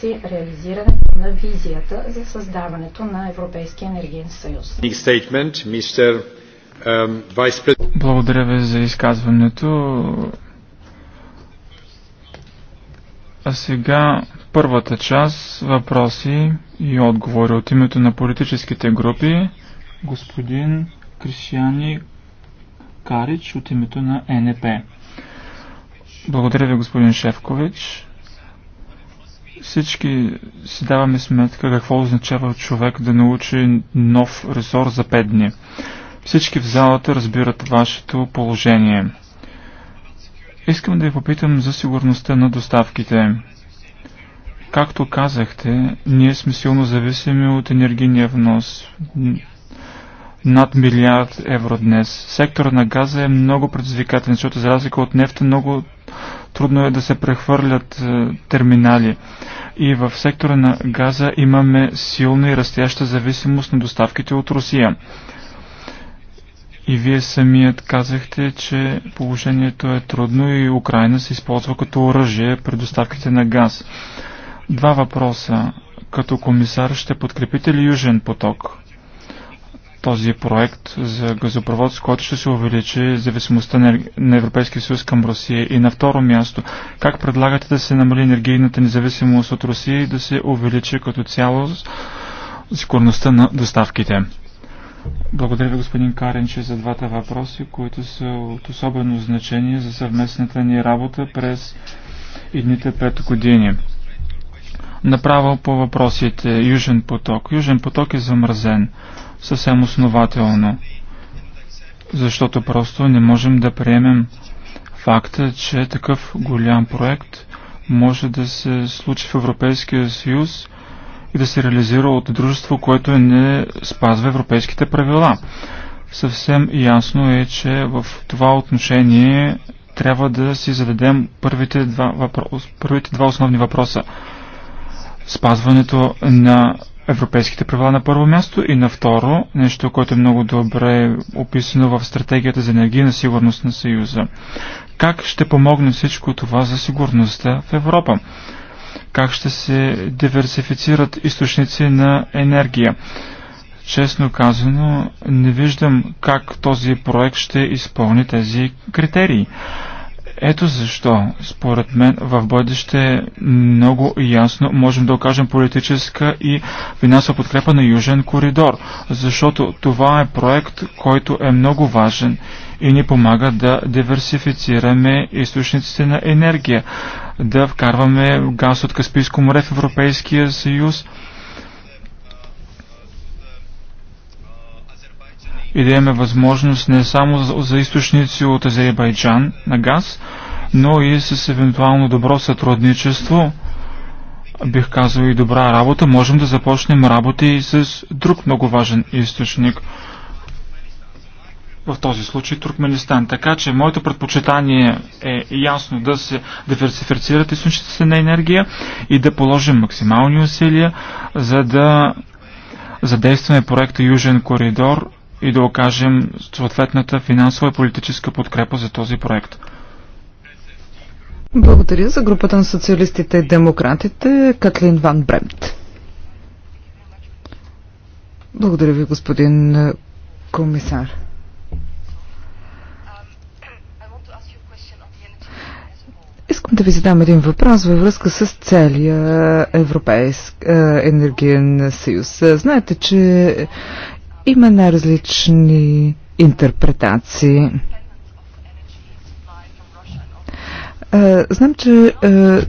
се реализирането на визията за създаването на Европейския енергиен съюз. Um, Благодаря ви за изказването. А сега първата част въпроси и отговори от името на политическите групи. Господин Кришияни Карич от името на НП. Благодаря ви, господин Шефкович. Всички си даваме сметка какво означава човек да научи нов ресор за 5 дни. Всички в залата разбират вашето положение. Искам да ви попитам за сигурността на доставките. Както казахте, ние сме силно зависими от енергийния внос. Над милиард евро днес. Сектора на газа е много предизвикателен, защото за разлика от нефта много трудно е да се прехвърлят е, терминали. И в сектора на газа имаме силна и растяща зависимост на доставките от Русия. И вие самият казахте, че положението е трудно и Украина се използва като оръжие при доставките на газ. Два въпроса. Като комисар ще подкрепите ли Южен поток? този проект за газопровод, с който ще се увеличи зависимостта на Европейския съюз към Русия. И на второ място, как предлагате да се намали енергийната независимост от Русия и да се увеличи като цяло сигурността на доставките? Благодаря ви, господин Каренче, за двата въпроси, които са от особено значение за съвместната ни работа през едните пет години. Направо по въпросите Южен поток. Южен поток е замразен съвсем основателно, защото просто не можем да приемем факта, че такъв голям проект може да се случи в Европейския съюз и да се реализира от дружество, което не спазва европейските правила. Съвсем ясно е, че в това отношение трябва да си зададем първите два, въпрос, първите два основни въпроса. Спазването на европейските права на първо място и на второ, нещо, което е много добре описано в стратегията за енергийна сигурност на Съюза. Как ще помогне всичко това за сигурността в Европа? Как ще се диверсифицират източници на енергия? Честно казано, не виждам как този проект ще изпълни тези критерии. Ето защо, според мен, в бъдеще много ясно можем да окажем политическа и финансова подкрепа на Южен коридор, защото това е проект, който е много важен и ни помага да диверсифицираме източниците на енергия, да вкарваме газ от Каспийско море в Европейския съюз, и да имаме възможност не само за източници от Азербайджан на газ, но и с евентуално добро сътрудничество, бих казал и добра работа, можем да започнем работи и с друг много важен източник. В този случай Туркменистан. Така че моето предпочитание е ясно да се диверсифицират източниците на енергия и да положим максимални усилия, за да задействаме проекта Южен коридор и да окажем съответната финансова и политическа подкрепа за този проект. Благодаря за групата на социалистите и демократите Катлин Ван Бремт. Благодаря ви, господин е, комисар. Искам да ви задам един въпрос във връзка с целия Европейски е, енергиен съюз. Знаете, че има най-различни интерпретации. Е, знам, че е,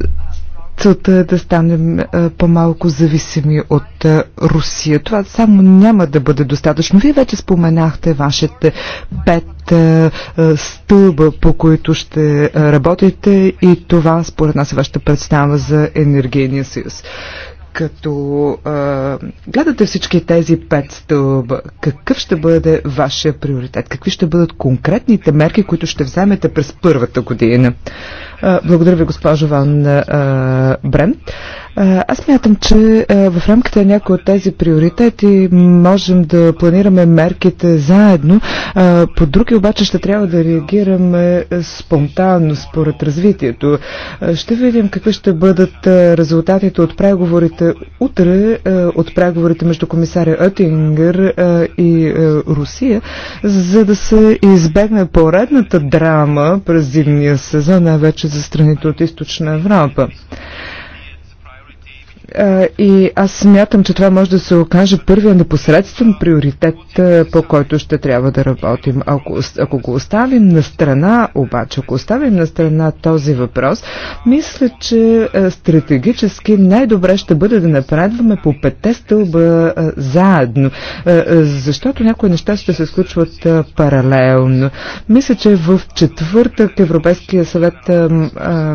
целта е да станем е, по-малко зависими от Русия. Това само няма да бъде достатъчно. Вие вече споменахте вашите пет стълба, по които ще работите и това според нас е вашата представа за енергийния съюз. Като а, гледате всички тези пет стълба, какъв ще бъде вашия приоритет? Какви ще бъдат конкретните мерки, които ще вземете през първата година? А, благодаря ви, госпожо Ван а, Брем. Аз мятам, че в рамките на някои от тези приоритети можем да планираме мерките заедно. По други обаче ще трябва да реагираме спонтанно според развитието. Ще видим какви ще бъдат резултатите от преговорите утре, от преговорите между комисаря Оттингер и Русия, за да се избегне поредната драма през зимния сезон, най-вече за страните от източна Европа и аз смятам, че това може да се окаже първия непосредствен приоритет, по който ще трябва да работим. Ако, ако го оставим на страна, обаче, ако оставим на страна този въпрос, мисля, че стратегически най-добре ще бъде да напредваме по пете стълба заедно, защото някои неща ще се случват паралелно. Мисля, че в четвъртък Европейския съвет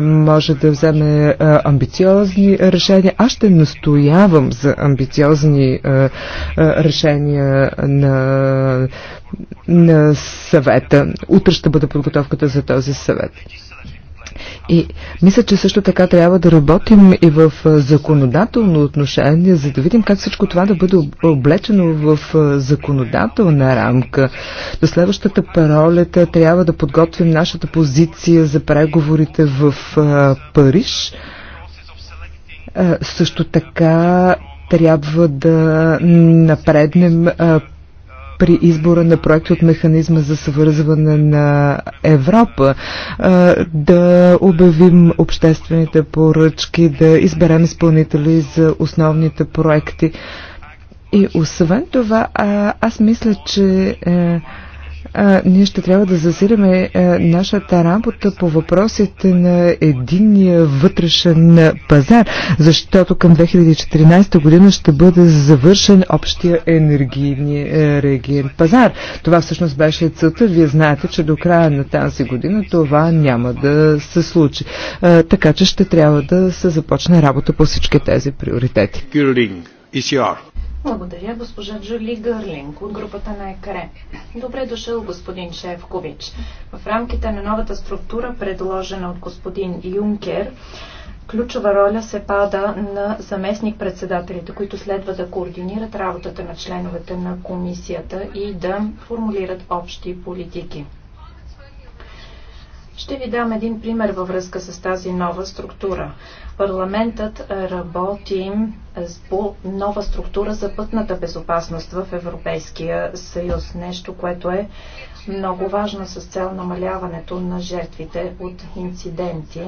може да вземе амбициозни решения. Аз ще ще настоявам за амбициозни а, е, а, е, решения на, на съвета. Утре ще бъде подготовката за този съвет. И мисля, че също така трябва да работим и в е, законодателно отношение, за да видим как всичко това да бъде облечено в законодателна рамка. До следващата паролета трябва да подготвим нашата позиция за преговорите в Париж. Също така трябва да напреднем при избора на проекти от механизма за свързване на Европа, да обявим обществените поръчки, да изберем изпълнители за основните проекти. И освен това, аз мисля, че е, а, ние ще трябва да засиляме нашата работа по въпросите на единния вътрешен пазар, защото към 2014 година ще бъде завършен общия енергийни регион пазар. Това всъщност беше целта. Вие знаете, че до края на тази година това няма да се случи. А, така че ще трябва да се започне работа по всички тези приоритети. Благодаря, госпожа Джули Гърлинг от групата на ЕКРЕ. Добре дошъл, господин Шефкович. В рамките на новата структура, предложена от господин Юнкер, ключова роля се пада на заместник-председателите, които следва да координират работата на членовете на комисията и да формулират общи политики. Ще ви дам един пример във връзка с тази нова структура. Парламентът работи по нова структура за пътната безопасност в Европейския съюз. Нещо, което е много важно с цел намаляването на жертвите от инциденти.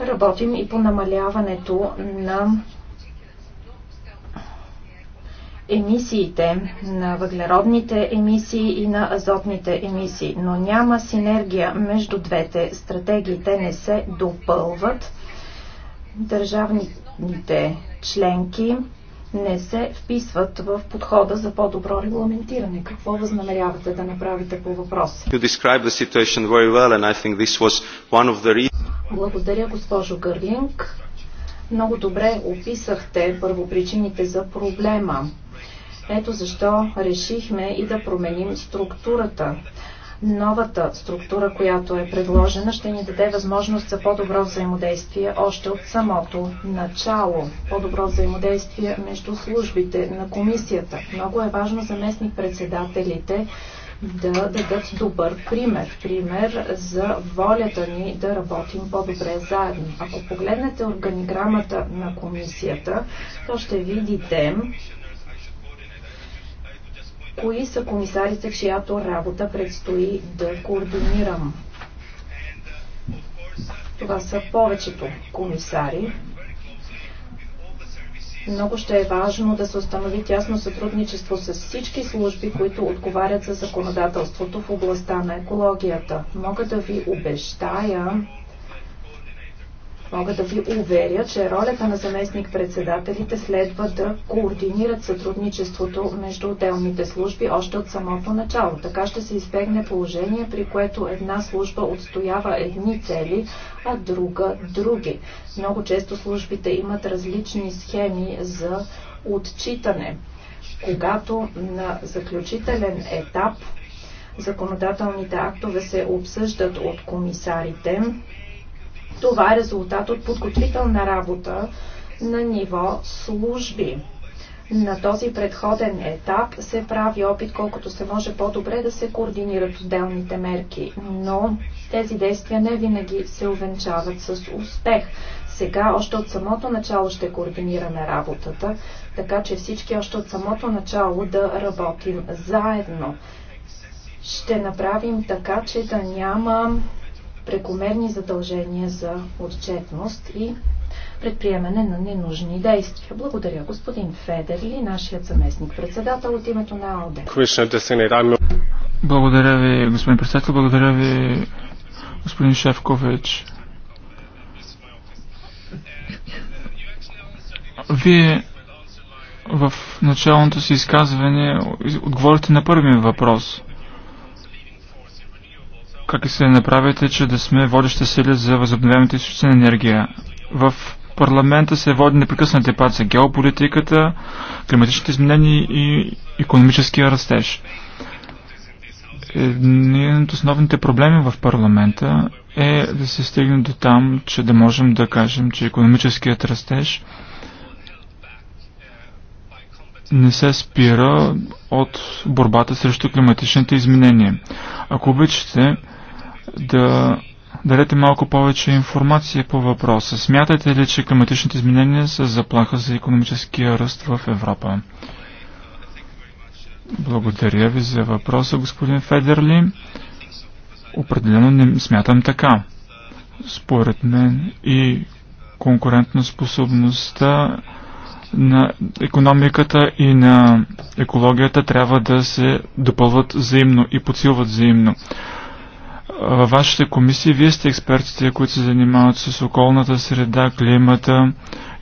Работим и по намаляването на емисиите, на въглеродните емисии и на азотните емисии, но няма синергия между двете стратегии. Те не се допълват. Държавните членки не се вписват в подхода за по-добро регламентиране. Какво възнамерявате да направите по въпроса? Благодаря, госпожо Гърлинг. Много добре описахте първопричините за проблема. Ето защо решихме и да променим структурата. Новата структура, която е предложена, ще ни даде възможност за по-добро взаимодействие още от самото начало. По-добро взаимодействие между службите на комисията. Много е важно заместник председателите да дадат добър пример. Пример за волята ни да работим по-добре заедно. Ако погледнете органиграмата на комисията, то ще видите, кои са комисарите, чиято работа предстои да координирам. Това са повечето комисари. Много ще е важно да се установи тясно сътрудничество с всички служби, които отговарят за законодателството в областта на екологията. Мога да ви обещая, Мога да ви уверя, че ролята на заместник-председателите следва да координират сътрудничеството между отделните служби още от самото начало. Така ще се избегне положение, при което една служба отстоява едни цели, а друга други. Много често службите имат различни схеми за отчитане. Когато на заключителен етап законодателните актове се обсъждат от комисарите, това е резултат от подготвителна работа на ниво служби. На този предходен етап се прави опит колкото се може по-добре да се координират отделните мерки, но тези действия не винаги се увенчават с успех. Сега още от самото начало ще координираме работата, така че всички още от самото начало да работим заедно. Ще направим така, че да няма прекомерни задължения за отчетност и предприемане на ненужни действия. Благодаря господин Федерли, нашият заместник председател от името на АОД. Благодаря ви, господин председател, благодаря ви, господин Шефкович. Вие в началното си изказване отговорите на първия въпрос – как и се да направите, че да сме водеща сили за възобновяемите източници на енергия? В парламента се води непрекъсна дебат за геополитиката, климатичните изменения и економическия растеж. Един от основните проблеми в парламента е да се стигне до там, че да можем да кажем, че економическият растеж не се спира от борбата срещу климатичните изменения. Ако обичате, да дадете малко повече информация по въпроса. Смятате ли, че климатичните изменения са заплаха за економическия ръст в Европа? Благодаря ви за въпроса, господин Федерли. Определено не смятам така. Според мен и конкурентоспособността на економиката и на екологията трябва да се допълват взаимно и подсилват взаимно във вашите комисии вие сте експертите, които се занимават с околната среда, климата,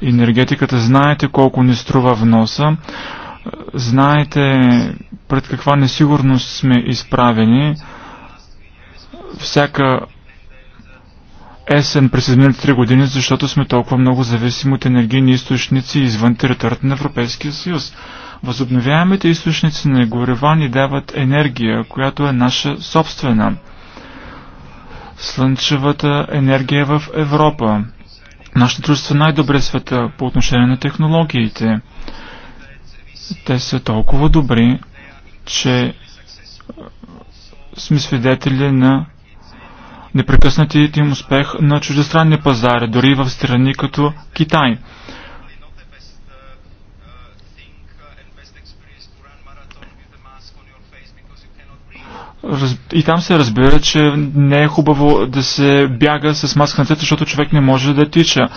енергетиката. Знаете колко ни струва вноса. Знаете пред каква несигурност сме изправени. Всяка есен през изминалите три години, защото сме толкова много зависими от енергийни източници извън територията на Европейския съюз. Възобновяемите източници на горева ни дават енергия, която е наша собствена слънчевата енергия в Европа. Нашите дружества най-добре света по отношение на технологиите. Те са толкова добри, че сме свидетели на непрекъснатият им успех на чуждестранни пазари, дори в страни като Китай. И там се разбира, че не е хубаво да се бяга с маска на цвета, защото човек не може да тича.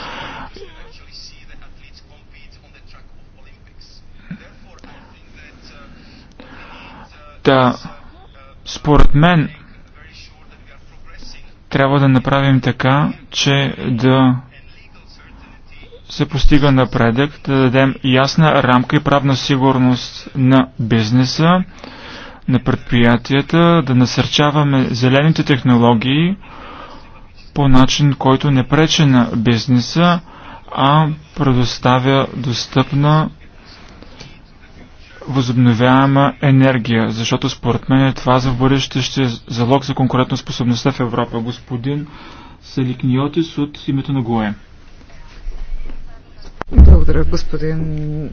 Да, според мен трябва да направим така, че да се постига напредък, да дадем ясна рамка и правна сигурност на бизнеса, на предприятията, да насърчаваме зелените технологии по начин, който не пречи на бизнеса, а предоставя достъпна възобновяема енергия, защото според мен е това за бъдеще ще е залог за конкурентоспособността в Европа. Господин Селикниотис от името на ГОЕ. Благодаря, господин е,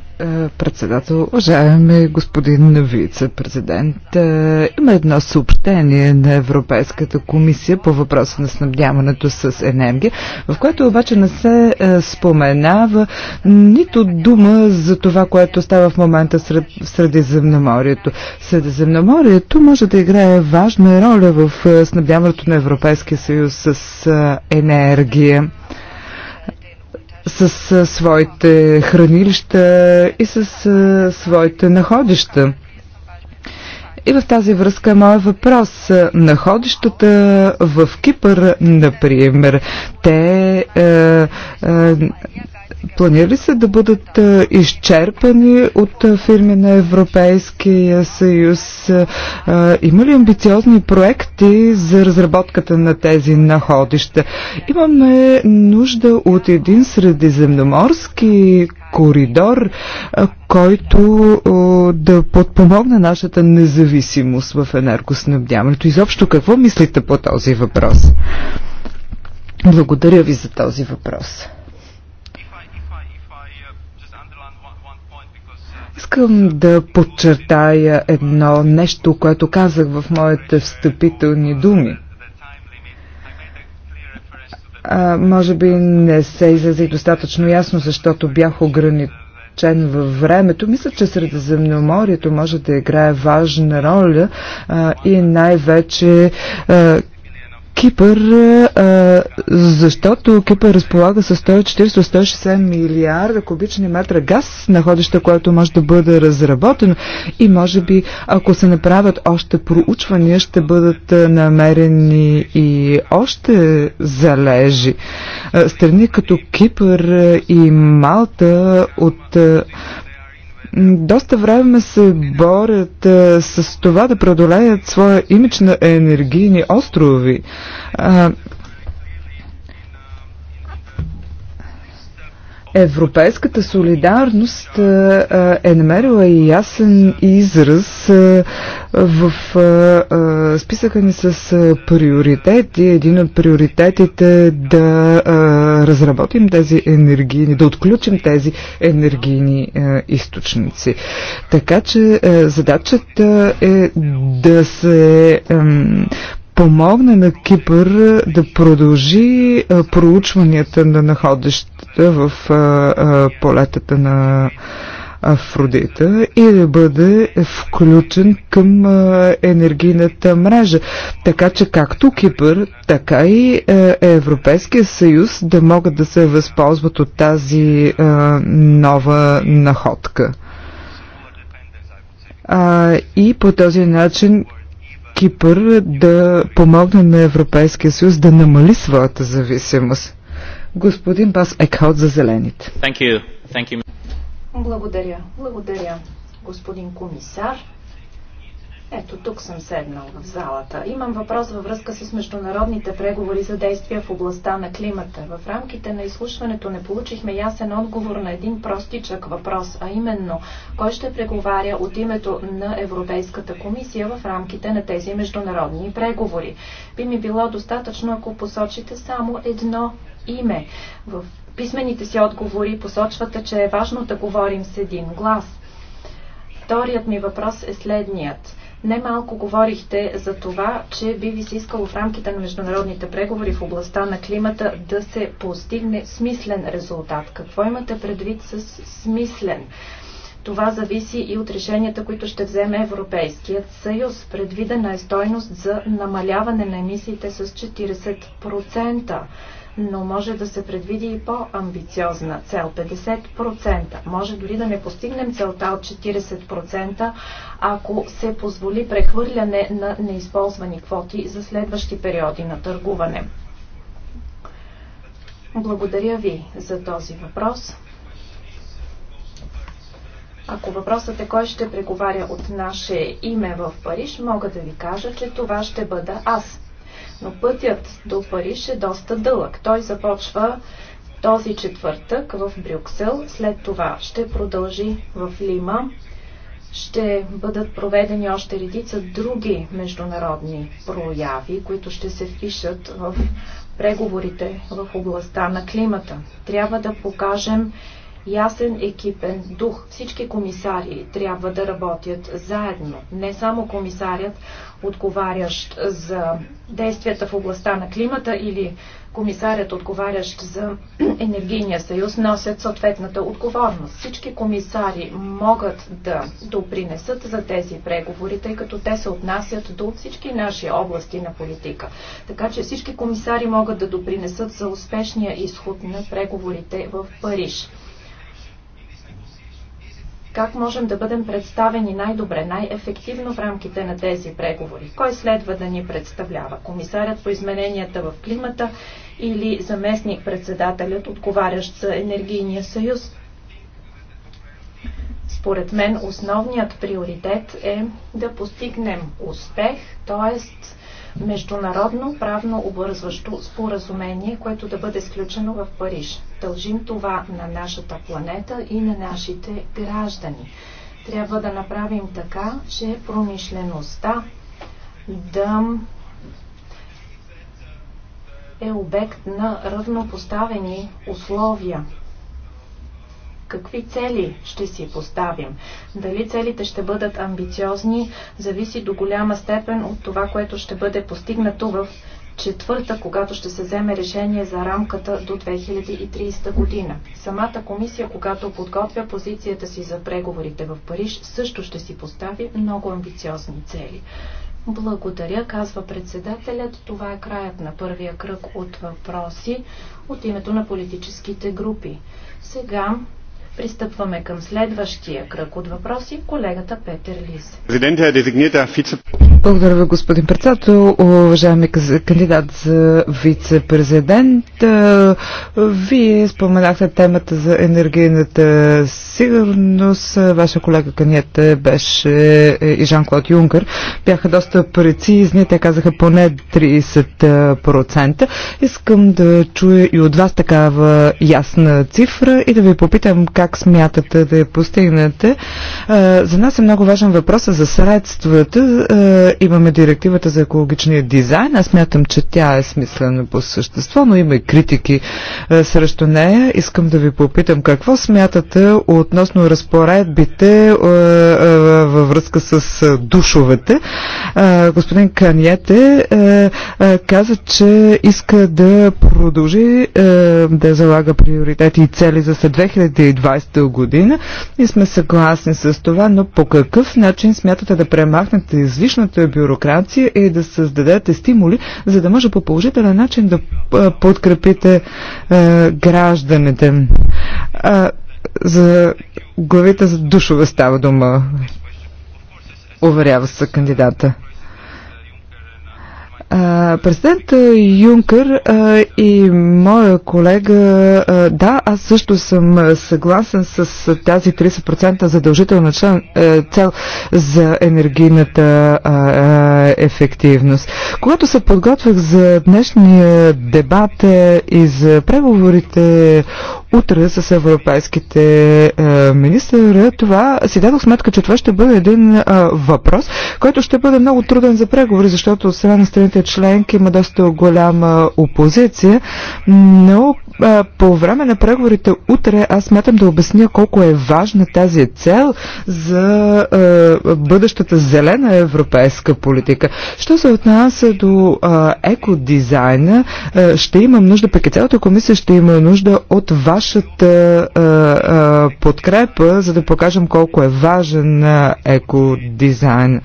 председател. Уважаеми господин вице-президент, е, има едно съобщение на Европейската комисия по въпроса на снабдяването с енергия, в което обаче не се е, споменава нито дума за това, което става в момента сред, в Средиземноморието. Средиземноморието може да играе важна роля в снабдяването на Европейския съюз с енергия с своите хранилища и с своите находища. И в тази връзка е моят въпрос. Находищата в Кипър, например, те е, е, планирали се да бъдат е, изчерпани от е, фирми на Европейския съюз? Е, има ли амбициозни проекти за разработката на тези находища? Имаме нужда от един средиземноморски коридор, който да подпомогне нашата независимост в енергоснабдяването. Изобщо какво мислите по този въпрос? Благодаря ви за този въпрос. Искам да подчертая едно нещо, което казах в моите встъпителни думи. А, може би не се излезе достатъчно ясно, защото бях ограничен във времето. Мисля, че Средиземноморието може да играе важна роля а, и най-вече Кипър, а, защото Кипър разполага с 140-160 милиарда кубични метра газ, находище, което може да бъде разработено и може би, ако се направят още проучвания, ще бъдат намерени и още залежи. Страни като Кипър и Малта от доста време се борят а, с това да преодолеят своя имидж на енергийни острови. А, Европейската солидарност е, е, е намерила и ясен израз е, в списъка ни с приоритети. Един от приоритетите е да разработим тези енергийни, да отключим тези енергийни източници. Така че задачата е да се помогне на Кипър да продължи проучванията на находище в а, а, полетата на Афродита и да бъде включен към а, енергийната мрежа. Така че както Кипър, така и а, Европейския съюз да могат да се възползват от тази а, нова находка. А, и по този начин Кипър да помогне на Европейския съюз да намали своята зависимост. Господин Бас Екхаут за зелените. Thank you. Thank you. Благодаря. Благодаря, господин комисар. Ето тук съм седнал в залата. Имам въпрос във връзка с международните преговори за действия в областта на климата. В рамките на изслушването не получихме ясен отговор на един простичък въпрос, а именно кой ще преговаря от името на Европейската комисия в рамките на тези международни преговори. Би ми било достатъчно, ако посочите само едно име. В писмените си отговори посочвате, че е важно да говорим с един глас. Вторият ми въпрос е следният Немалко говорихте за това, че би ви се искало в рамките на международните преговори в областта на климата да се постигне смислен резултат. Какво имате предвид с смислен? Това зависи и от решенията, които ще вземе Европейският съюз. Предвидена е стойност за намаляване на емисиите с 40% но може да се предвиди и по-амбициозна цел 50%. Може дори да не постигнем целта от 40%, ако се позволи прехвърляне на неизползвани квоти за следващи периоди на търгуване. Благодаря ви за този въпрос. Ако въпросът е кой ще преговаря от наше име в Париж, мога да ви кажа, че това ще бъда аз. Но пътят до Париж е доста дълъг. Той започва този четвъртък в Брюксел, след това ще продължи в Лима, ще бъдат проведени още редица други международни прояви, които ще се впишат в преговорите в областта на климата. Трябва да покажем ясен екипен дух. Всички комисари трябва да работят заедно. Не само комисарят, отговарящ за действията в областта на климата или комисарят, отговарящ за енергийния съюз, носят съответната отговорност. Всички комисари могат да допринесат за тези преговори, тъй като те се отнасят до всички наши области на политика. Така че всички комисари могат да допринесат за успешния изход на преговорите в Париж как можем да бъдем представени най-добре, най-ефективно в рамките на тези преговори. Кой следва да ни представлява? Комисарят по измененията в климата или заместник-председателят, отговарящ за енергийния съюз? Според мен основният приоритет е да постигнем успех, т.е международно правно обвързващо споразумение, което да бъде сключено в Париж. Дължим това на нашата планета и на нашите граждани. Трябва да направим така, че промишлеността да е обект на равнопоставени условия Какви цели ще си поставим? Дали целите ще бъдат амбициозни, зависи до голяма степен от това, което ще бъде постигнато в четвърта, когато ще се вземе решение за рамката до 2030 година. Самата комисия, когато подготвя позицията си за преговорите в Париж, също ще си постави много амбициозни цели. Благодаря, казва председателят. Това е краят на първия кръг от въпроси от името на политическите групи. Сега Пристъпваме към следващия кръг от въпроси. Колегата Петър Лис. Е Благодаря ви, господин председател. Уважаеми кандидат за вице-президент, вие споменахте темата за енергийната сигурност. Ваша колега Каниете беше е, и Жан-Клод Юнкър. Бяха доста прецизни. Те казаха поне 30%. Искам да чуя и от вас такава ясна цифра и да ви попитам как как смятате да я постигнете. Е, за нас е много важен въпрос за средствата. Е, имаме директивата за екологичния дизайн. Аз смятам, че тя е смислена по същество, но има и критики е, срещу нея. Искам да ви попитам какво смятате относно разпоредбите във връзка с душовете. Господин Каньете каза, че иска да продължи да залага приоритети и цели за след 2020 2020 година. И сме съгласни с това, но по какъв начин смятате да премахнете излишната бюрокрация и да създадете стимули, за да може по положителен начин да подкрепите е, гражданите? А, за главите за душове става дума, уверява се кандидата. Президент Юнкър и моя колега, да, аз също съм съгласен с тази 30% задължителна член, цел за енергийната ефективност. Когато се подготвях за днешния дебат и за преговорите утре с европейските министри, това си дадох сметка, че това ще бъде един въпрос, който ще бъде много труден за преговори, защото от страна на страните държавите членки има доста голяма опозиция, но по време на преговорите утре аз смятам да обясня колко е важна тази цел за а, бъдещата зелена европейска политика. Що се отнася до екодизайна, ще имам нужда, пък и цялата комисия ще има нужда от вашата а, а, подкрепа, за да покажем колко е важен екодизайн. екодизайн.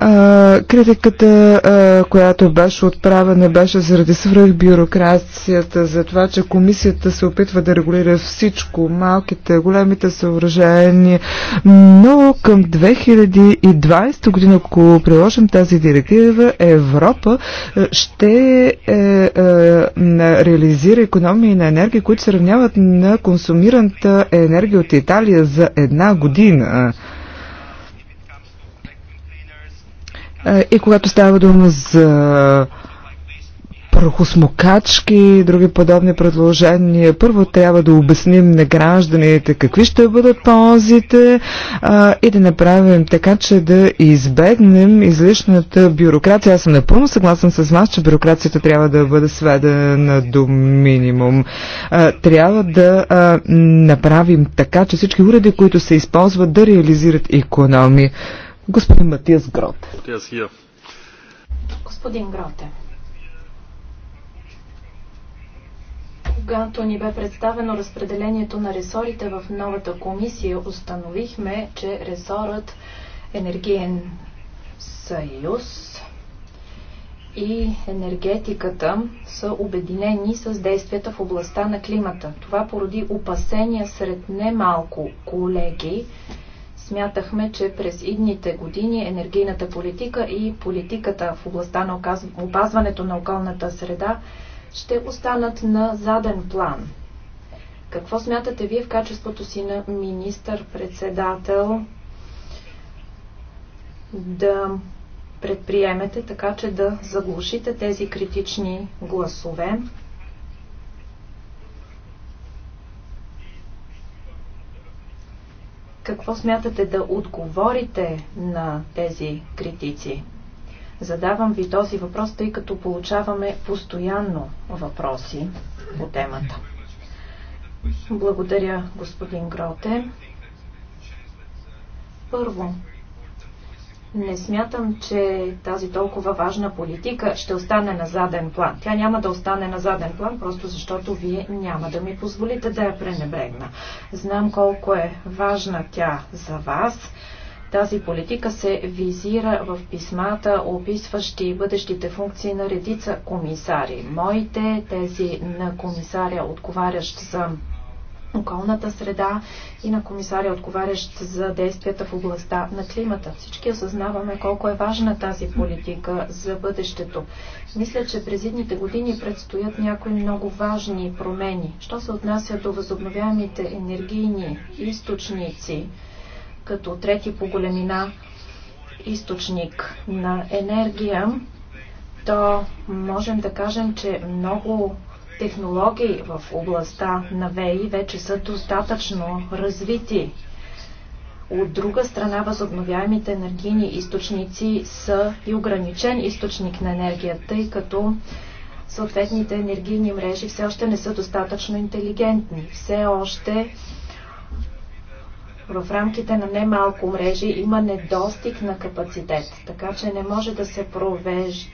А, критиката, а, която беше отправена, беше заради свръхбюрокрацията, за това, че комисията се опитва да регулира всичко, малките, големите съоръжения, но към 2020 година, ако приложим тази директива, Европа ще е, е, реализира економии на енергия, които се равняват на консумираната енергия от Италия за една година. Е, и когато става дума за прохосмокачки и други подобни предложения. Първо трябва да обясним на гражданите какви ще бъдат ползите а, и да направим така, че да избегнем излишната бюрокрация. Аз съм напълно съгласен с вас, че бюрокрацията трябва да бъде сведена до минимум. А, трябва да а, направим така, че всички уреди, които се използват, да реализират економии. Господин Матиас Гроте. Господин Гроте. Когато ни бе представено разпределението на ресорите в новата комисия, установихме, че ресорът енергиен съюз и енергетиката са обединени с действията в областта на климата. Това породи опасения сред немалко колеги, Смятахме, че през идните години енергийната политика и политиката в областта на опазването на околната среда ще останат на заден план. Какво смятате вие в качеството си на министър-председател да предприемете така, че да заглушите тези критични гласове? Какво смятате да отговорите на тези критици? Задавам ви този въпрос, тъй като получаваме постоянно въпроси по темата. Благодаря, господин Гроте. Първо, не смятам, че тази толкова важна политика ще остане на заден план. Тя няма да остане на заден план, просто защото вие няма да ми позволите да я пренебрегна. Знам колко е важна тя за вас. Тази политика се визира в писмата, описващи бъдещите функции на редица комисари. Моите, тези на комисаря, отговарящ за околната среда и на комисаря, отговарящ за действията в областта на климата. Всички осъзнаваме колко е важна тази политика за бъдещето. Мисля, че през едните години предстоят някои много важни промени. Що се отнася до възобновяемите енергийни източници, като трети по големина източник на енергия, то можем да кажем, че много технологии в областта на ВЕИ вече са достатъчно развити. От друга страна, възобновяемите енергийни източници са и ограничен източник на енергия, тъй като съответните енергийни мрежи все още не са достатъчно интелигентни. Все още в рамките на немалко мрежи има недостиг на капацитет, така че не може да се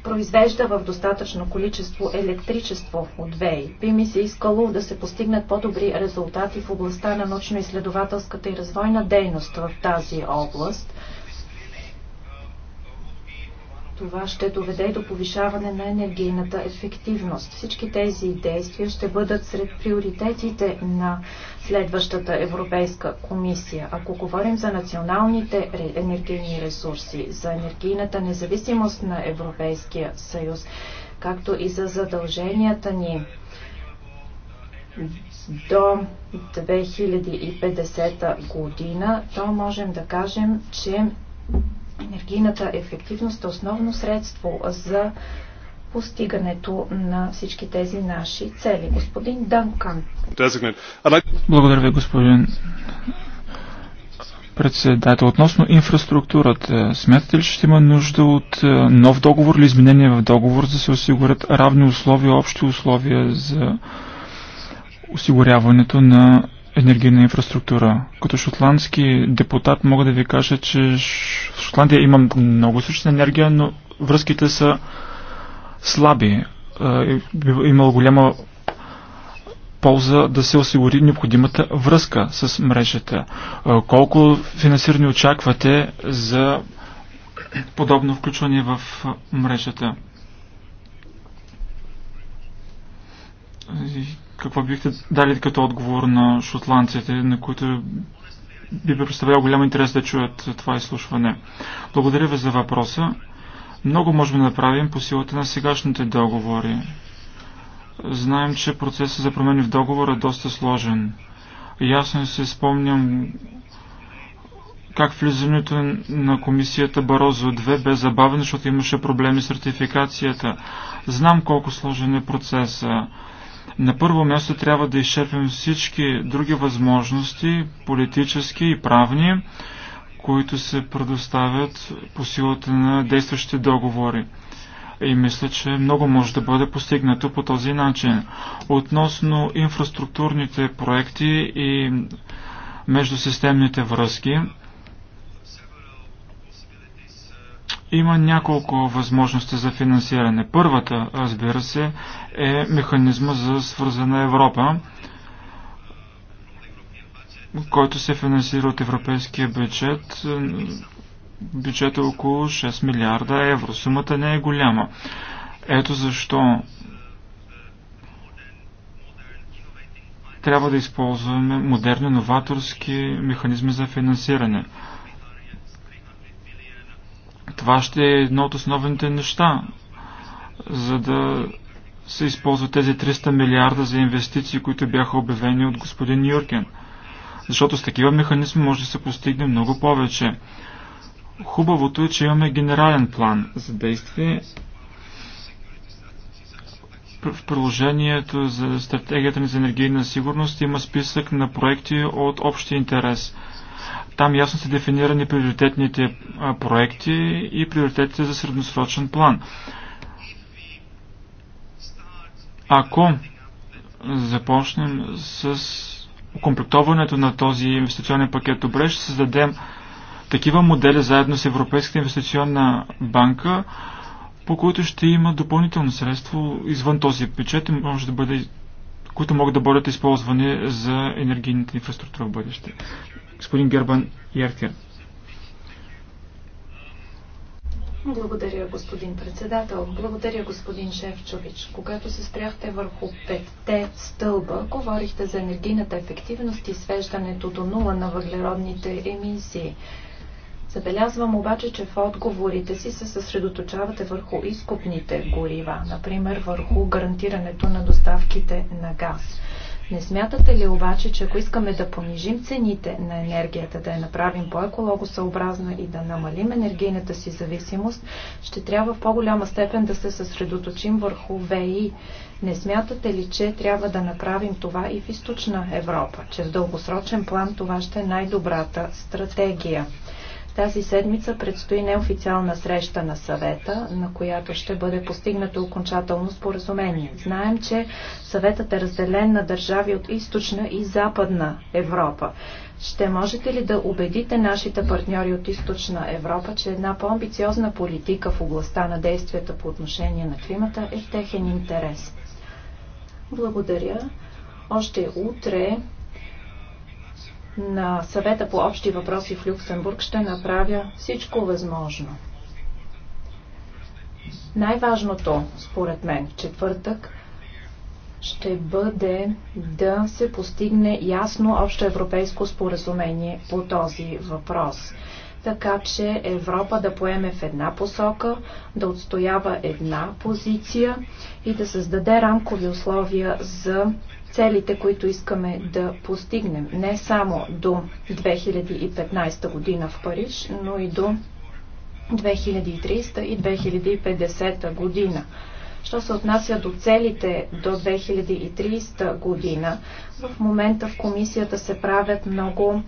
произвежда в достатъчно количество електричество от ВЕИ. Би ми се искало да се постигнат по-добри резултати в областта на научно-изследователската и развойна дейност в тази област, това ще доведе до повишаване на енергийната ефективност. Всички тези действия ще бъдат сред приоритетите на следващата Европейска комисия. Ако говорим за националните енергийни ресурси, за енергийната независимост на Европейския съюз, както и за задълженията ни до 2050 година, то можем да кажем, че Енергийната ефективност е основно средство за постигането на всички тези наши цели. Господин Данкан. Благодаря ви, господин председател. Относно инфраструктурата, смятате ли, че ще има нужда от е, нов договор или изменение в договор, за да се осигурят равни условия, общи условия за осигуряването на енергийна инфраструктура. Като шотландски депутат мога да ви кажа, че в Шотландия има много източна енергия, но връзките са слаби. Е, Имало голяма полза да се осигури необходимата връзка с мрежата. Е, колко финансирани очаквате за подобно включване в е, мрежата? какво бихте дали като отговор на шотландците, на които би представлял голям интерес да чуят това изслушване. Благодаря ви за въпроса. Много можем да направим по силата на сегашните договори. Знаем, че процесът за промени в договора е доста сложен. Ясно се спомням как влизането на комисията Барозо 2 бе забавено, защото имаше проблеми с ратификацията. Знам колко сложен е процесът. На първо място трябва да изчерпим всички други възможности, политически и правни, които се предоставят по силата на действащите договори. И мисля, че много може да бъде постигнато по този начин. Относно инфраструктурните проекти и междусистемните връзки, Има няколко възможности за финансиране. Първата, разбира се, е механизма за свързана Европа, който се финансира от европейския бюджет. Бюджет е около 6 милиарда евро. Сумата не е голяма. Ето защо трябва да използваме модерни новаторски механизми за финансиране – това ще е едно от основните неща, за да се използват тези 300 милиарда за инвестиции, които бяха обявени от господин Юркен. Защото с такива механизми може да се постигне много повече. Хубавото е, че имаме генерален план за действие в приложението за стратегията ни за енергийна сигурност има списък на проекти от общия интерес – там ясно са дефинирани приоритетните проекти и приоритетите за средносрочен план. Ако започнем с комплектоването на този инвестиционен пакет добре, ще създадем такива модели заедно с Европейската инвестиционна банка, по които ще има допълнително средство извън този бюджет и може да бъде които могат да бъдат използвани за енергийната инфраструктура в бъдеще. Господин Гербан Яртия. Благодаря, господин председател. Благодаря, господин Шефчович. Когато се спряхте върху петте стълба, говорихте за енергийната ефективност и свеждането до нула на въглеродните емисии. Забелязвам обаче, че в отговорите си се съсредоточавате върху изкупните горива, например върху гарантирането на доставките на газ. Не смятате ли обаче, че ако искаме да понижим цените на енергията, да я направим по-екологосъобразна и да намалим енергийната си зависимост, ще трябва в по-голяма степен да се съсредоточим върху ВИ? Не смятате ли, че трябва да направим това и в източна Европа, че в дългосрочен план това ще е най-добрата стратегия? Тази седмица предстои неофициална среща на съвета, на която ще бъде постигнато окончателно споразумение. Знаем, че съветът е разделен на държави от източна и западна Европа. Ще можете ли да убедите нашите партньори от източна Европа, че една по-амбициозна политика в областта на действията по отношение на климата е в техен интерес? Благодаря. Още утре на съвета по общи въпроси в Люксембург ще направя всичко възможно. Най-важното, според мен, в четвъртък ще бъде да се постигне ясно общо европейско споразумение по този въпрос. Така че Европа да поеме в една посока, да отстоява една позиция и да създаде рамкови условия за целите, които искаме да постигнем не само до 2015 година в Париж, но и до 2300 и 2050 година. Що се отнася до целите до 2030 година, в момента в комисията се правят много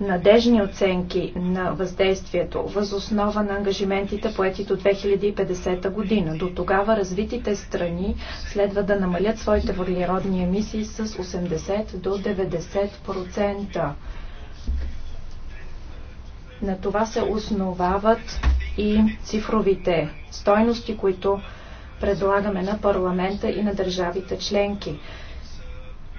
надежни оценки на въздействието възоснова на ангажиментите поети до 2050 година. До тогава развитите страни следва да намалят своите въглеродни емисии с 80 до 90%. На това се основават и цифровите стойности, които предлагаме на парламента и на държавите членки.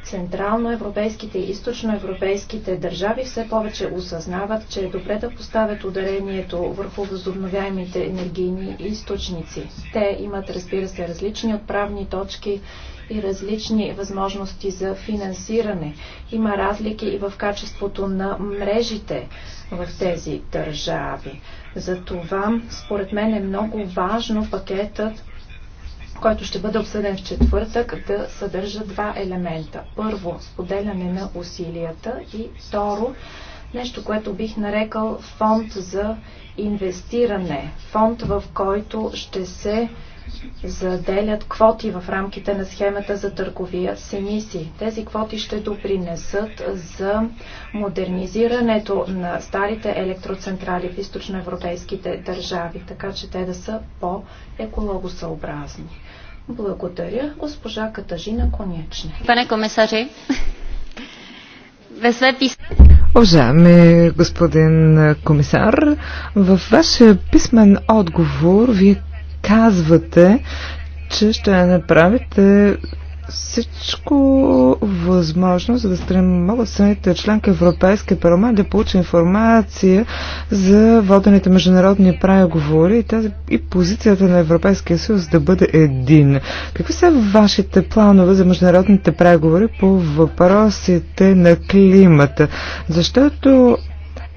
Централноевропейските и източноевропейските държави все повече осъзнават, че е добре да поставят ударението върху възобновяемите енергийни източници. Те имат, разбира се, различни отправни точки и различни възможности за финансиране. Има разлики и в качеството на мрежите в тези държави. Затова, според мен, е много важно пакетът който ще бъде обсъден в четвъртък, да съдържа два елемента. Първо, споделяне на усилията и второ, нещо, което бих нарекал фонд за инвестиране. Фонд, в който ще се заделят квоти в рамките на схемата за търговия с емисии. Тези квоти ще допринесат за модернизирането на старите електроцентрали в източноевропейските държави, така че те да са по-екологосъобразни. Благодаря, госпожа Катажина Конечна. Пане комисари, Уважаеми господин комисар, в вашия писмен отговор вие казвате, че ще направите всичко възможно, за да стремат страните членка Европейския парламент да получи информация за водените международни преговори и, тази, и позицията на Европейския съюз да бъде един. Какви са вашите планове за международните преговори по въпросите на климата? Защото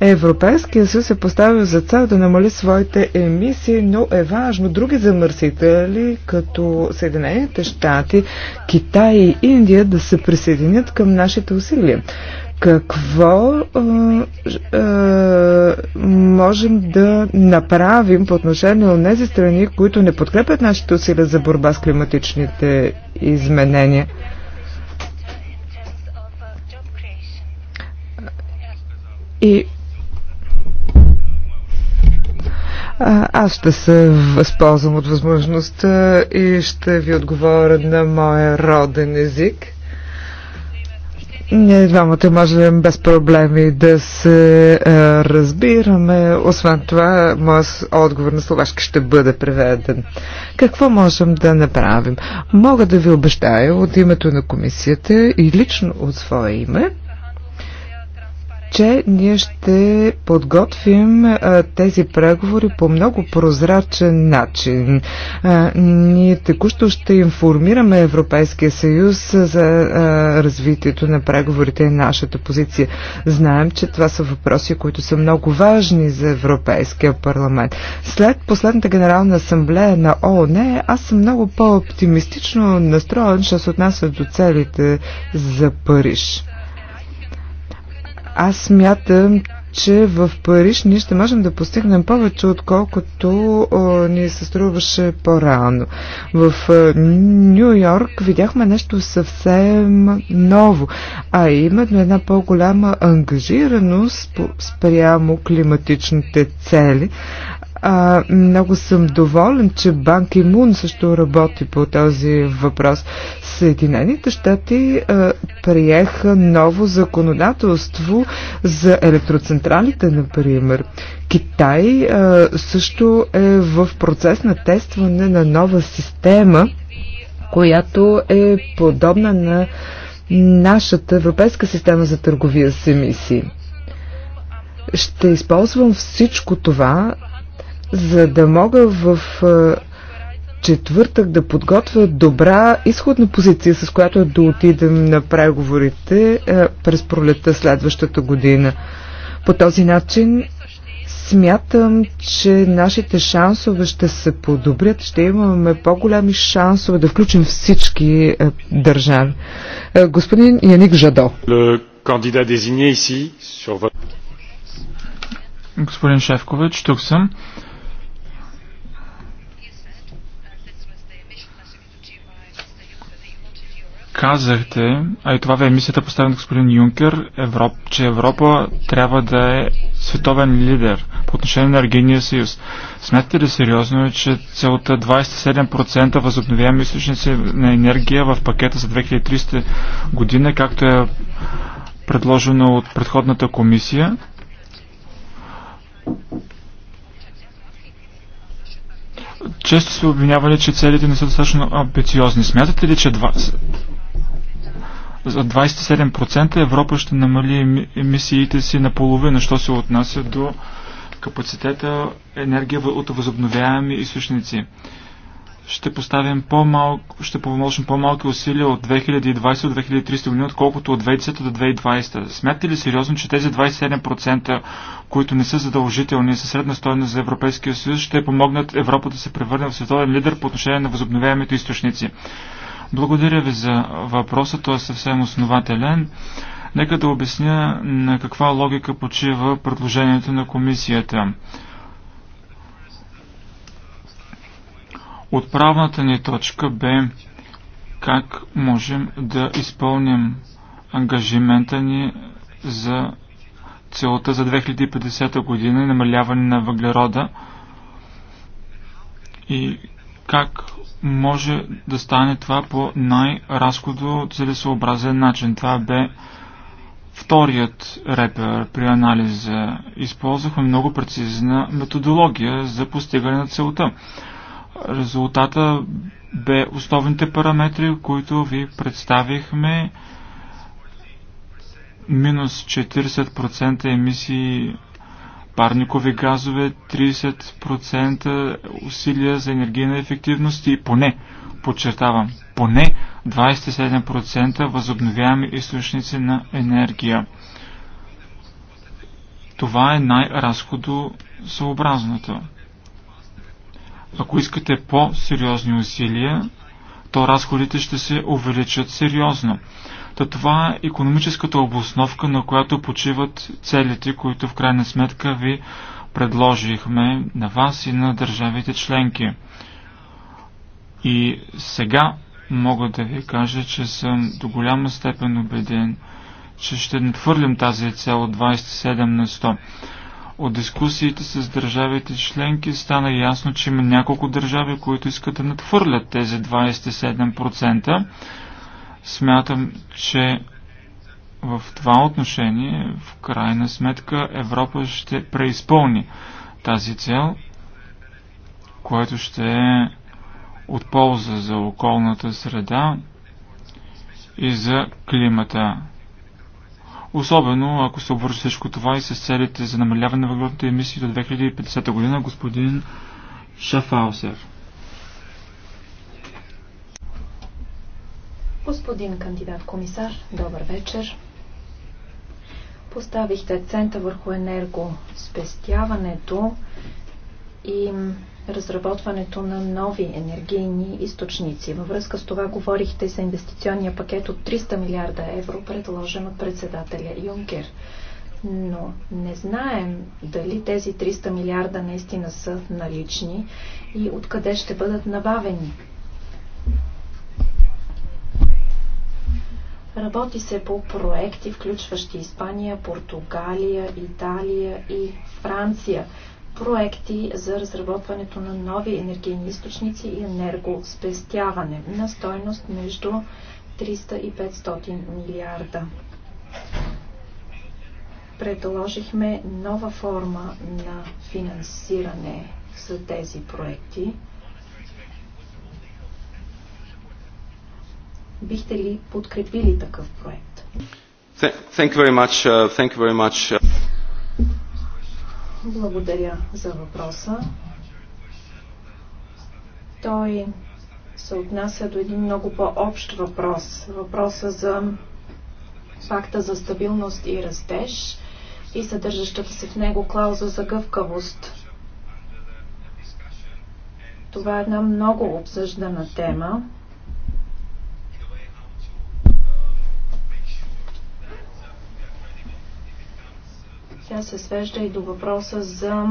Европейския съюз е поставил за цел да намали своите емисии, но е важно други замърсители, като Съединените щати, Китай и Индия, да се присъединят към нашите усилия. Какво е, е, можем да направим по отношение на тези страни, които не подкрепят нашите усилия за борба с климатичните изменения? И Аз ще се възползвам от възможността и ще ви отговоря на моя роден език. Ние двамата можем без проблеми да се а, разбираме. Освен това, моят отговор на словашки ще бъде преведен. Какво можем да направим? Мога да ви обещая от името на комисията и лично от свое име, че ние ще подготвим а, тези преговори по много прозрачен начин. А, ние текущо ще информираме Европейския съюз за а, развитието на преговорите и нашата позиция. Знаем, че това са въпроси, които са много важни за Европейския парламент. След последната генерална асамблея на ООН, аз съм много по-оптимистично настроен, що се отнася до целите за Париж. Аз смятам, че в Париж ние ще можем да постигнем повече, отколкото о, ни се струваше по-рано. В Нью Йорк видяхме нещо съвсем ново, а именно една по-голяма ангажираност спрямо климатичните цели. А, много съм доволен, че Банк Имун също работи по този въпрос. Съединените щати приеха ново законодателство за електроцентралите, например. Китай а, също е в процес на тестване на нова система, която е подобна на нашата европейска система за търговия с емисии. Ще използвам всичко това, за да мога в четвъртък да подготвя добра изходна позиция, с която да отидем на преговорите е, през пролета следващата година. По този начин смятам, че нашите шансове ще се подобрят, ще имаме по-големи шансове да включим всички е, държави. Е, господин Яник Жадо. Господин Шефкович, тук съм. казахте, а и това ве е мисията поставена господин Юнкер, Европ, че Европа трябва да е световен лидер по отношение на Енергийния съюз. Смятате ли сериозно, че целта 27% възобновяеми източници на енергия в пакета за 2300 година, както е предложено от предходната комисия, често се обвинявали, че целите не са достатъчно амбициозни. Смятате ли, че за 27% Европа ще намали емисиите си наполовина, що се отнася до капацитета енергия от възобновяеми източници. Ще поставим по-малко, ще помощим по-малки усилия от 2020 до 2030 година, отколкото от 2010 до 2020. Смятате ли сериозно, че тези 27%, които не са задължителни, са средна стоеност за Европейския съюз, ще помогнат Европа да се превърне в световен лидер по отношение на възобновяемите източници? Благодаря ви за въпроса, той е съвсем основателен. Нека да обясня на каква логика почива предложението на комисията. Отправната ни точка бе как можем да изпълним ангажимента ни за целта за 2050 година и намаляване на въглерода и как може да стане това по най-разходо целесообразен начин. Това бе вторият репер при анализа. Използвахме много прецизна методология за постигане на целта. Резултата бе основните параметри, които ви представихме минус 40% емисии парникови газове, 30% усилия за енергийна ефективност и поне, подчертавам, поне 27% възобновяеми източници на енергия. Това е най-разходосъобразното. Ако искате по-сериозни усилия, то разходите ще се увеличат сериозно. Та това е економическата обосновка, на която почиват целите, които в крайна сметка ви предложихме на вас и на държавите членки. И сега мога да ви кажа, че съм до голяма степен убеден, че ще надхвърлим тази цел от 27 на 100. От дискусиите с държавите членки стана ясно, че има няколко държави, които искат да надхвърлят тези 27%. Смятам, че в това отношение, в крайна сметка, Европа ще преизпълни тази цел, което ще е от полза за околната среда и за климата. Особено ако се обвържи всичко това и с целите за намаляване на въглеродните емисии до 2050 година, господин Шафаусер. Господин кандидат комисар, добър вечер. Поставихте акцента върху енергоспестяването и разработването на нови енергийни източници. Във връзка с това говорихте за инвестиционния пакет от 300 милиарда евро, предложен от председателя Юнкер. Но не знаем дали тези 300 милиарда наистина са налични и откъде ще бъдат набавени. Работи се по проекти, включващи Испания, Португалия, Италия и Франция. Проекти за разработването на нови енергийни източници и енергоспестяване на стойност между 300 и 500 милиарда. Предложихме нова форма на финансиране за тези проекти. Бихте ли подкрепили такъв проект? Thank you very much. Uh, thank you very much. Uh. Благодаря за въпроса. Той се отнася до един много по-общ въпрос. Въпроса за пакта за стабилност и растеж и съдържащата се в него клауза за гъвкавост. Това е една много обсъждана тема. Тя се свежда и до въпроса за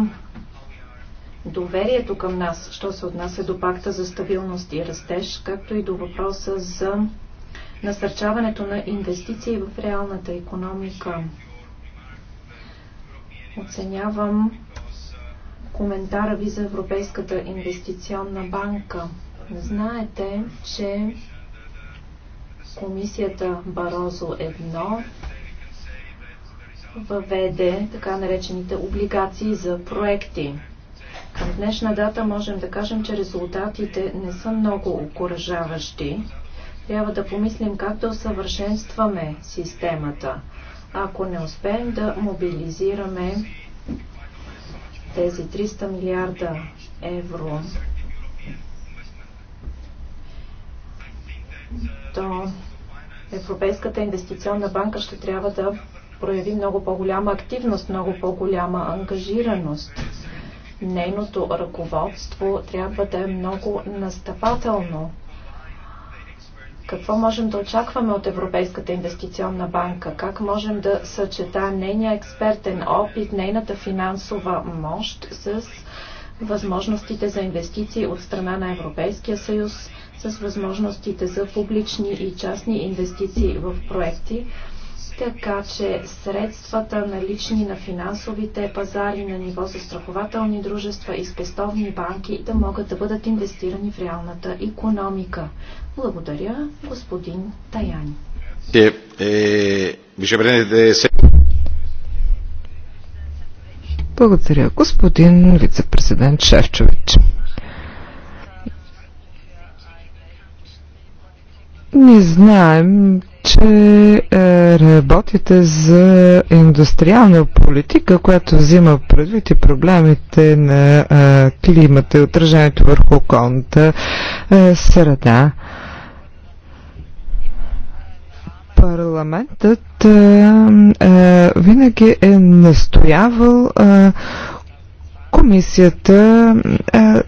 доверието към нас, що се отнася до пакта за стабилност и растеж, както и до въпроса за насърчаването на инвестиции в реалната економика. Оценявам коментара ви за Европейската инвестиционна банка. Знаете, че комисията Барозо въведе така наречените облигации за проекти. Към днешна дата можем да кажем, че резултатите не са много окоръжаващи. Трябва да помислим как да усъвършенстваме системата. Ако не успеем да мобилизираме тези 300 милиарда евро, то Европейската инвестиционна банка ще трябва да прояви много по-голяма активност, много по-голяма ангажираност. Нейното ръководство трябва да е много настъпателно. Какво можем да очакваме от Европейската инвестиционна банка? Как можем да съчета нейния експертен опит, нейната финансова мощ с възможностите за инвестиции от страна на Европейския съюз, с възможностите за публични и частни инвестиции в проекти, така че средствата налични на финансовите пазари на ниво застрахователни дружества и спестовни банки да могат да бъдат инвестирани в реалната економика. Благодаря, господин Таяни. Е, е, Благодаря, господин вице-президент Шевчович. Не знаем, че е, работите за индустриална политика, която взима предвид и проблемите на е, климата и отражението върху околната е, среда. Парламентът е, е, винаги е настоявал е, комисията е,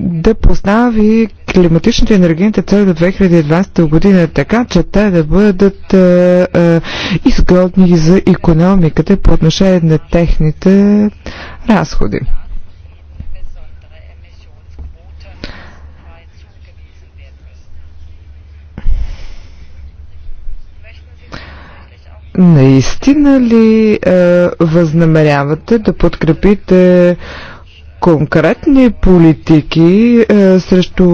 да постави климатичните енергийните цели до 2020 година така, че те да бъдат е, е, изгодни за економиката по отношение на техните разходи. Наистина ли е, възнамерявате да подкрепите конкретни политики е, срещу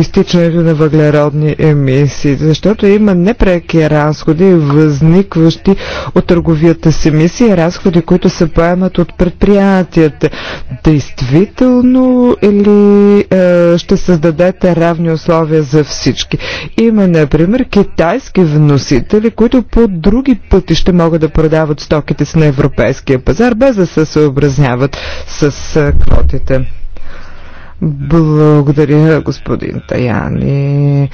изтичането на въглеродни емисии, защото има непреки разходи, възникващи от търговията с емисии, разходи, които се поемат от предприятията. Действително или е, ще създадете равни условия за всички? Има, например, китайски вносители, които по други пъти ще могат да продават стоките си на европейския пазар, без да се съобразняват с е, квота работите. Благодаря, господин Таяни. Е,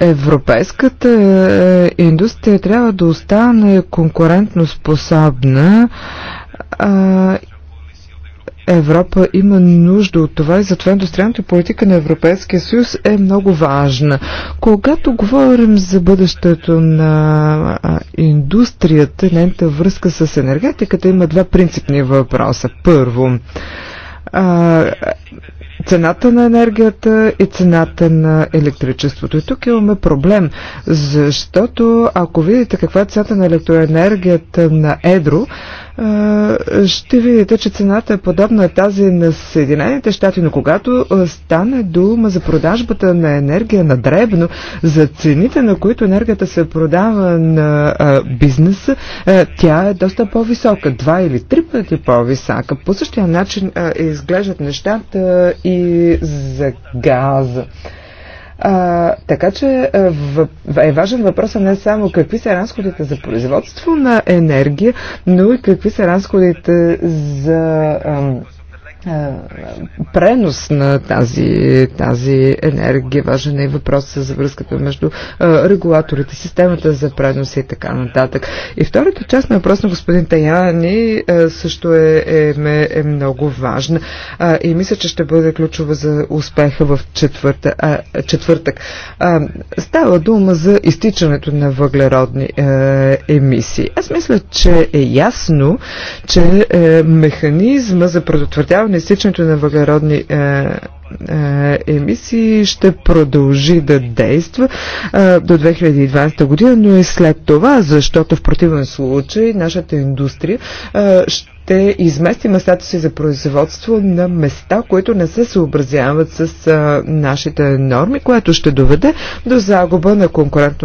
европейската е, индустрия трябва да остане конкурентно способна Европа има нужда от това и затова индустриалната политика на Европейския съюз е много важна. Когато говорим за бъдещето на индустрията, нейната връзка с енергетиката, има два принципни въпроса. Първо, а, цената на енергията и цената на електричеството. И тук имаме проблем, защото ако видите каква е цената на електроенергията на Едро, е, ще видите, че цената е подобна тази на Съединените щати, но когато е, стане дума за продажбата на енергия на дребно, за цените, на които енергията се продава на е, бизнеса, тя е доста по-висока, два или три пъти по-висока. По същия начин изглеждат нещата и за газа. А, така че е, е важен въпрос не само какви са разходите за производство на енергия, но и какви са разходите за. А, е, пренос на тази, тази енергия. Важен е въпросът за връзката между е, регулаторите, системата за пренос и така нататък. И втората част на въпрос на господин Таяни е, също е, е, е много важна и мисля, че ще бъде ключова за успеха в четвърта, а, четвъртък. А, става дума за изтичането на въглеродни а, емисии. Аз мисля, че е ясно, че е, механизма за предотвратяване забавяне изтичането на въглеродни е, е, емисии ще продължи да действа е, до 2020 година, но и след това, защото в противен случай нашата индустрия е, ще измести местата си за производство на места, които не се съобразяват с е, нашите норми, което ще доведе до загуба на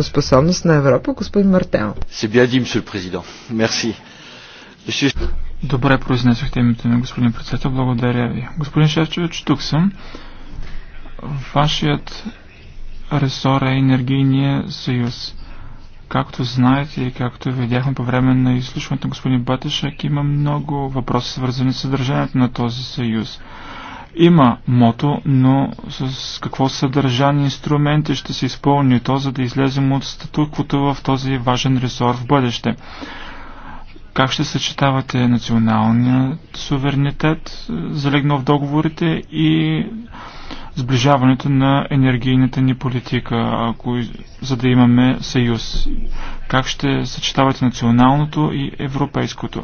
способност на Европа. Господин Мартел. C'est Добре произнесохте името на господин председател. Благодаря ви. Господин Шевчевич, тук съм. Вашият ресор е енергийния съюз. Както знаете и както видяхме по време на изслушването на господин Батешек, има много въпроси свързани с съдържанието на този съюз. Има мото, но с какво съдържание инструменти ще се изпълни то, за да излезем от статуквото в този важен ресор в бъдеще. Как ще съчетавате националния суверенитет, е, залегнал в договорите и сближаването на енергийната ни политика, ако, за да имаме съюз? Как ще съчетавате националното и европейското?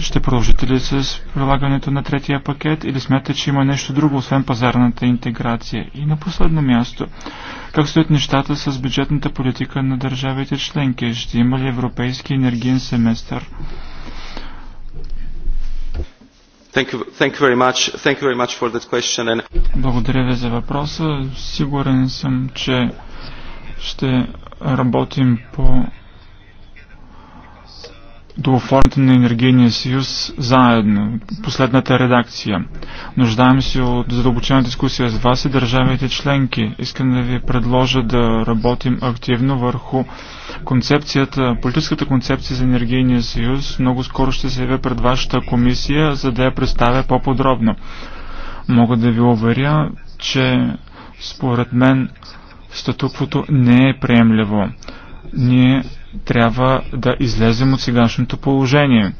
Ще продължите ли с прилагането на третия пакет или смятате, че има нещо друго, освен пазарната интеграция? И на последно място, как стоят нещата с бюджетната политика на държавите членки? Ще има ли европейски енергиен семестър? Благодаря ви за въпроса. Сигурен съм, че ще работим по до оформите на енергийния съюз заедно. Последната редакция. Нуждаем се от задълбочена дискусия с вас и държавите членки. Искам да ви предложа да работим активно върху концепцията, политическата концепция за енергийния съюз. Много скоро ще се явя пред вашата комисия, за да я представя по-подробно. Мога да ви уверя, че според мен статуквото не е приемливо. Ние трябва да излезем от сегашното положение.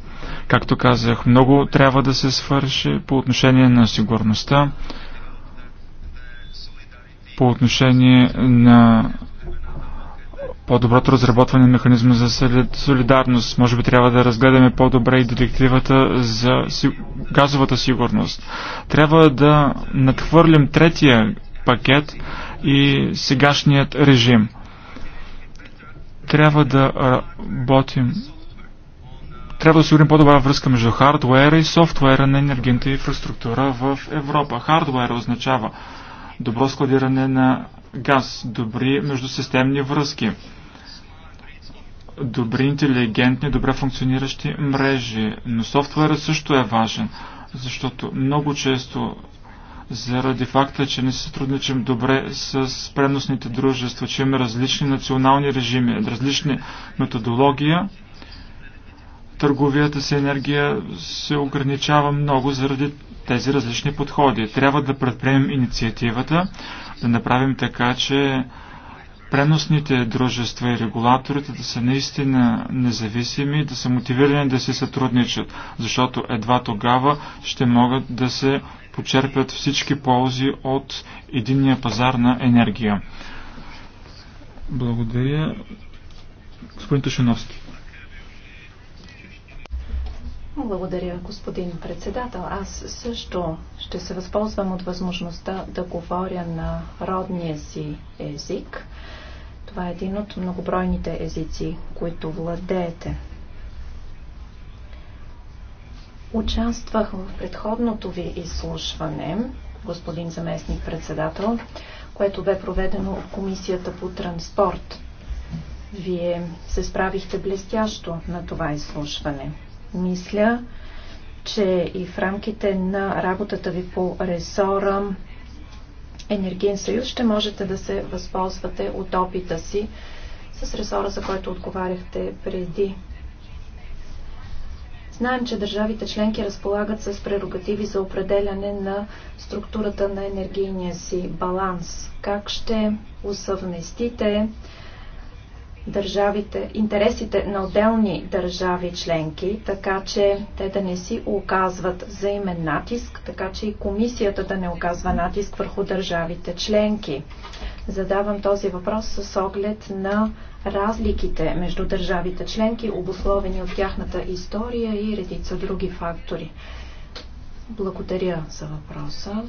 Както казах, много трябва да се свърши по отношение на сигурността, по отношение на по-доброто разработване на механизма за солидарност. Може би трябва да разгледаме по-добре и директивата за газовата сигурност. Трябва да надхвърлим третия пакет и сегашният режим. Трябва да работим. Трябва да осигурим по-добра връзка между хардуера и софтуера на енергийната инфраструктура в Европа. Хардуера означава добро складиране на газ, добри междусистемни връзки, добри, интелигентни, добре функциониращи мрежи. Но софтуерът също е важен, защото много често заради факта, че не се сътрудничим добре с преносните дружества, че имаме различни национални режими, различни методология. Търговията с енергия се ограничава много заради тези различни подходи. Трябва да предприемем инициативата, да направим така, че преносните дружества и регулаторите да са наистина независими, да са мотивирани да се сътрудничат, защото едва тогава ще могат да се почерпят всички ползи от единния пазар на енергия. Благодаря. Господин Тушиновски. Благодаря, господин председател. Аз също ще се възползвам от възможността да говоря на родния си език. Това е един от многобройните езици, които владеете. Участвах в предходното ви изслушване, господин заместник председател, което бе проведено от Комисията по транспорт. Вие се справихте блестящо на това изслушване. Мисля, че и в рамките на работата ви по ресора Енергиен съюз ще можете да се възползвате от опита си с ресора, за който отговаряхте преди Знаем, че държавите членки разполагат с прерогативи за определяне на структурата на енергийния си баланс. Как ще усъвместите държавите, интересите на отделни държави членки, така че те да не си оказват взаимен натиск, така че и комисията да не оказва натиск върху държавите членки. Задавам този въпрос с оглед на разликите между държавите членки, обусловени от тяхната история и редица други фактори. Благодаря за въпроса.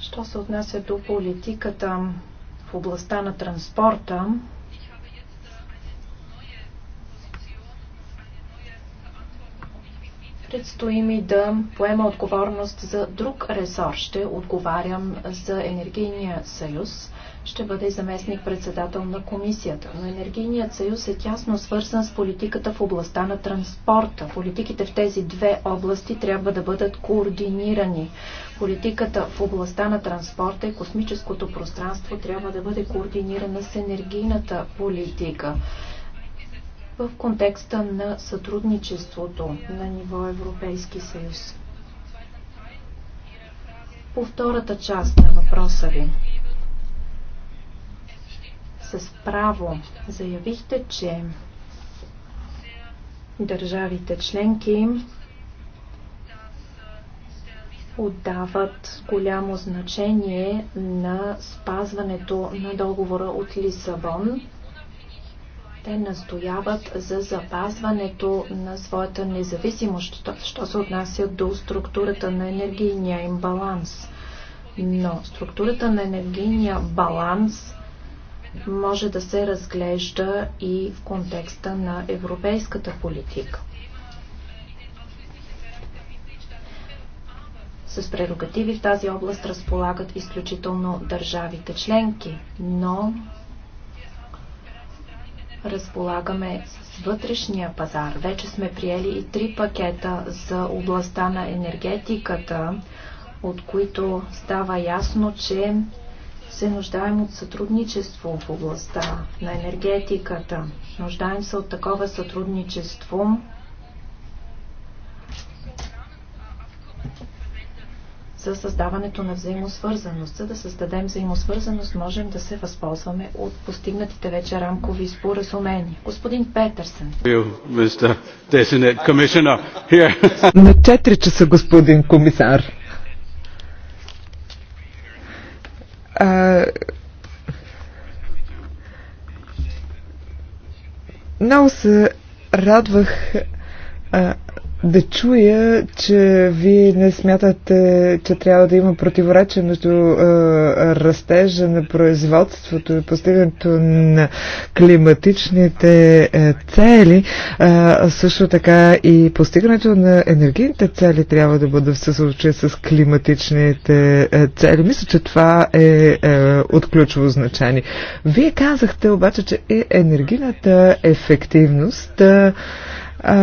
Що се отнася до политиката в областта на транспорта, Предстои ми да поема отговорност за друг ресор. Ще отговарям за енергийния съюз. Ще бъде заместник председател на комисията. Но енергийният съюз е тясно свързан с политиката в областта на транспорта. Политиките в тези две области трябва да бъдат координирани. Политиката в областта на транспорта и космическото пространство трябва да бъде координирана с енергийната политика в контекста на сътрудничеството на ниво Европейски съюз. По втората част на въпроса ви. С право заявихте, че държавите членки отдават голямо значение на спазването на договора от Лисабон те настояват за запазването на своята независимост, що се отнася до структурата на енергийния им баланс. Но структурата на енергийния баланс може да се разглежда и в контекста на европейската политика. С прерогативи в тази област разполагат изключително държавите членки, но разполагаме с вътрешния пазар. Вече сме приели и три пакета за областта на енергетиката, от които става ясно, че се нуждаем от сътрудничество в областта на енергетиката. Нуждаем се от такова сътрудничество, за създаването на взаимосвързаност. За да създадем взаимосвързаност, можем да се възползваме от постигнатите вече рамкови споразумения. Господин Петърсен. На 4 часа, господин комисар. А, много се радвах а, да чуя, че вие не смятате, че трябва да има противоречие между е, растежа на производството и постигането на климатичните е, цели, е, също така и постигането на енергийните цели трябва да бъде в съзвучие с климатичните е, цели. Мисля, че това е, е от ключово значение. Вие казахте обаче, че е енергийната ефективност е, е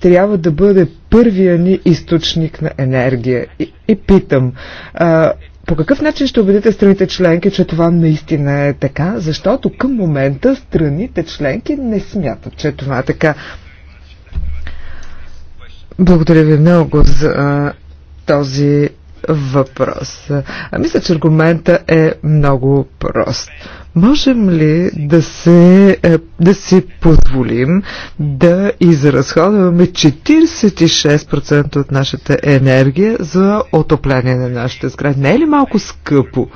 трябва да бъде първия ни източник на енергия. И, и питам, а, по какъв начин ще убедите страните членки, че това наистина е така? Защото към момента страните членки не смятат, че това е така. Благодаря ви много за а, този въпрос. А, мисля, че аргумента е много прост. А, Можем ли да, се, е, да си позволим да изразходваме 46% от нашата енергия за отопление на нашите сгради? Не е ли малко скъпо?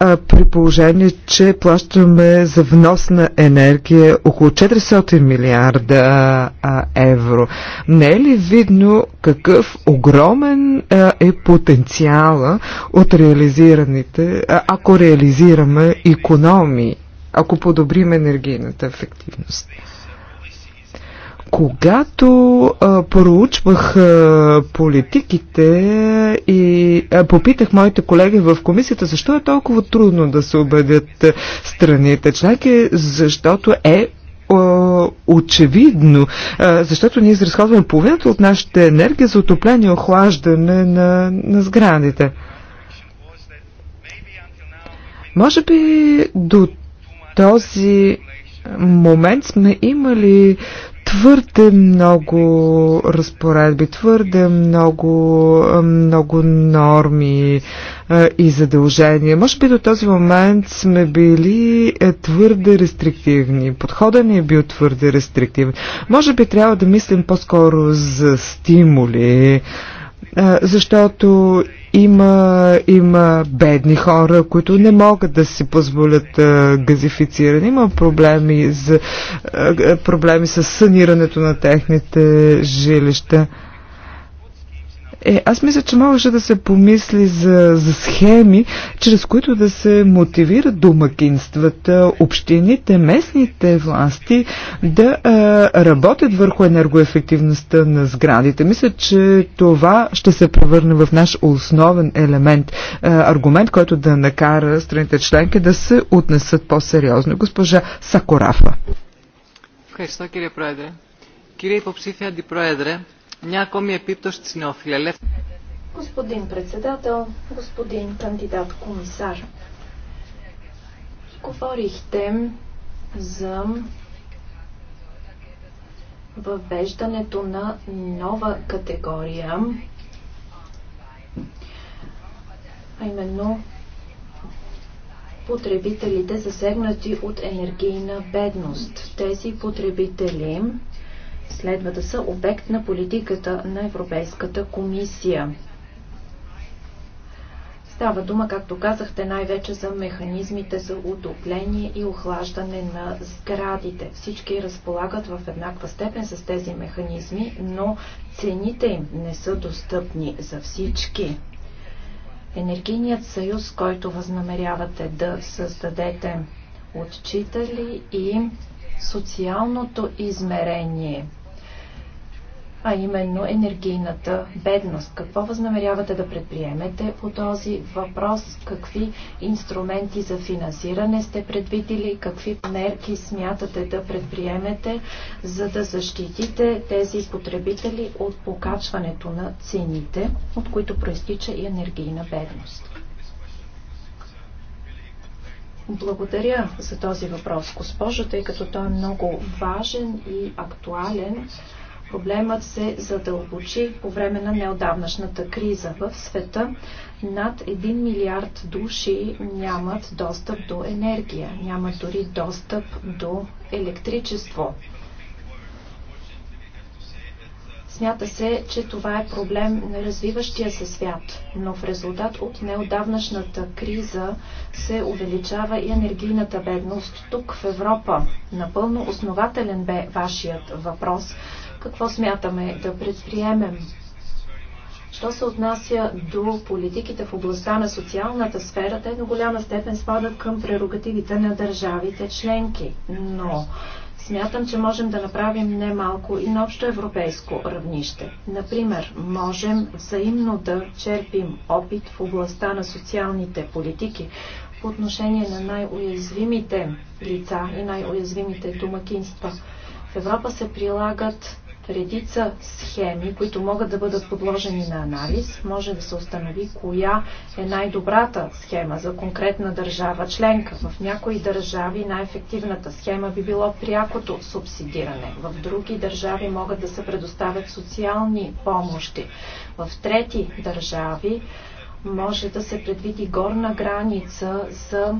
а, при положение, че плащаме за внос на енергия около 400 милиарда а, евро. Не е ли видно какъв огромен а, е потенциала от реализираните, а, ако реализираме економии, ако подобрим енергийната ефективност? Когато а, проучвах а, политиките и а, попитах моите колеги в комисията, защо е толкова трудно да се убедят страните членки, защото е очевидно, защото ние изразходваме половината от нашата енергия за отопление и охлаждане на, на сградите. Може би до този момент сме имали твърде много разпоредби, твърде много, много норми е, и задължения. Може би до този момент сме били е, твърде рестриктивни. Подходът ни е бил твърде рестриктивен. Може би трябва да мислим по-скоро за стимули, защото има, има бедни хора, които не могат да си позволят а, газифициране. Има проблеми, за, а, проблеми с санирането на техните жилища. Е, аз мисля, че можеше да се помисли за, за схеми, чрез които да се мотивират домакинствата, общините, местните власти да е, работят върху енергоефективността на сградите. Мисля, че това ще се превърне в наш основен елемент, е, аргумент, който да накара страните членки да се отнесат по-сериозно. Госпожа Сакорафа. кирия κύριε Кирия и υποψήφια Αντιπρόεδρε, Някоми Господин председател, господин кандидат комисар, говорихте за въвеждането на нова категория, а именно потребителите засегнати от енергийна бедност. Тези потребители следва да са обект на политиката на Европейската комисия. Става дума, както казахте, най-вече за механизмите за отопление и охлаждане на сградите. Всички разполагат в еднаква степен с тези механизми, но цените им не са достъпни за всички. Енергийният съюз, който възнамерявате да създадете, отчитали и социалното измерение – а именно енергийната бедност. Какво възнамерявате да предприемете по този въпрос? Какви инструменти за финансиране сте предвидили? Какви мерки смятате да предприемете, за да защитите тези потребители от покачването на цените, от които проистича и енергийна бедност? Благодаря за този въпрос, госпожо, тъй като той е много важен и актуален Проблемът се задълбочи по време на неодавнашната криза. В света над 1 милиард души нямат достъп до енергия, нямат дори достъп до електричество. Смята се, че това е проблем на развиващия се свят, но в резултат от неодавнашната криза се увеличава и енергийната бедност тук в Европа. Напълно основателен бе вашият въпрос какво смятаме да предприемем? Що се отнася до политиките в областта на социалната сфера, те до голяма степен спадат към прерогативите на държавите членки. Но смятам, че можем да направим немалко и на общо европейско равнище. Например, можем взаимно да черпим опит в областта на социалните политики по отношение на най-уязвимите лица и най-уязвимите домакинства. В Европа се прилагат редица схеми, които могат да бъдат подложени на анализ, може да се установи коя е най-добрата схема за конкретна държава членка. В някои държави най-ефективната схема би било прякото субсидиране. В други държави могат да се предоставят социални помощи. В трети държави може да се предвиди горна граница за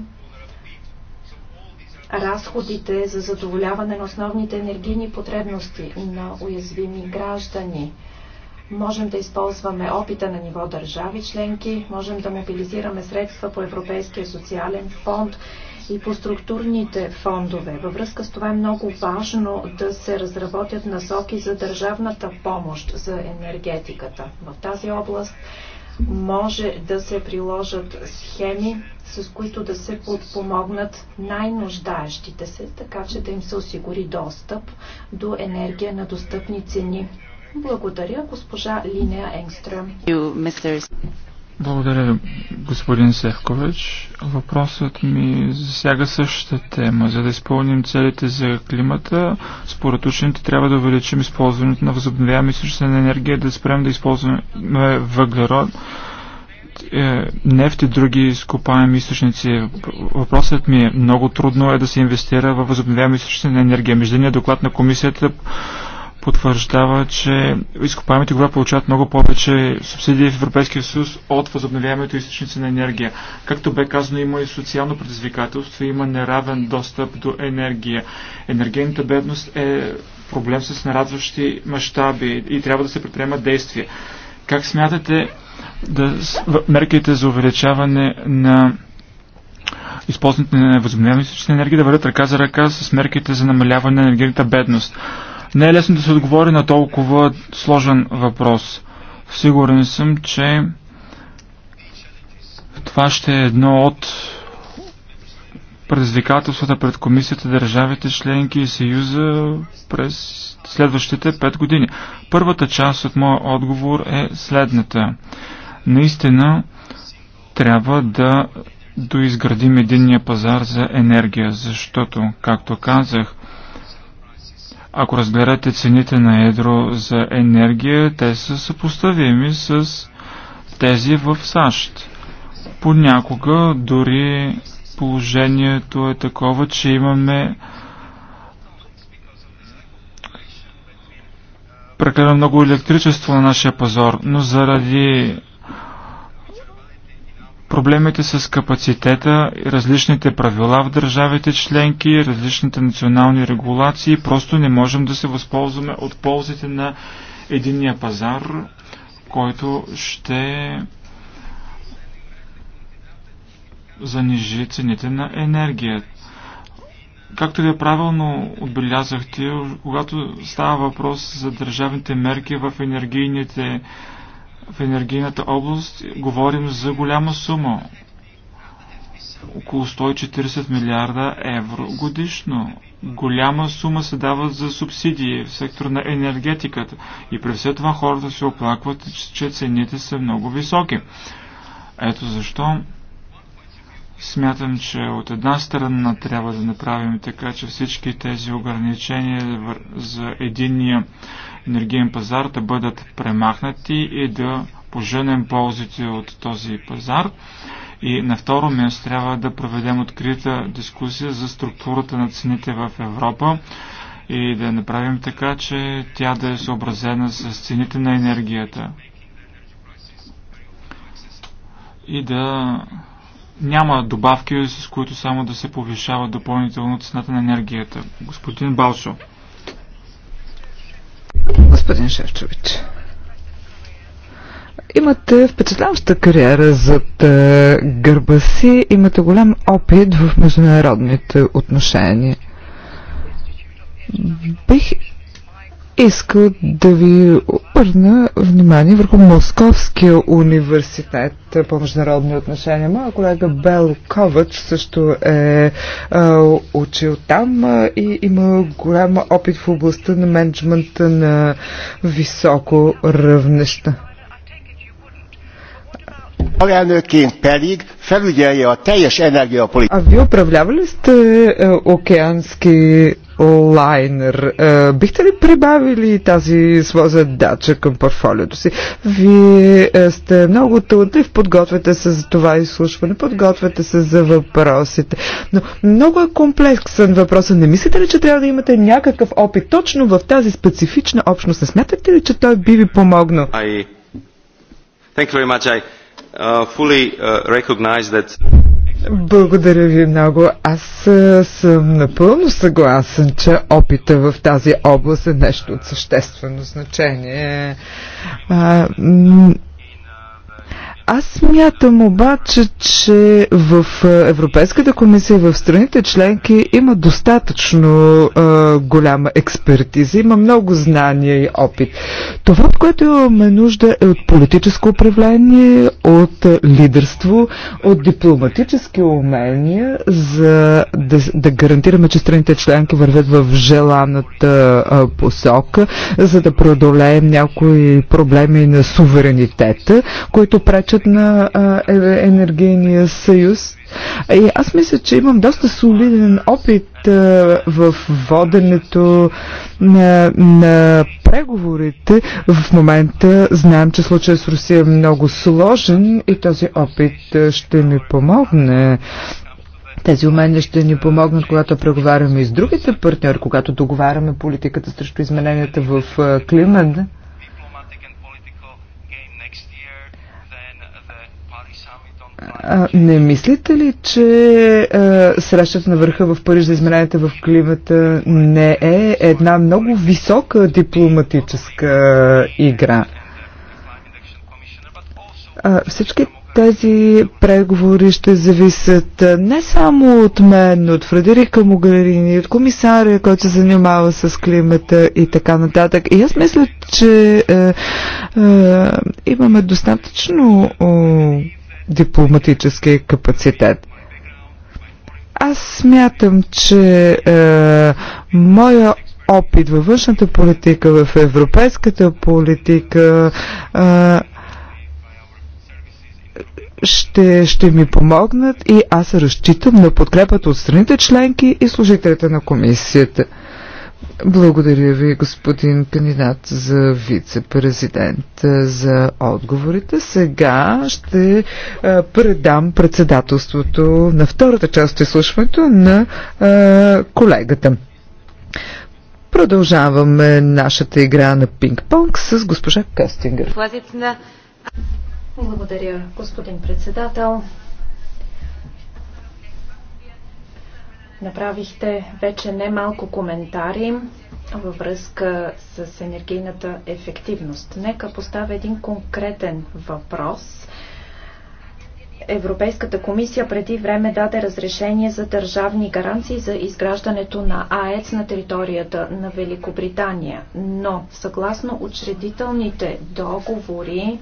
разходите за задоволяване на основните енергийни потребности на уязвими граждани. Можем да използваме опита на ниво държави членки, можем да мобилизираме средства по Европейския социален фонд и по структурните фондове. Във връзка с това е много важно да се разработят насоки за държавната помощ за енергетиката. В тази област може да се приложат схеми, с които да се подпомогнат най-нуждаещите се, така че да им се осигури достъп до енергия на достъпни цени. Благодаря, госпожа Линия Енгстрем. Благодаря господин Севкович. Въпросът ми засяга същата тема. За да изпълним целите за климата, според учените трябва да увеличим използването на възобновяеми източници на енергия, да спрем да използваме въглерод, е, нефт и други изкопаеми източници. Въпросът ми е, много трудно е да се инвестира в възобновяеми източници на енергия. Междинният доклад на комисията потвърждава, че изкопаемите горива получават много повече субсидии в Европейския съюз от възобновяемите източници на енергия. Както бе казано, има и социално предизвикателство, има неравен достъп до енергия. Енергийната бедност е проблем с нарадващи мащаби и трябва да се предприемат действия. Как смятате да мерките за увеличаване на използването на възобновяеми източни енергия да вървят ръка за ръка с мерките за намаляване на енергийната бедност? Не е лесно да се отговори на толкова сложен въпрос. Сигурен съм, че това ще е едно от предизвикателствата пред комисията, държавите, членки и съюза през следващите пет години. Първата част от моя отговор е следната. Наистина трябва да доизградим единния пазар за енергия, защото, както казах, ако разгледате цените на едро за енергия, те са съпоставими с тези в САЩ. Понякога дори положението е такова, че имаме прекалено много електричество на нашия пазар, но заради проблемите с капацитета, различните правила в държавите членки, различните национални регулации. Просто не можем да се възползваме от ползите на единния пазар, който ще занижи цените на енергията. Както вие правилно отбелязахте, когато става въпрос за държавните мерки в енергийните в енергийната област говорим за голяма сума. Около 140 милиарда евро годишно. Голяма сума се дава за субсидии в сектора на енергетиката. И при все това хората се оплакват, че цените са много високи. Ето защо смятам, че от една страна трябва да направим така, че всички тези ограничения за единния енергиен пазар да бъдат премахнати и да поженем ползите от този пазар. И на второ място трябва да проведем открита дискусия за структурата на цените в Европа и да направим така, че тя да е съобразена с цените на енергията. И да няма добавки, с които само да се повишава допълнително цената на енергията. Господин Балшо. Господин Шевчович, имате впечатляваща кариера зад е, гърба си, имате голям опит в международните отношения. Бих иска да ви обърна внимание върху Московския университет по международни отношения. Моя колега Бел Ковач също е, а, е, учил там а, е, и има голям опит в областта на менеджмента на високо равнище. А вие управлявали сте е, океански лайнер. Е, бихте ли прибавили тази своя задача към портфолиото си? Вие е, сте много талантлив, подготвяте се за това изслушване, подготвяте се за въпросите. Но много е комплексен въпрос. Не мислите ли, че трябва да имате някакъв опит точно в тази специфична общност? Не смятате ли, че той би ви помогнал? I... Thank you very much. I uh, fully uh, recognize that благодаря ви много. Аз съм напълно съгласен, че опита в тази област е нещо от съществено значение. А, аз смятам обаче, че в е, Европейската комисия и в страните членки има достатъчно а, е, голяма експертиза, има много знания и опит. Това, от което имаме нужда е от политическо управление, от лидерство, от дипломатически умения, за да, да гарантираме, че страните членки вървят в желаната а, е, посока, за да преодолеем някои проблеми на суверенитета, които пречат бъдещето на е, енергийния съюз. И аз мисля, че имам доста солиден опит в воденето на, на преговорите. В момента знам, че случая с Русия е много сложен и този опит ще ми помогне. Тези умения ще ни помогнат, когато преговаряме и с другите партньори, когато договаряме политиката срещу измененията в климата. А, не мислите ли, че а, срещата на върха в Париж за измененията в климата не е една много висока дипломатическа игра? А, всички тези преговори ще зависят не само от мен, но от Фредерика Могарини, от комисаря, който се занимава с климата и така нататък. И аз мисля, че е, е, имаме достатъчно е, дипломатически капацитет. Аз смятам, че е, моя опит във външната политика, в европейската политика е, ще, ще ми помогнат и аз разчитам на подкрепата от страните членки и служителите на комисията. Благодаря ви, господин кандидат за вице-президент, за отговорите. Сега ще е, предам председателството на втората част от изслушването на е, колегата. Продължаваме нашата игра на пинг-понг с госпожа Кастингер. Благодаря, господин председател. Направихте вече немалко коментари във връзка с енергийната ефективност. Нека поставя един конкретен въпрос. Европейската комисия преди време даде разрешение за държавни гаранции за изграждането на АЕЦ на територията на Великобритания. Но, съгласно учредителните договори,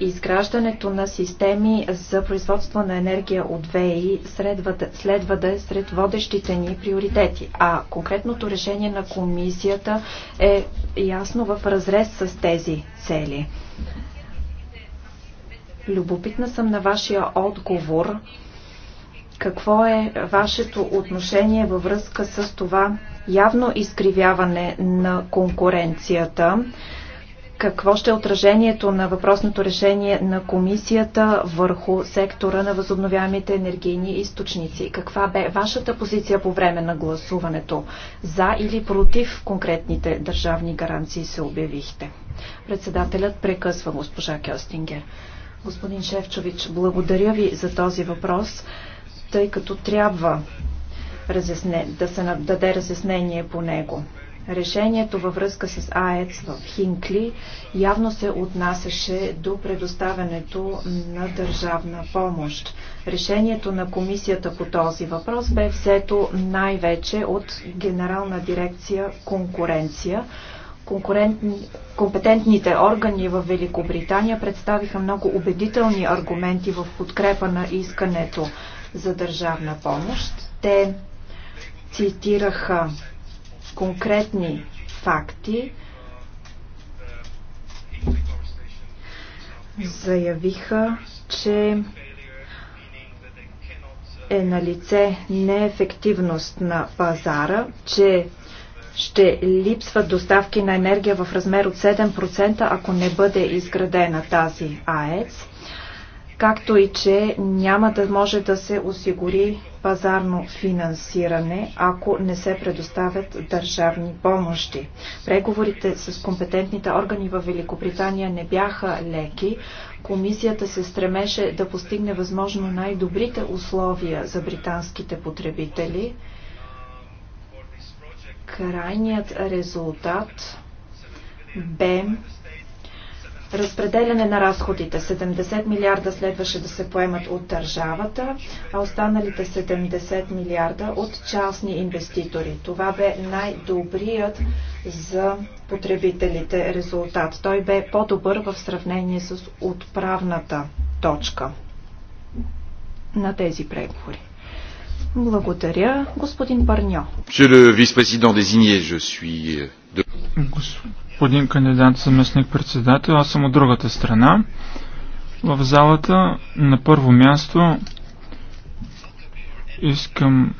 Изграждането на системи за производство на енергия от ВЕИ следва да, следва да е сред водещите ни приоритети, а конкретното решение на комисията е ясно в разрез с тези цели. Любопитна съм на вашия отговор. Какво е вашето отношение във връзка с това явно изкривяване на конкуренцията? Какво ще е отражението на въпросното решение на комисията върху сектора на възобновяемите енергийни източници? Каква бе вашата позиция по време на гласуването? За или против конкретните държавни гаранции се обявихте? Председателят прекъсва госпожа Кестингер. Господин Шевчович, благодаря ви за този въпрос, тъй като трябва разясне, да се даде разяснение по него. Решението във връзка с АЕЦ в Хинкли явно се отнасяше до предоставянето на държавна помощ. Решението на комисията по този въпрос бе взето най-вече от Генерална дирекция конкуренция. Компетентните органи в Великобритания представиха много убедителни аргументи в подкрепа на искането за държавна помощ. Те цитираха конкретни факти. Заявиха, че е на лице неефективност на пазара, че ще липсват доставки на енергия в размер от 7%, ако не бъде изградена тази АЕЦ както и че няма да може да се осигури пазарно финансиране, ако не се предоставят държавни помощи. Преговорите с компетентните органи в Великобритания не бяха леки. Комисията се стремеше да постигне възможно най-добрите условия за британските потребители. Крайният резултат бе разпределяне на разходите. 70 милиарда следваше да се поемат от държавата, а останалите 70 милиарда от частни инвеститори. Това бе най-добрият за потребителите резултат. Той бе по-добър в сравнение с отправната точка на тези преговори. Благодаря, господин Парньо. Monsieur le vice-président désigné, je suis... Euh, господин кандидат заместник председател. Аз съм от другата страна. В залата на първо място искам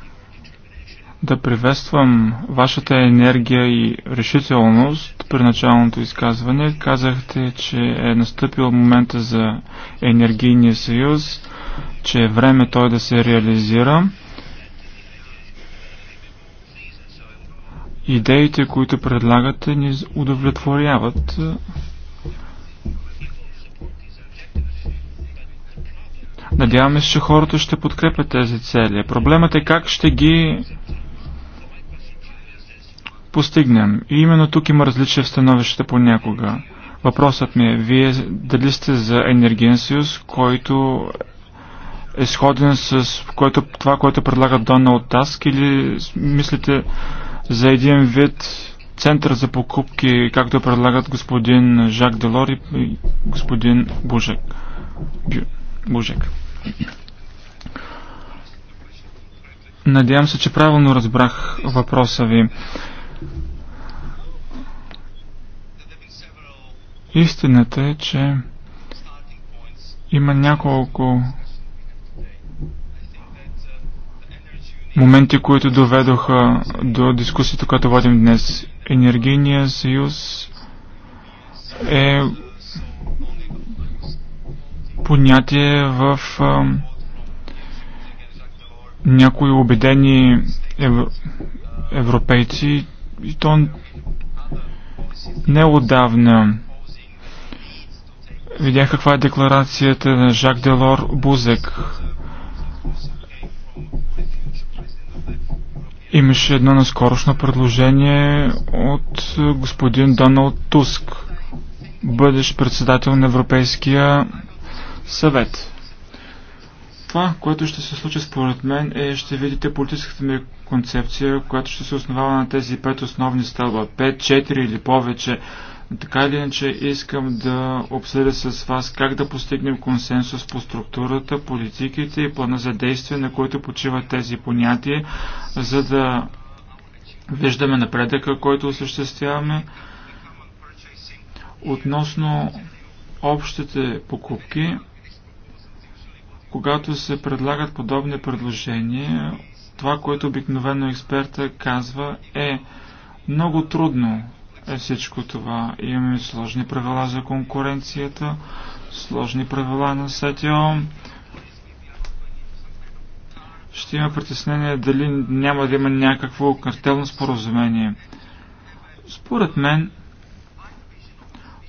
да приветствам вашата енергия и решителност при началното изказване. Казахте, че е настъпил момента за енергийния съюз, че е време той да се реализира. идеите, които предлагате, ни удовлетворяват. Надяваме се, че хората ще подкрепят тези цели. Проблемът е как ще ги постигнем. И именно тук има различия в становищата понякога. Въпросът ми е, вие дали сте за енергиен съюз, който е сходен с което, това, което предлага Доналд Таск или мислите за един вид център за покупки, както предлагат господин Жак Делори и господин Бужек. Бужек. Надявам се, че правилно разбрах въпроса ви. Истината е, че има няколко моменти, които доведоха до дискусията, която водим днес. енергийният съюз е понятие в а, някои убедени евро, европейци и то не отдавна. Видях каква е декларацията на Жак Делор Бузек Имаше едно наскорошно предложение от е, господин Доналд Туск, бъдещ председател на Европейския съвет. Това, което ще се случи според мен е, ще видите политическата ми концепция, която ще се основава на тези пет основни стълба. Пет, четири или повече така или иначе искам да обсъдя с вас как да постигнем консенсус по структурата, политиките и плана за действие, на които почиват тези понятия, за да виждаме напредъка, който осъществяваме относно общите покупки. Когато се предлагат подобни предложения, това, което обикновено експерта казва е много трудно е всичко това. Имаме сложни правила за конкуренцията, сложни правила на СТО. Ще има притеснение дали няма да има някакво картелно споразумение. Според мен,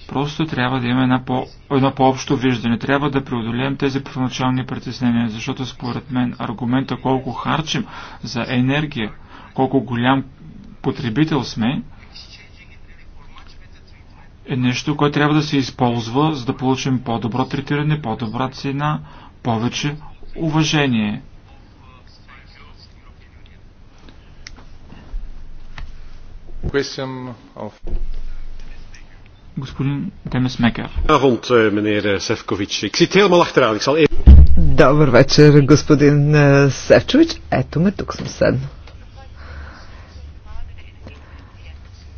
Просто трябва да има една по, едно по-общо виждане. Трябва да преодолеем тези първоначални притеснения, защото според мен аргумента колко харчим за енергия, колко голям потребител сме, е нещо, което трябва да се използва, за да получим по-добро третиране, по-добра цена, повече уважение. Господин Демесмекер. Е, е, Добър вечер, господин е, Севчович. Ето ме, тук съм седна.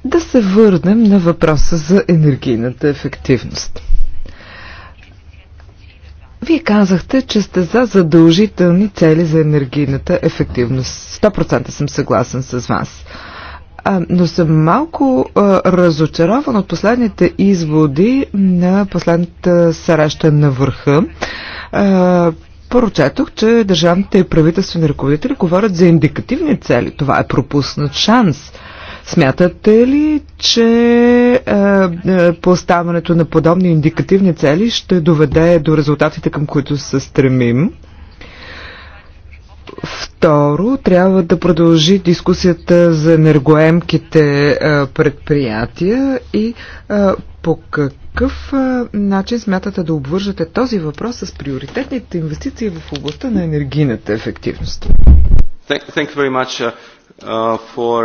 Да се върнем на въпроса за енергийната ефективност. Вие казахте, че сте за задължителни цели за енергийната ефективност. 100% съм съгласен с вас. А, но съм малко а, разочарован от последните изводи на последната среща на върха. Поръчетох, Поручетох, че държавните и правителствени ръководители говорят за индикативни цели. Това е пропуснат шанс. А, Смятате ли, че е, е, поставането на подобни индикативни цели ще доведе до резултатите, към които се стремим? Второ, трябва да продължи дискусията за енергоемките е, предприятия и по какъв начин смятате да обвържате този въпрос с приоритетните инвестиции в областта на енергийната ефективност? Thank, thank you very much, uh, uh for...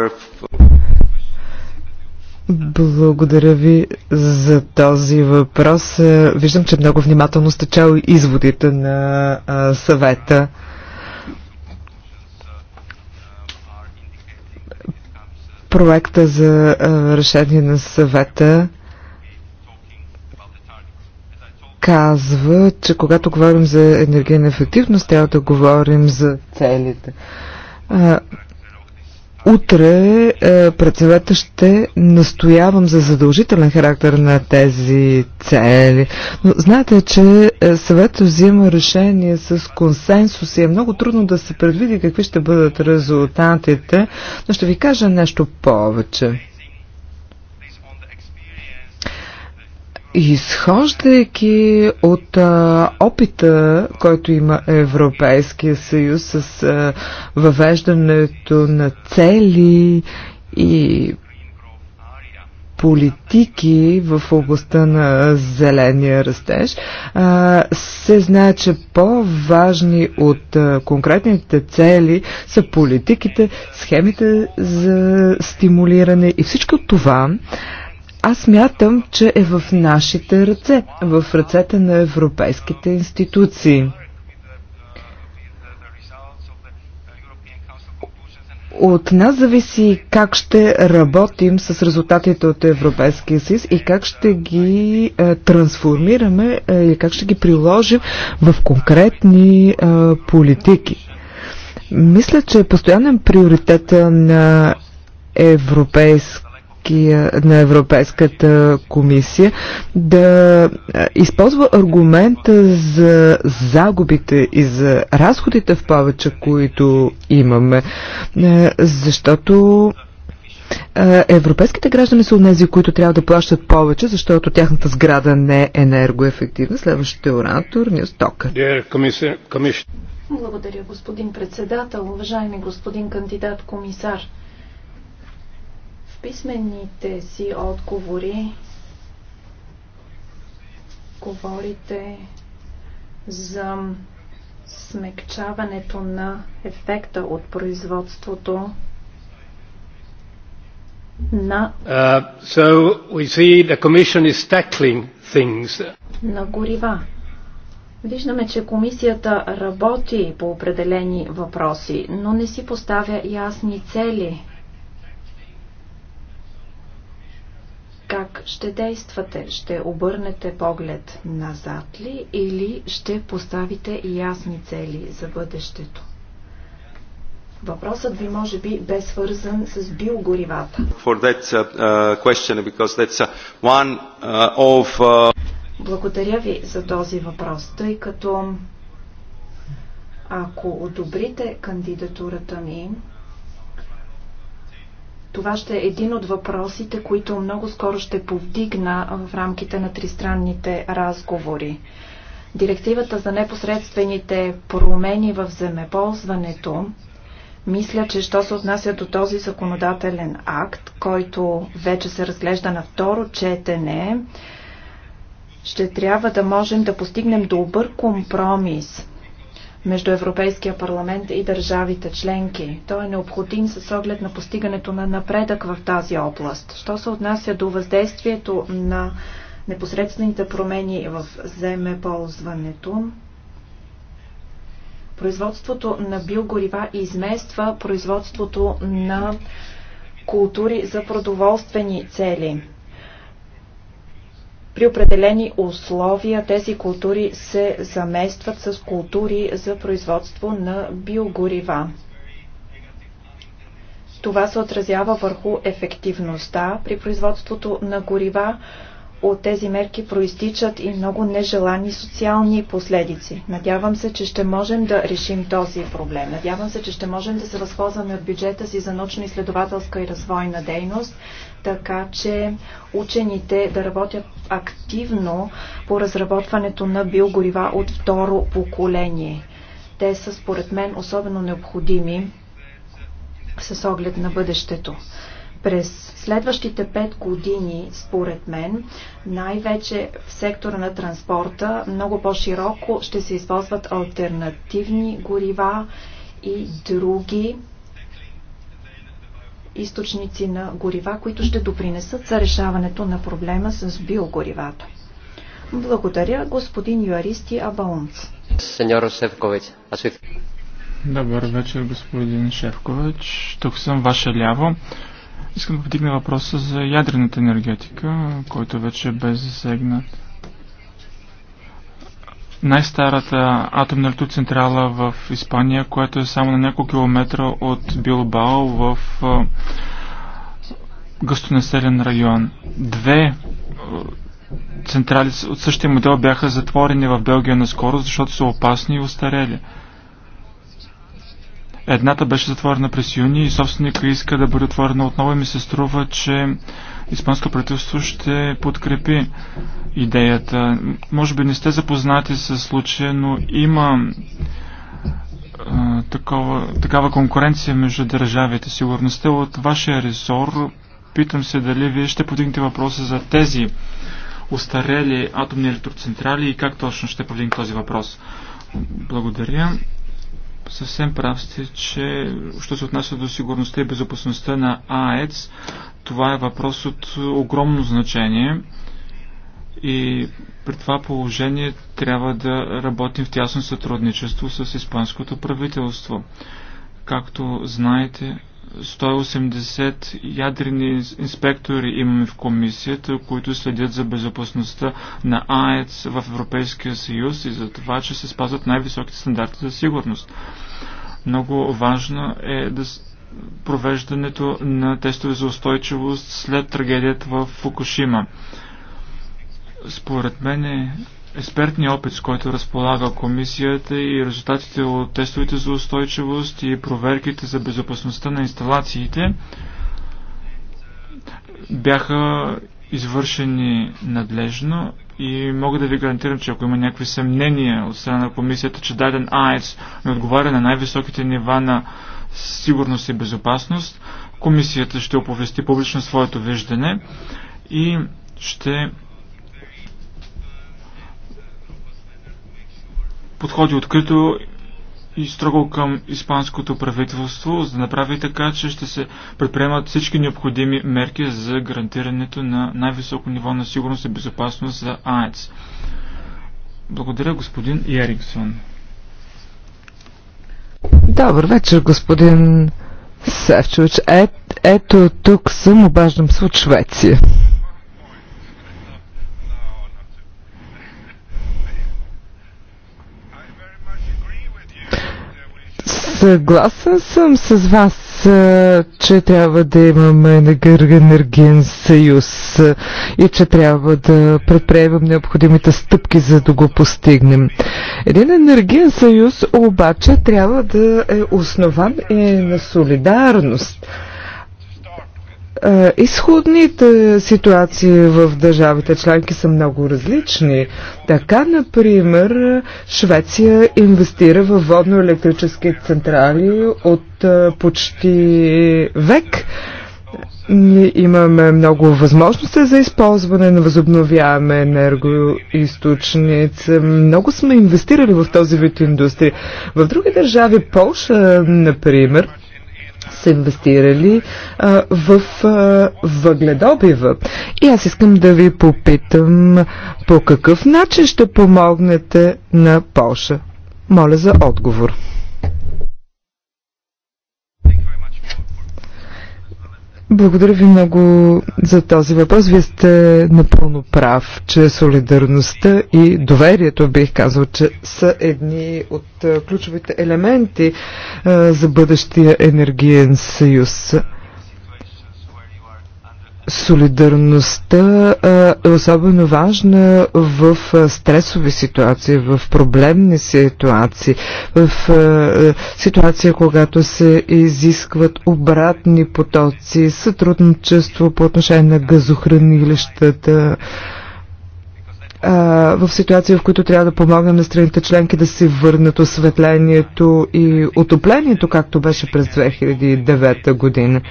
Благодаря ви за този въпрос. Е, виждам, че много внимателно сте чел изводите на съвета. Проекта за решение на съвета казва, че когато говорим за енергийна ефективност, трябва да говорим за целите. Утре е, председата ще настоявам за задължителен характер на тези цели. Но знаете, че е, съветът взима решение с консенсус и е много трудно да се предвиди какви ще бъдат резултатите, но ще ви кажа нещо повече. Изхождайки от а, опита, който има Европейския съюз с а, въвеждането на цели и политики в областта на зеления растеж, се знае, че по-важни от конкретните цели са политиките, схемите за стимулиране и всичко това аз мятам, че е в нашите ръце, в ръцете на европейските институции. От нас зависи как ще работим с резултатите от Европейския съюз и как ще ги е, трансформираме е, и как ще ги приложим в конкретни е, политики. Мисля, че постоянен приоритет на Европейския на Европейската комисия да използва аргумента за загубите и за разходите в повече, които имаме, защото Европейските граждани са от които трябва да плащат повече, защото тяхната сграда не е енергоефективна. Следващите оратор Нюс стока. Благодаря, господин председател, уважаеми господин кандидат комисар писмените си отговори говорите за смекчаването на ефекта от производството на uh, so we see the commission is tackling things. на горива. Виждаме, че комисията работи по определени въпроси, но не си поставя ясни цели Как ще действате? Ще обърнете поглед назад ли или ще поставите ясни цели за бъдещето? Въпросът ви може би бе свързан с биогоривата. Благодаря ви за този въпрос, тъй като ако одобрите кандидатурата ми, това ще е един от въпросите, които много скоро ще повдигна в рамките на тристранните разговори. Директивата за непосредствените промени в земеползването мисля, че що се отнася до този законодателен акт, който вече се разглежда на второ четене, ще трябва да можем да постигнем добър компромис между Европейския парламент и държавите членки. Той е необходим с оглед на постигането на напредък в тази област. Що се отнася до въздействието на непосредствените промени в земеползването, производството на биогорива измества производството на култури за продоволствени цели. При определени условия тези култури се заместват с култури за производство на биогорива. Това се отразява върху ефективността при производството на горива, от тези мерки проистичат и много нежелани социални последици. Надявам се, че ще можем да решим този проблем. Надявам се, че ще можем да се възползваме от бюджета си за научно-изследователска и развойна дейност, така че учените да работят активно по разработването на биогорива от второ поколение. Те са, според мен, особено необходими с оглед на бъдещето. През следващите пет години, според мен, най-вече в сектора на транспорта, много по-широко ще се използват альтернативни горива и други източници на горива, които ще допринесат за решаването на проблема с биогоривата. Благодаря, господин Юаристи Абаунц. Сеньор Шевкович, аз Добър вечер, господин Шевкович. Тук съм ваше ляво. Искам да подигна въпроса за ядрената енергетика, който вече бе засегнат. Най-старата атомна електроцентрала в Испания, която е само на няколко километра от Билбао в гъстонаселен район. Две централи от същия модел бяха затворени в Белгия наскоро, защото са опасни и устарели. Едната беше затворена през юни и собственика иска да бъде отворена отново и ми се струва, че Испанското правителство ще подкрепи идеята. Може би не сте запознати с случая, но има а, такова, такава конкуренция между държавите. сте от вашия ресор. Питам се дали вие ще подигнете въпроса за тези устарели атомни електроцентрали и как точно ще повдигне този въпрос. Благодаря. Съвсем прав сте, че що се отнася до сигурността и безопасността на АЕЦ, това е въпрос от огромно значение и при това положение трябва да работим в тясно сътрудничество с испанското правителство. Както знаете, 180 ядрени инспектори имаме в комисията, които следят за безопасността на АЕЦ в Европейския съюз и за това, че се спазват най-високите стандарти за сигурност. Много важно е да провеждането на тестове за устойчивост след трагедията в Фукушима. Според мен експертния опит, с който разполага комисията и резултатите от тестовете за устойчивост и проверките за безопасността на инсталациите бяха извършени надлежно и мога да ви гарантирам, че ако има някакви съмнения от страна на комисията, че даден АЕЦ не отговаря на най-високите нива на сигурност и безопасност, комисията ще оповести публично своето виждане и ще подходи открито и строго към испанското правителство, за да направи така, че ще се предприемат всички необходими мерки за гарантирането на най-високо ниво на сигурност и безопасност за АЕЦ. Благодаря, господин Яриксон. Добър вечер, господин Севчович. Е, ето тук съм, обаждам се от Швеция. Съгласен съм с вас, че трябва да имаме енергиен съюз и че трябва да предприемем необходимите стъпки, за да го постигнем. Един енергиен съюз обаче трябва да е основан и на солидарност е, изходните ситуации в държавите членки са много различни. Така, например, Швеция инвестира в водно-електрически централи от е, почти век. Ние имаме много възможности за използване на възобновяеми енергоисточници. Много сме инвестирали в този вид индустрия. В други държави, Полша, например, са инвестирали а, в а, въгледобива. И аз искам да ви попитам по какъв начин ще помогнете на Полша. Моля за отговор. Благодаря ви много за този въпрос. Вие сте напълно прав, че солидарността и доверието, бих казал, че са едни от ключовите елементи за бъдещия енергиен съюз. Солидарността е особено важна в стресови ситуации, в проблемни ситуации, в е, ситуация, когато се изискват обратни потоци, сътрудничество по отношение на газохранилищата, в ситуация, в които трябва да помогнем на страните членки да се върнат осветлението и отоплението, както беше през 2009 година.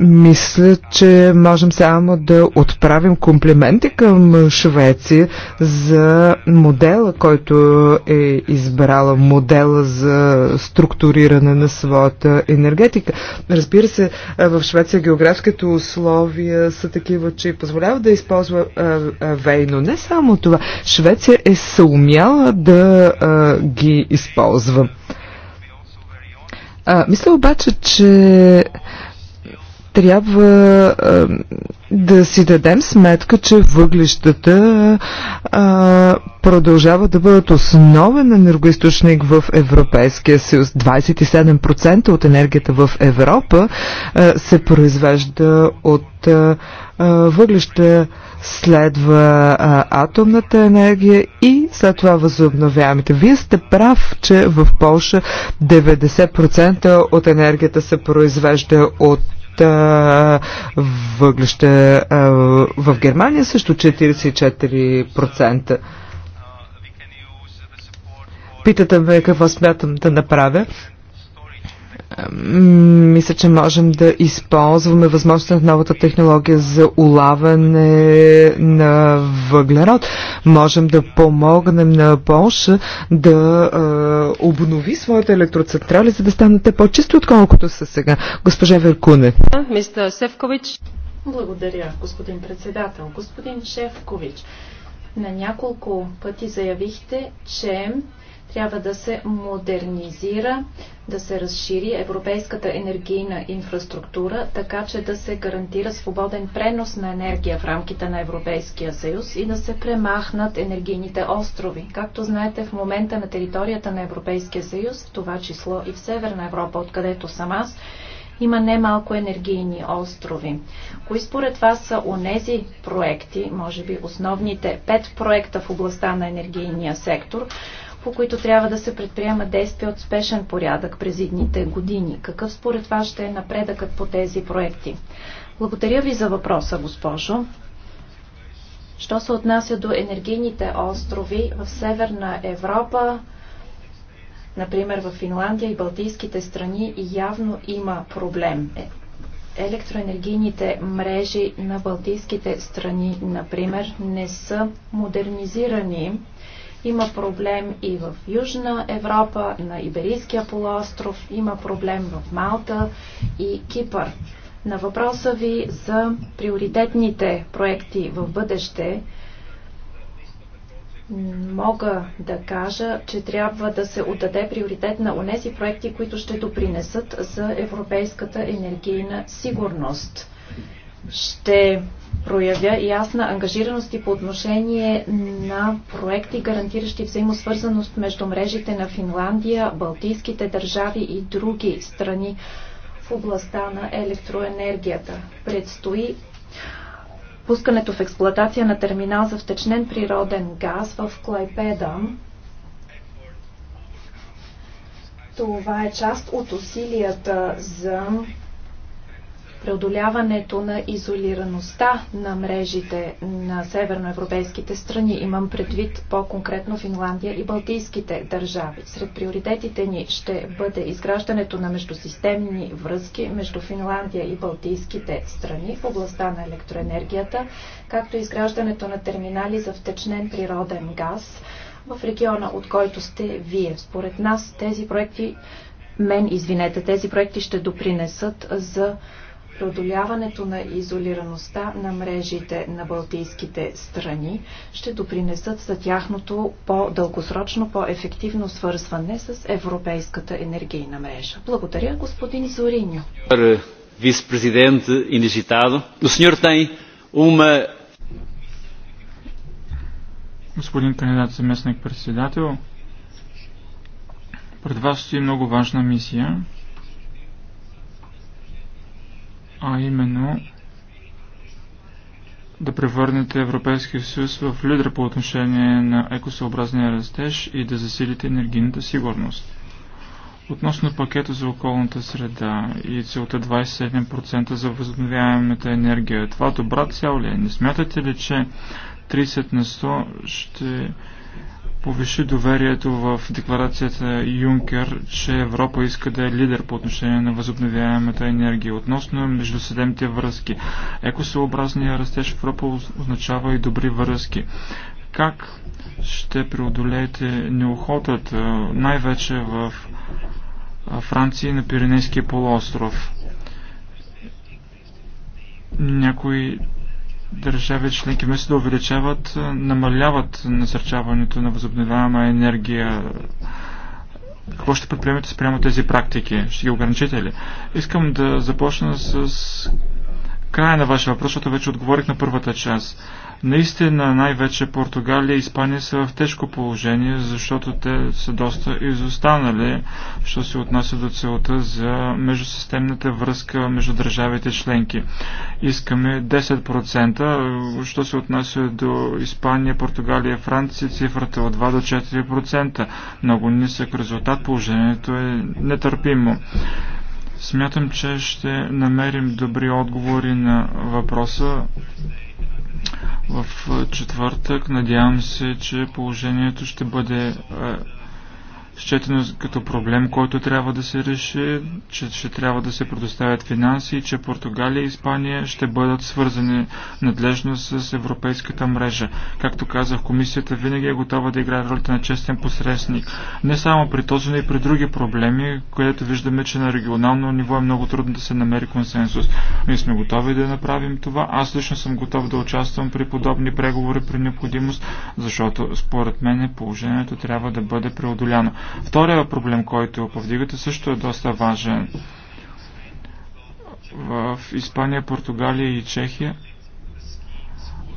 Мисля, че можем само да отправим комплименти към Швеция за модела, който е избрала, модела за структуриране на своята енергетика. Разбира се, в Швеция географските условия са такива, че позволява да използва вейно. Не само това. Швеция е съумяла да ги използва. А, мисля обаче, че трябва а, да си дадем сметка, че въглищата а, продължават да бъдат основен енергоисточник в Европейския съюз. 27% от енергията в Европа а, се произвежда от а, а, въглища. Следва а, атомната енергия и след това възобновяемите. Вие сте прав, че в Польша 90% от енергията се произвежда от а, въглеща. А, в Германия също 44%. Питате ме какво смятам да направя. Мисля, че можем да използваме възможността на новата технология за улавяне на въглерод. Можем да помогнем на Полша да е, обнови своите електроцентрали, за да станете по-чисти, отколкото са сега. Госпожа Веркуне. Мистер Севкович. Благодаря, господин председател. Господин Шефкович, на няколко пъти заявихте, че трябва да се модернизира, да се разшири европейската енергийна инфраструктура, така че да се гарантира свободен пренос на енергия в рамките на Европейския съюз и да се премахнат енергийните острови. Както знаете, в момента на територията на Европейския съюз, в това число и в Северна Европа, откъдето съм аз, има немалко енергийни острови. Кои според вас са онези проекти, може би основните пет проекта в областта на енергийния сектор, по които трябва да се предприема действия от спешен порядък през идните години. Какъв според вас ще е напредъкът по тези проекти? Благодаря ви за въпроса, госпожо. Що се отнася до енергийните острови в Северна Европа, например в Финландия и Балтийските страни, явно има проблем. Е, електроенергийните мрежи на Балтийските страни, например, не са модернизирани има проблем и в Южна Европа, на Иберийския полуостров, има проблем в Малта и Кипър. На въпроса ви за приоритетните проекти в бъдеще, мога да кажа, че трябва да се отдаде приоритет на онези проекти, които ще допринесат за европейската енергийна сигурност ще проявя ясна ангажираност и по отношение на проекти, гарантиращи взаимосвързаност между мрежите на Финландия, Балтийските държави и други страни в областта на електроенергията. Предстои пускането в експлоатация на терминал за втечнен природен газ в Клайпеда. Това е част от усилията за преодоляването на изолираността на мрежите на северноевропейските страни. Имам предвид по-конкретно Финландия и Балтийските държави. Сред приоритетите ни ще бъде изграждането на междусистемни връзки между Финландия и Балтийските страни в областта на електроенергията, както и изграждането на терминали за втечнен природен газ в региона, от който сте вие. Според нас тези проекти мен, извинете, тези проекти ще допринесат за Продоляването на изолираността на мрежите на балтийските страни ще допринесат за тяхното по-дългосрочно, по-ефективно свързване с европейската енергийна мрежа. Благодаря, господин Зориньо. Вице-президент indigitado, o senhor tem Господин кандидат заместник председател, пред вас стои много важна мисия. а именно да превърнете Европейския съюз в лидер по отношение на екосъобразния растеж и да засилите енергийната сигурност. Относно пакета за околната среда и целта 27% за възобновяемата енергия, това добра цял ли е? Не смятате ли, че 30 на 100 ще повиши доверието в декларацията Юнкер, че Европа иска да е лидер по отношение на възобновяемата енергия. Относно между седемте връзки, екосъобразния растеж в Европа означава и добри връзки. Как ще преодолеете неохотата, най-вече в Франция и на Пиренейския полуостров? Някои държави членки вместо да увеличават, намаляват насърчаването на възобновяема енергия. Какво ще предприемете спрямо тези практики? Ще ги ограничите ли? Искам да започна с края на вашия въпрос, защото вече отговорих на първата част. Наистина най-вече Португалия и Испания са в тежко положение, защото те са доста изостанали, що се отнася до целта за междусистемната връзка между държавите членки. Искаме 10%, що се отнася до Испания, Португалия, Франция, цифрата е от 2 до 4%. Много нисък резултат, положението е нетърпимо. Смятам, че ще намерим добри отговори на въпроса в е, четвъртък. Надявам се, че положението ще бъде е, счетено като проблем, който трябва да се реши, че ще трябва да се предоставят финанси, че Португалия и Испания ще бъдат свързани надлежно с европейската мрежа. Както казах, комисията винаги е готова да играе ролята на честен посредник. Не само при този, но и при други проблеми, където виждаме, че на регионално ниво е много трудно да се намери консенсус. Ние сме готови да направим това. Аз лично съм готов да участвам при подобни преговори при необходимост, защото според мен положението трябва да бъде преодоляно. Втория проблем, който повдигате, също е доста важен. В Испания, Португалия и Чехия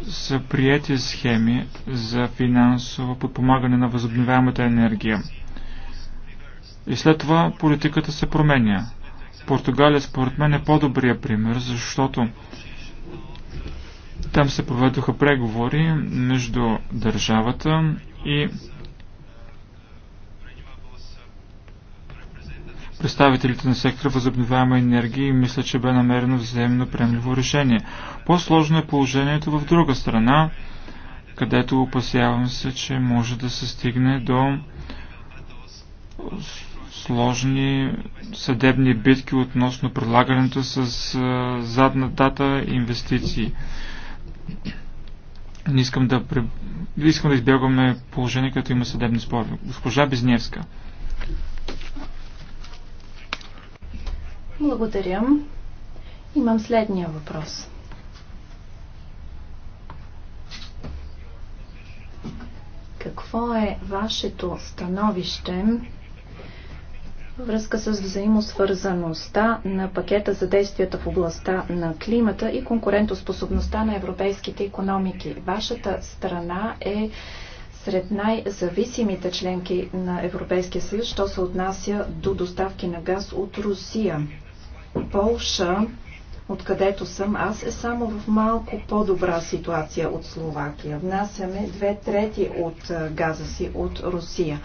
са приети схеми за финансово подпомагане на възобновяемата енергия. И след това политиката се променя. Португалия според мен е по-добрия пример, защото там се проведоха преговори между държавата и представителите на сектора възобновяема енергия и мисля, че бе намерено взаимно приемливо решение. По-сложно е положението в друга страна, където опасявам се, че може да се стигне до сложни съдебни битки относно предлагането с задна дата инвестиции. Не искам да, искам да избягваме положение, като има съдебни спори. Госпожа Безневска. Благодаря. Имам следния въпрос. Какво е вашето становище във връзка с взаимосвързаността на пакета за действията в областта на климата и конкурентоспособността на европейските економики? Вашата страна е сред най-зависимите членки на Европейския съюз, що се отнася до доставки на газ от Русия. Полша, откъдето съм аз, е само в малко по-добра ситуация от Словакия. Внасяме две трети от газа си от Русия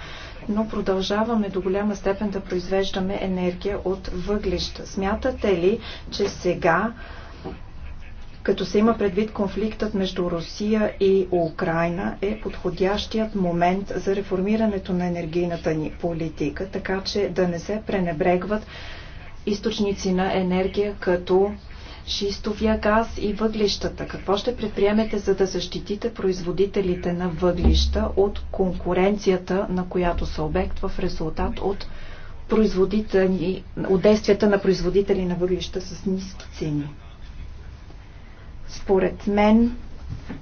но продължаваме до голяма степен да произвеждаме енергия от въглища. Смятате ли, че сега, като се има предвид конфликтът между Русия и Украина, е подходящият момент за реформирането на енергийната ни политика, така че да не се пренебрегват източници на енергия, като шистовия газ и въглищата. Какво ще предприемете, за да защитите производителите на въглища от конкуренцията, на която са обект в резултат от, от действията на производители на въглища с ниски цени? Според мен,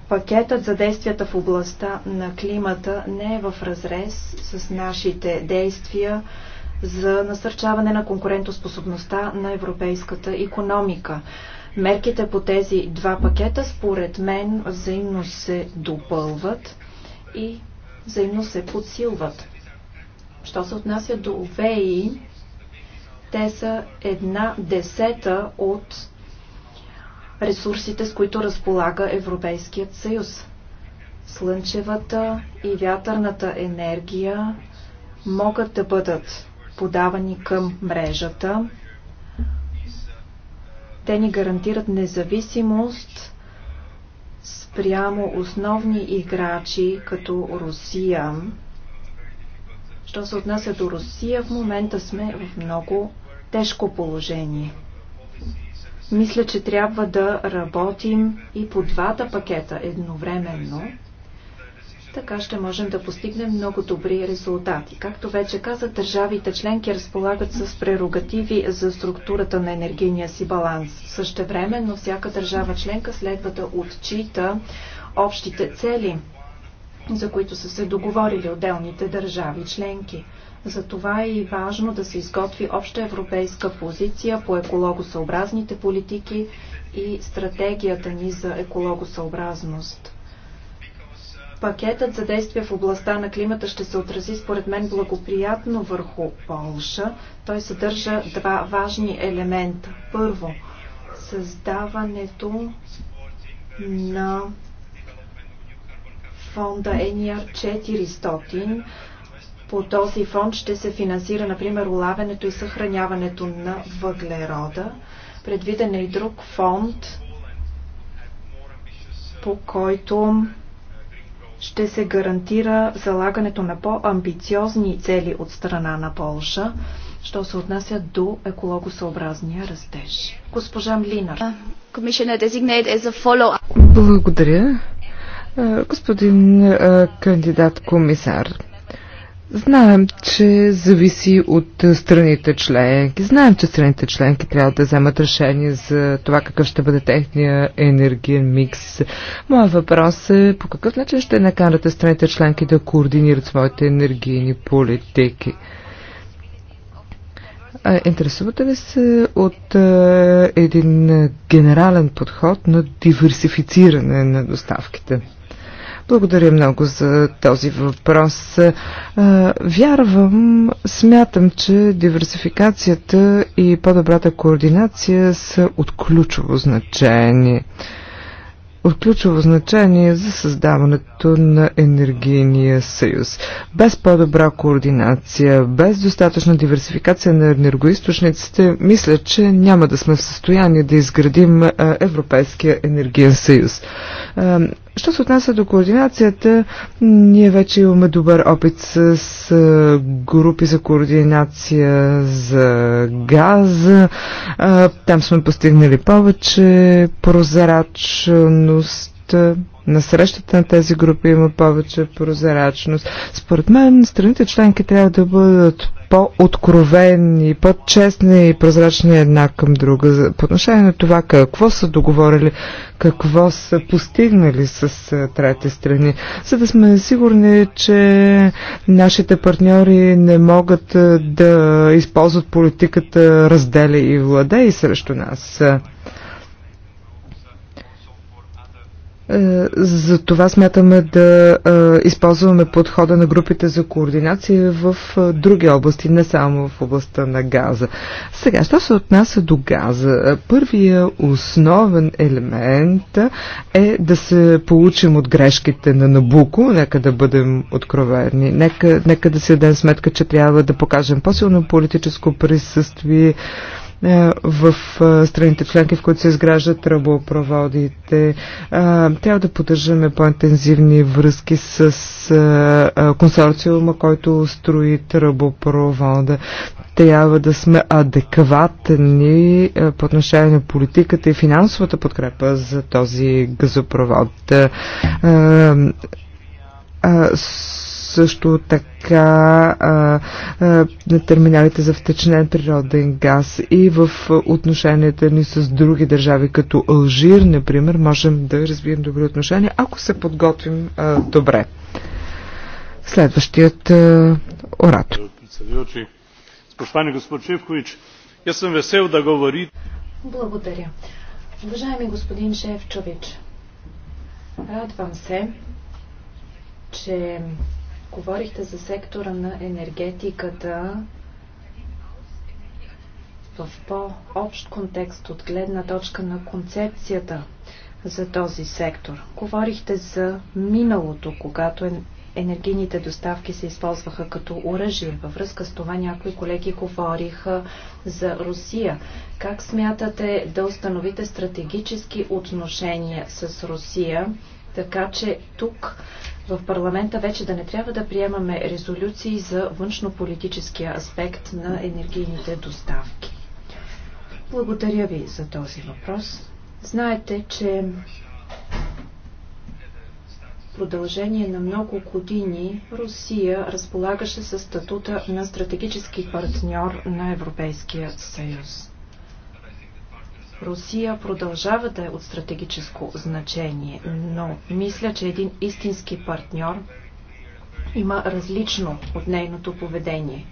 пакетът за действията в областта на климата не е в разрез с нашите действия за насърчаване на конкурентоспособността на европейската економика. Мерките по тези два пакета, според мен, взаимно се допълват и взаимно се подсилват. Що се отнася до ВЕИ, те са една десета от ресурсите, с които разполага Европейският съюз. Слънчевата и вятърната енергия могат да бъдат подавани към мрежата. Те ни гарантират независимост спрямо основни играчи като Русия. Що се отнася до Русия, в момента сме в много тежко положение. Мисля, че трябва да работим и по двата пакета едновременно. Така ще можем да постигнем много добри резултати. Както вече каза, държавите членки разполагат с прерогативи за структурата на енергийния си баланс. време, но всяка държава членка следва да отчита общите цели, за които са се договорили отделните държави членки. Затова е и важно да се изготви обща европейска позиция по екологосъобразните политики и стратегията ни за екологосъобразност. Пакетът за действия в областта на климата ще се отрази според мен благоприятно върху Полша. Той съдържа два важни елемента. Първо, създаването на фонда NR e 400. По този фонд ще се финансира, например, улавянето и съхраняването на въглерода. Предвиден е и друг фонд, по който ще се гарантира залагането на по-амбициозни цели от страна на Полша, що се отнася до екологосъобразния растеж. Госпожа Млинар. Благодаря. Господин кандидат комисар, Знаем, че зависи от е, страните членки. Знаем, че страните членки трябва да вземат решение за това какъв ще бъде техния енергиен микс. Моят въпрос е по какъв начин ще накарате страните членки да координират своите енергийни политики? интересувате ли се от а, е, един генерален подход на диверсифициране на доставките? Благодаря много за този въпрос. Вярвам, смятам, че диверсификацията и по-добрата координация са от ключово значение от ключово значение за създаването на енергийния съюз. Без по-добра координация, без достатъчна диверсификация на енергоисточниците, мисля, че няма да сме в състояние да изградим Европейския енергиен съюз. Що се отнася до координацията, ние вече имаме добър опит с групи за координация за газ. Там сме постигнали повече прозрачност на срещата на тези групи има повече прозрачност. Според мен страните членки трябва да бъдат по-откровени, по-честни и прозрачни една към друга. По отношение на това какво са договорили, какво са постигнали с трети страни, за да сме сигурни, че нашите партньори не могат да използват политиката разделя и владе и срещу нас. Е, за това смятаме да е, използваме подхода на групите за координация в е, други области, не само в областта на газа. Сега, що се отнася до газа? Първия основен елемент е да се получим от грешките на Набуко, нека да бъдем откровени, нека, нека да си дадем сметка, че трябва да покажем по-силно политическо присъствие, е, в е, страните членки, в които се изграждат тръбопроводите. Е, трябва да поддържаме по-интензивни връзки с консорциума, който строи тръбопровода. Трябва да сме адекватни по отношение на политиката и финансовата подкрепа за този газопровод също така а, а, на терминалите за втечнен природен газ и в отношенията ни с други държави, като Алжир, например, можем да развием добри отношения, ако се подготвим а, добре. Следващият а, оратор. Спочване господ Шевкович, я съм весел да говори. Благодаря. Уважаеми господин Шевчович, радвам се, че Говорихте за сектора на енергетиката в по-общ контекст от гледна точка на концепцията за този сектор. Говорихте за миналото, когато енергийните доставки се използваха като оръжие. Във връзка с това някои колеги говориха за Русия. Как смятате да установите стратегически отношения с Русия, така че тук в парламента вече да не трябва да приемаме резолюции за външнополитическия аспект на енергийните доставки. Благодаря ви за този въпрос. Знаете, че в продължение на много години Русия разполагаше с статута на стратегически партньор на Европейския съюз. Русия продължава да е от стратегическо значение, но мисля, че един истински партньор има различно от нейното поведение.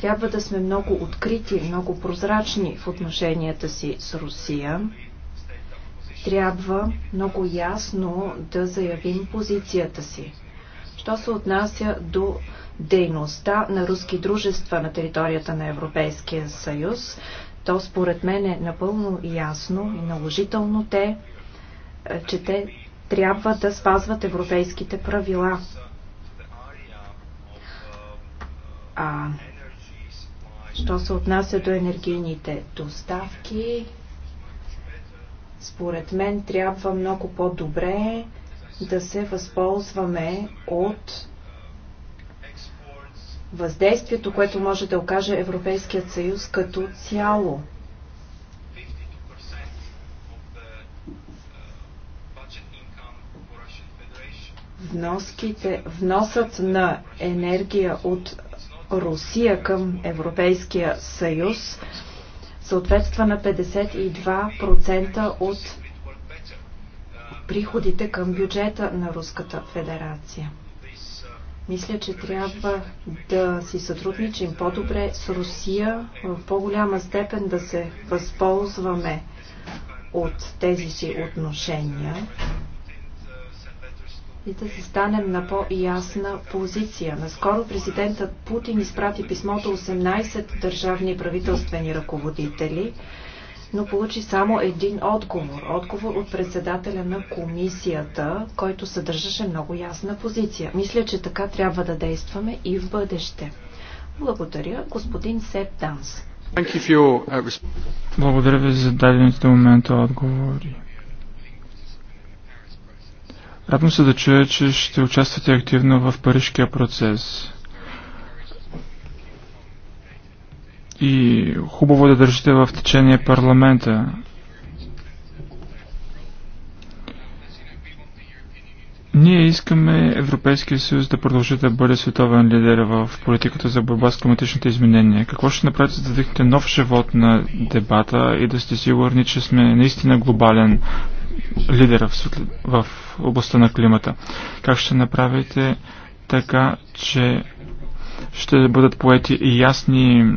Трябва да сме много открити, много прозрачни в отношенията си с Русия. Трябва много ясно да заявим позицията си. Що се отнася до дейността на руски дружества на територията на Европейския съюз, то според мен е напълно ясно и наложително те, е, че те трябва да спазват европейските правила. А що се отнася до енергийните доставки, според мен трябва много по-добре да се възползваме от въздействието, което може да окаже Европейският съюз като цяло. Вноските, вносът на енергия от Русия към Европейския съюз съответства на 52% от приходите към бюджета на Руската федерация. Мисля, че трябва да си сътрудничим по-добре с Русия, в по-голяма степен да се възползваме от тези си отношения и да се станем на по-ясна позиция. Наскоро президентът Путин изпрати писмото 18 държавни правителствени ръководители, но получи само един отговор. Отговор от председателя на комисията, който съдържаше много ясна позиция. Мисля, че така трябва да действаме и в бъдеще. Благодаря, господин Сеп Данс. Uh, Благодаря ви за дадените момента отговори. Радвам се да чуя, че ще участвате активно в парижкия процес. и хубаво е да държите в течение парламента. Ние искаме Европейския съюз да продължи да бъде световен лидер в политиката за борба с климатичните изменения. Какво ще направите за да дадете нов живот на дебата и да сте сигурни, че сме наистина глобален лидер в, светли... в областта на климата? Как ще направите така, че ще бъдат поети и ясни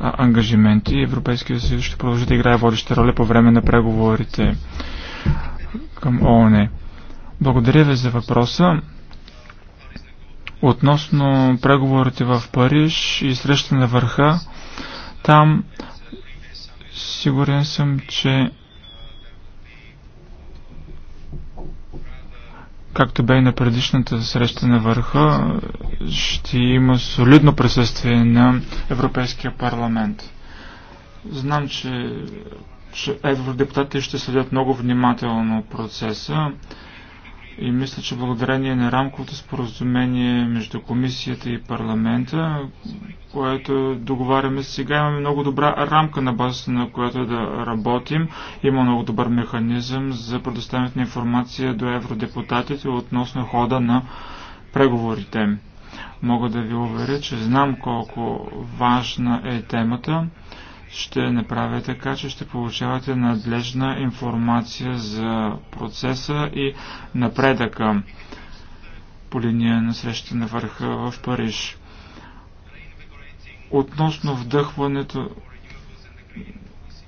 а, ангажименти. Европейския съюз ще продължи да играе водеща роля по време на преговорите към ООН. Благодаря ви за въпроса. Относно преговорите в Париж и среща на върха, там сигурен съм, че както бе и на предишната среща на върха, ще има солидно присъствие на Европейския парламент. Знам, че евродепутатите ще следят много внимателно процеса. И мисля, че благодарение на рамковото споразумение между комисията и парламента, което договаряме сега, имаме много добра рамка на базата на която да работим. Има много добър механизъм за предоставянето на информация до евродепутатите относно хода на преговорите. Мога да ви уверя, че знам колко важна е темата ще направя така, че ще получавате надлежна информация за процеса и напредъка по линия на среща на върха в Париж. Относно вдъхването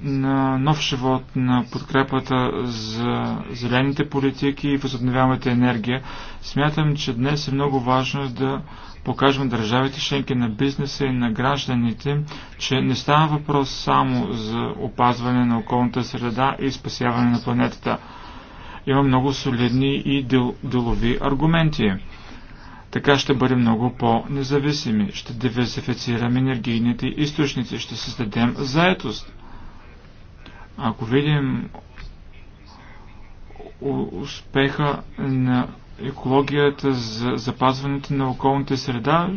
на нов живот на подкрепата за зелените политики и възобновяемата енергия, смятам, че днес е много важно да покажем държавите, членки на бизнеса и на гражданите, че не става въпрос само за опазване на околната среда и спасяване на планетата. Има много солидни и дел, делови аргументи. Така ще бъдем много по-независими, ще диверсифицираме енергийните източници, ще създадем заетост. Ако видим успеха на екологията, за запазването на околната среда,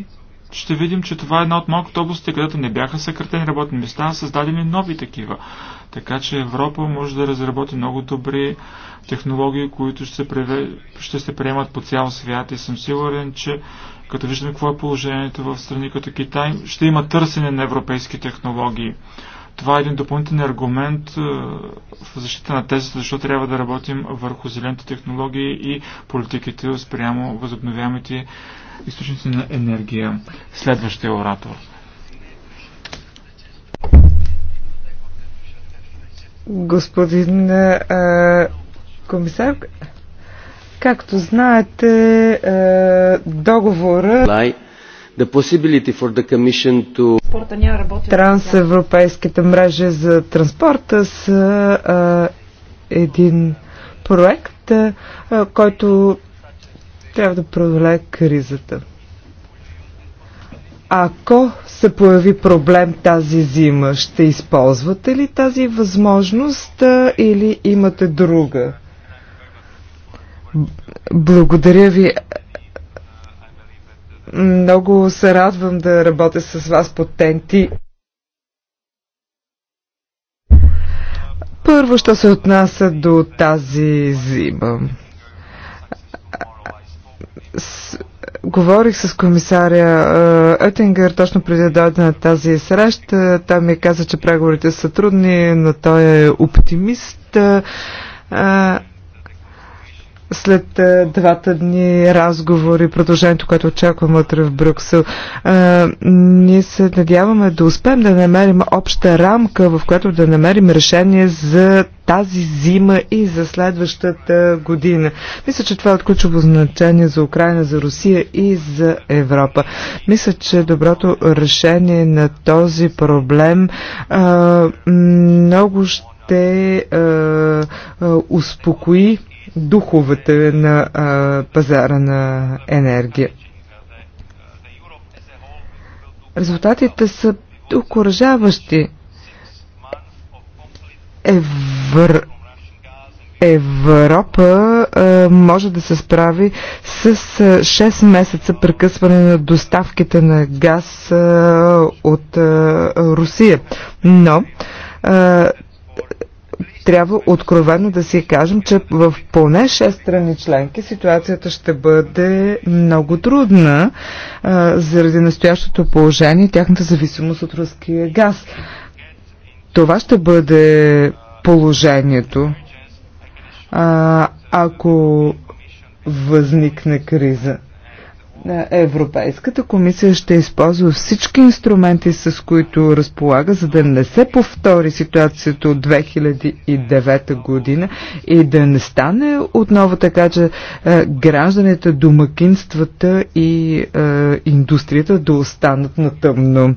ще видим, че това е една от малкото области, където не бяха съкратени работни места, а създадени нови такива. Така че Европа може да разработи много добри технологии, които ще се, преве... ще се приемат по цял свят и съм сигурен, че като виждаме какво е положението в страни като Китай, ще има търсене на европейски технологии. Това е един допълнителен аргумент е, в защита на тезата, защото трябва да работим върху зелените технологии и политиките спрямо възобновяемите източници на енергия. Следващия оратор. Господин а, е, комисар, както знаете, а, е, договора Трансевропейската мрежа Трансевропейските мрежи за транспорта с а, един проект, а, който трябва да преодолее кризата. Ако се появи проблем тази зима, ще използвате ли тази възможност а, или имате друга? Благодаря ви. Много се радвам да работя с вас по тенти. Първо, що се отнася до тази зима. С... Говорих с комисаря Етингър точно преди да дойде на тази среща. Той ми каза, че преговорите са трудни, но той е оптимист. А, е, след е, двата дни разговори, продължението, което очакваме утре в Брюксел, а, е, ние се надяваме да успеем да намерим обща рамка, в която да намерим решение за тази зима и за следващата година. Мисля, че това е от ключово значение за Украина, за Русия и за Европа. Мисля, че доброто решение на този проблем а, е, много ще а, а, успокои духовете на а, пазара на енергия. Резултатите са окоръжаващи. Евр... Европа а, може да се справи с а, 6 месеца прекъсване на доставките на газ а, от а, Русия. Но а, трябва откровено да си кажем, че в поне 6 страни членки ситуацията ще бъде много трудна а, заради настоящото положение и тяхната зависимост от руския газ. Това ще бъде положението. А, ако възникне криза. Европейската комисия ще използва всички инструменти, с които разполага, за да не се повтори ситуацията от 2009 година и да не стане отново така, че е, гражданите, домакинствата и е, индустрията да останат на тъмно.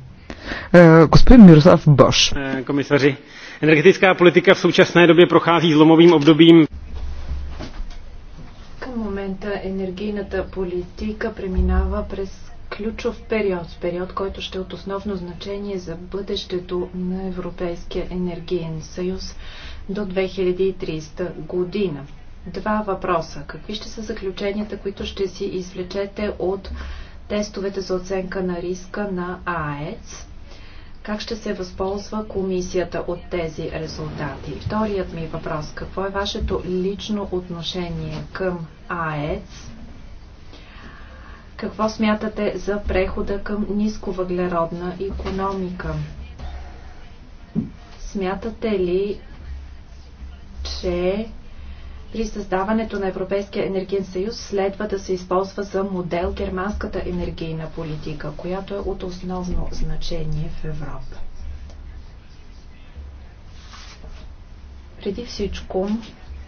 Е, господин Мирослав Бош. Е, комисари, енергетическа политика в současné době prochází зломовим обдобием момента енергийната политика преминава през ключов период, период, който ще е от основно значение за бъдещето на Европейския енергиен съюз до 2030 година. Два въпроса. Какви ще са заключенията, които ще си извлечете от тестовете за оценка на риска на АЕЦ? Как ще се възползва комисията от тези резултати? Вторият ми въпрос. Какво е вашето лично отношение към АЕЦ? Какво смятате за прехода към нисковъглеродна економика? Смятате ли, че при създаването на Европейския енергиен съюз следва да се използва за модел германската енергийна политика, която е от основно значение в Европа. Преди всичко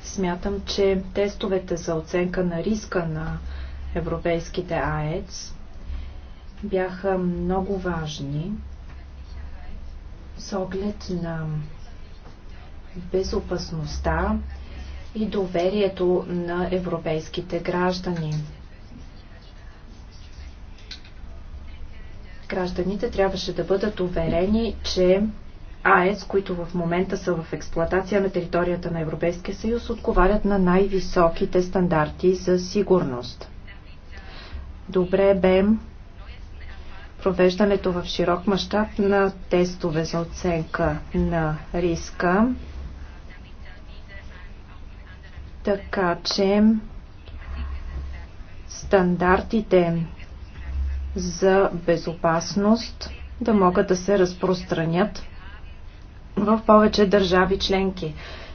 смятам, че тестовете за оценка на риска на европейските АЕЦ бяха много важни с оглед на безопасността и доверието на европейските граждани. Гражданите трябваше да бъдат уверени, че АЕС, които в момента са в експлоатация на територията на Европейския съюз, отговарят на най-високите стандарти за сигурност. Добре бе провеждането в широк мащаб на тестове за оценка на риска. Така че стандартите за безопасност да могат да се разпространят в повече държави членки.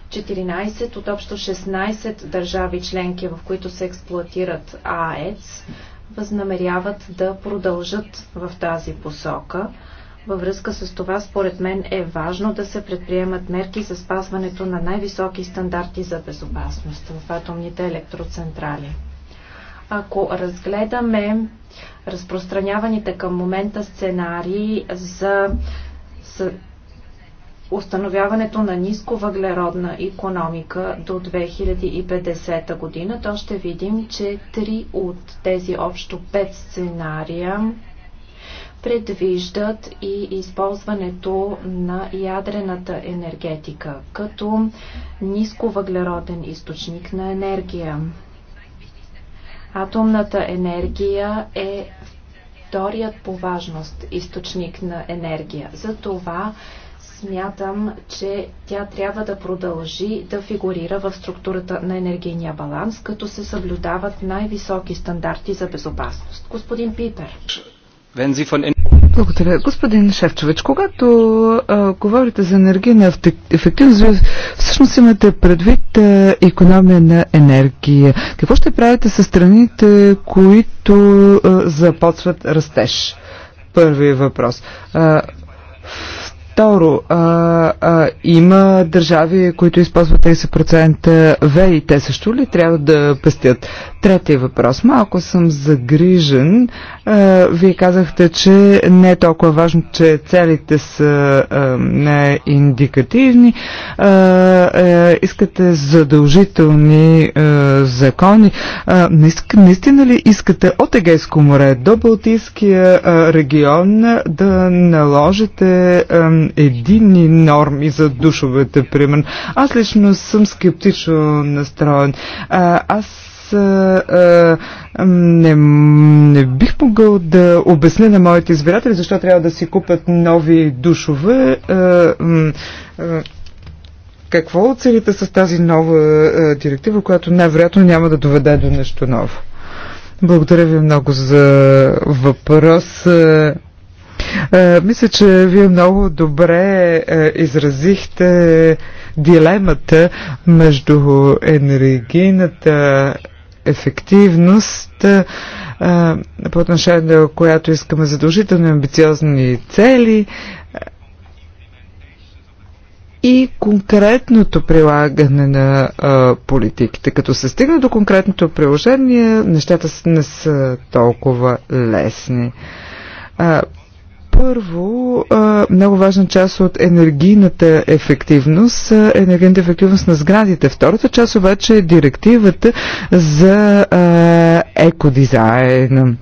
14 от общо 16 държави членки, в които се експлуатират АЕЦ, възнамеряват да продължат в тази посока. Във връзка с това, според мен, е важно да се предприемат мерки за спазването на най-високи стандарти за безопасност в атомните електроцентрали. Ако разгледаме разпространяваните към момента сценарии за установяването на ниско въглеродна економика до 2050 година, то ще видим, че три от тези общо пет сценария предвиждат и използването на ядрената енергетика като ниско въглероден източник на енергия. Атомната енергия е вторият по важност източник на енергия. Затова смятам, че тя трябва да продължи да фигурира в структурата на енергийния баланс, като се съблюдават най-високи стандарти за безопасност. Господин Пипер. Благодаря. Господин Шевчович, когато а, говорите за енергийна ефективност, всъщност имате предвид а, економия на енергия. Какво ще правите с страните, които а, започват растеж? Първи въпрос. А, Второ, а, а, има държави, които използват 30% ВЕИ. Те също ли трябва да пестят? Третия въпрос. Малко съм загрижен. А, вие казахте, че не е толкова важно, че целите са а, не индикативни. А, а, искате задължителни а, закони. А, наистина ли искате от Егейско море до Балтийския а, регион да наложите а, единни норми за душовете, примерно. Аз лично съм скептично настроен. А, аз не, не бих могъл да обясня на моите избиратели защо трябва да си купят нови душове. какво целите с тази нова директива, която най-вероятно няма да доведе до нещо ново? Благодаря ви много за въпрос. Е, мисля, че вие много добре е, изразихте дилемата между енергийната ефективност, е, по отношение на която искаме задължително амбициозни цели и конкретното прилагане на а, политиките. Като се стигне до конкретното приложение, нещата не са толкова лесни. А, първо, много важна част от енергийната ефективност, енергийната ефективност на сградите. Втората част обаче е директивата за екодизайн.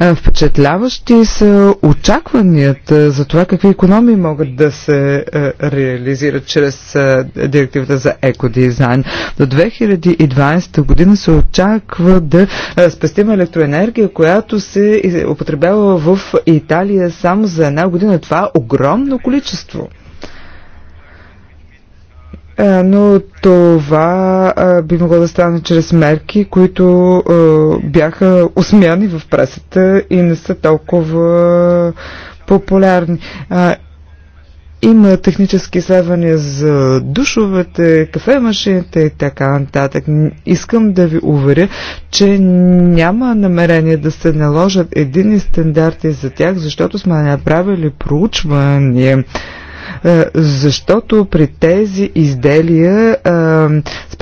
Е, впечатляващи са очакванията за това какви економии могат да се е, реализират чрез е, директивата за екодизайн. До 2020 година се очаква да спестим електроенергия, която се употребява в Италия само за една година. Това е огромно количество. Е, но това е, би могло да стане чрез мерки, които е, бяха осмяни в пресата и не са толкова популярни. Има технически изследвания за душовете, кафемашините и така нататък. Искам да ви уверя, че няма намерение да се наложат едини стандарти за тях, защото сме направили проучвания е, защото при тези изделия е,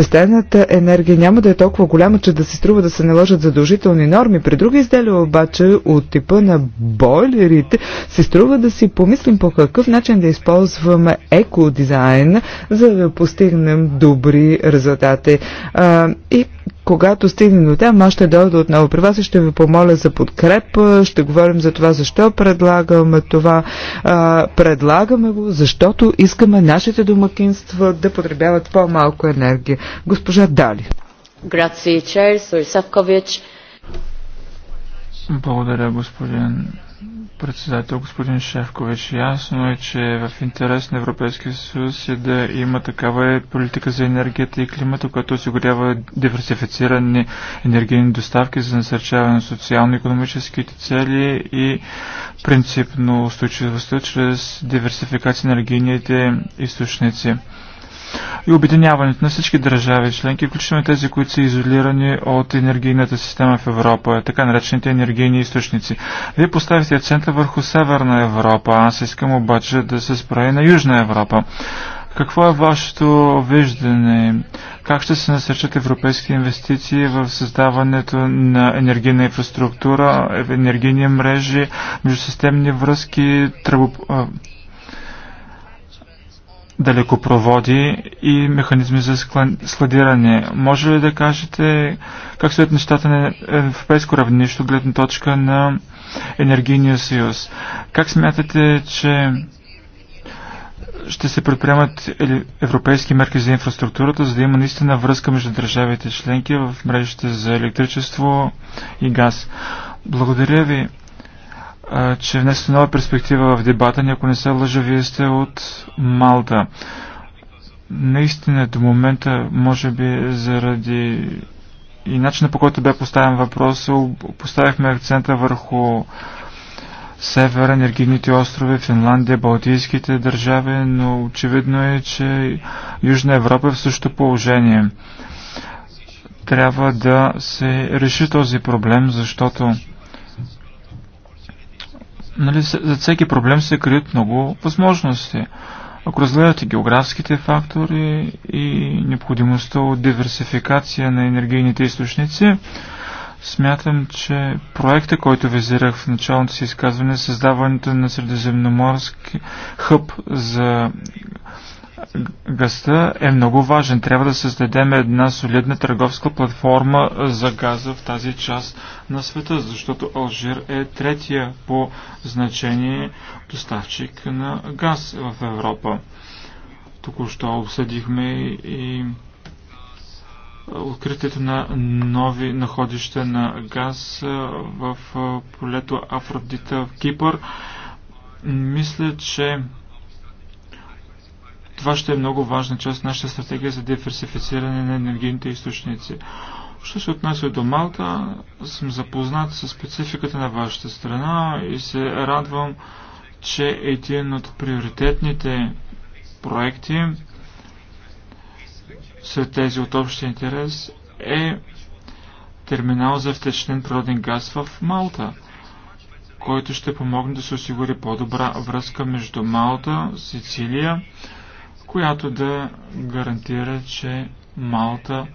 Пестената енергия няма да е толкова голяма, че да се струва да се наложат задължителни норми. При други изделия обаче от типа на бойлерите се струва да си помислим по какъв начин да използваме екодизайн, за да постигнем добри резултати. А, и когато стигнем до там, аз ще дойда отново при вас и ще ви помоля за подкрепа, ще говорим за това, защо предлагаме това. А, предлагаме го, защото искаме нашите домакинства да потребяват по-малко енергия. Госпожа Дали. Савкович. Благодаря, господин председател, господин Шефкович. Ясно е, че в интерес на Европейския съюз е да има такава политика за енергията и климата, която осигурява диверсифицирани енергийни доставки за насърчаване на социално-економическите цели и принципно устойчивостта чрез диверсификация на енергийните източници и обединяването на всички държави членки, включително тези, които са изолирани от енергийната система в Европа, така наречените енергийни източници. Вие поставите акцента върху Северна Европа, аз искам обаче да се спра на Южна Европа. Какво е вашето виждане? Как ще се насърчат европейските инвестиции в създаването на енергийна инфраструктура, енергийни мрежи, междусистемни връзки, тръбо, далекопроводи и механизми за складиране. Може ли да кажете как стоят нещата на европейско равнище, гледна точка на енергийния съюз? Как смятате, че ще се предприемат европейски мерки за инфраструктурата, за да има наистина връзка между държавите членки в мрежите за електричество и газ? Благодаря ви че внесе нова перспектива в дебата. Ако не се лъжа, вие сте от Малта. Наистина, до момента, може би заради и начина по който бе поставен въпрос, поставихме акцента върху север, енергийните острови, Финландия, Балтийските държави, но очевидно е, че Южна Европа е в същото положение. Трябва да се реши този проблем, защото нали, за всеки проблем се крият много възможности. Ако разгледате географските фактори и необходимостта от диверсификация на енергийните източници, смятам, че проекта, който визирах в началното си изказване, създаването на средиземноморски хъб за Газта е много важен. Трябва да създадем една солидна търговска платформа за газа в тази част на света, защото Алжир е третия по значение доставчик на газ в Европа. Току-що обсъдихме и откритието на нови находища на газ в полето Афродита в Кипър. Мисля, че това ще е много важна част от нашата стратегия за диверсифициране на енергийните източници. Що се отнася до Малта, съм запознат с спецификата на вашата страна и се радвам, че един от приоритетните проекти сред тези от общия интерес е терминал за втечнен природен газ в Малта, който ще помогне да се осигури по-добра връзка между Малта, Сицилия, която да гарантира, че Малта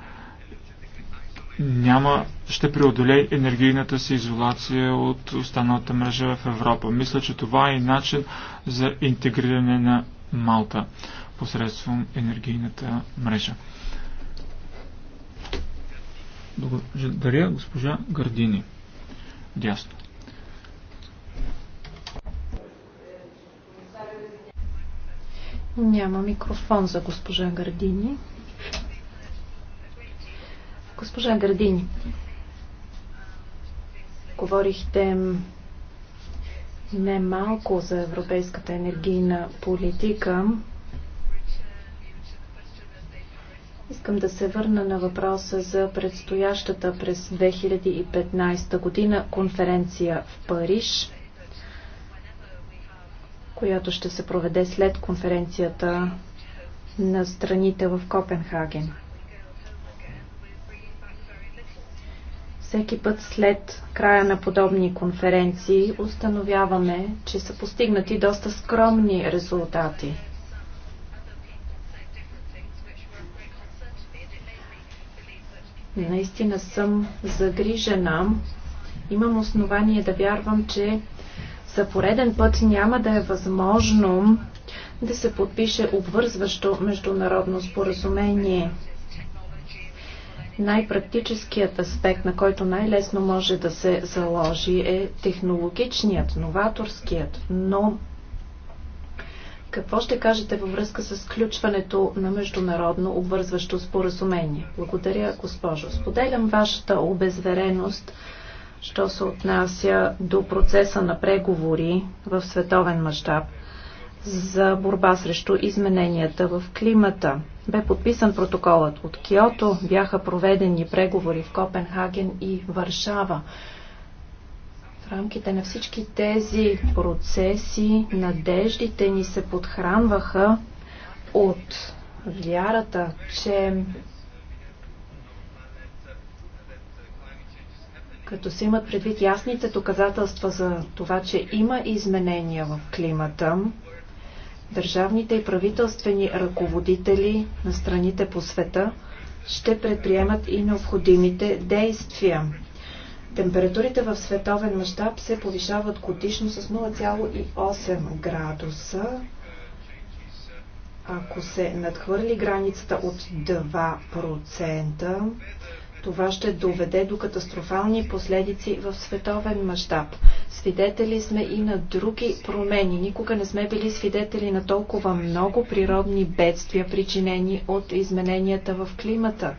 няма, ще преодолее енергийната си изолация от останалата мрежа в Европа. Мисля, че това е и начин за интегриране на Малта посредством енергийната мрежа. Благодаря, госпожа Гардини. Дясно. Няма микрофон за госпожа Гардини. Госпожа Гардини, говорихте не малко за европейската енергийна политика. Искам да се върна на въпроса за предстоящата през 2015 година конференция в Париж която ще се проведе след конференцията на страните в Копенхаген. Всеки път след края на подобни конференции установяваме, че са постигнати доста скромни резултати. Наистина съм загрижена. Имам основание да вярвам, че за пореден път няма да е възможно да се подпише обвързващо международно споразумение. Най-практическият аспект, на който най-лесно може да се заложи е технологичният, новаторският, но какво ще кажете във връзка с включването на международно обвързващо споразумение? Благодаря, госпожо. Споделям вашата обезвереност що се отнася до процеса на преговори в световен мащаб за борба срещу измененията в климата. Бе подписан протоколът от Киото, бяха проведени преговори в Копенхаген и Варшава. В рамките на всички тези процеси надеждите ни се подхранваха от вярата, че Като се имат предвид ясните доказателства за това, че има изменения в климата, държавните и правителствени ръководители на страните по света ще предприемат и необходимите действия. Температурите в световен мащаб се повишават годишно с 0,8 градуса. Ако се надхвърли границата от 2%, това ще доведе до катастрофални последици в световен мащаб. Свидетели сме и на други промени. Никога не сме били свидетели на толкова много природни бедствия, причинени от измененията в климата.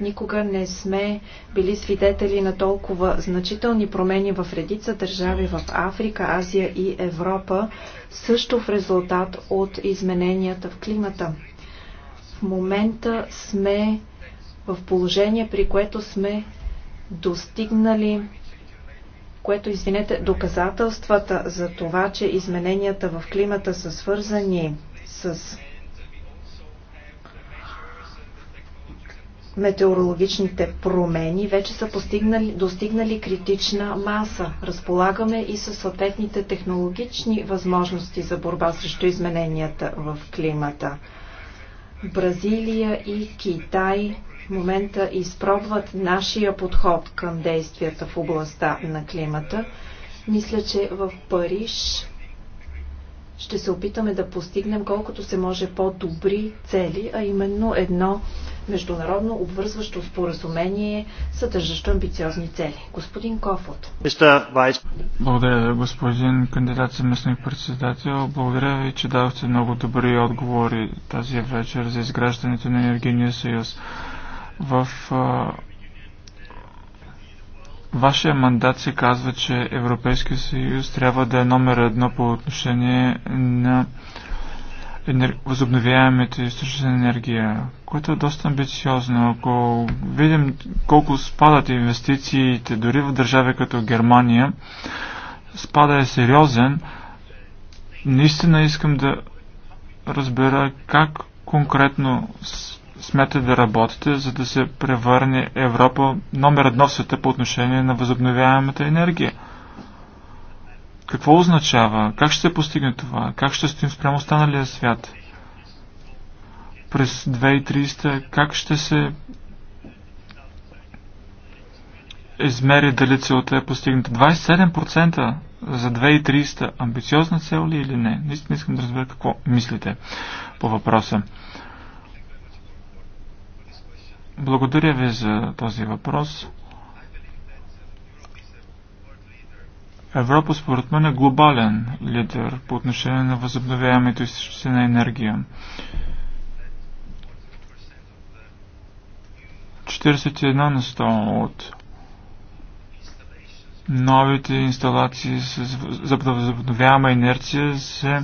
Никога не сме били свидетели на толкова значителни промени в редица държави в Африка, Азия и Европа, също в резултат от измененията в климата. В момента сме в положение, при което сме достигнали което, извинете, доказателствата за това, че измененията в климата са свързани с метеорологичните промени, вече са постигнали, достигнали критична маса. Разполагаме и със съответните технологични възможности за борба срещу измененията в климата. Бразилия и Китай в момента изпробват нашия подход към действията в областта на климата. Мисля, че в Париж ще се опитаме да постигнем колкото се може по-добри цели, а именно едно международно обвързващо споразумение, съдържащо амбициозни цели. Господин Кофот. Благодаря, господин кандидат за местник председател. Благодаря ви, че давахте много добри отговори тази вечер за изграждането на енергийния съюз. В а, вашия мандат се казва, че Европейския съюз трябва да е номер едно по отношение на енер... възобновяемите източници на енергия, което е доста амбициозно. Ако видим колко спадат инвестициите дори в държави като Германия, спада е сериозен. Наистина искам да разбера как конкретно смята да работите, за да се превърне Европа номер едно в света по отношение на възобновяемата енергия? Какво означава? Как ще се постигне това? Как ще стоим спрямо останалия свят? През 2030 как ще се измери дали целта е постигната? 27% за 2030 амбициозна цел ли е или не? Наистина искам да разбера какво мислите по въпроса. Благодаря ви за този въпрос. Европа според мен е глобален лидер по отношение на възобновяемите източници на енергия. 41 на 100 от новите инсталации за възобновяема инерция се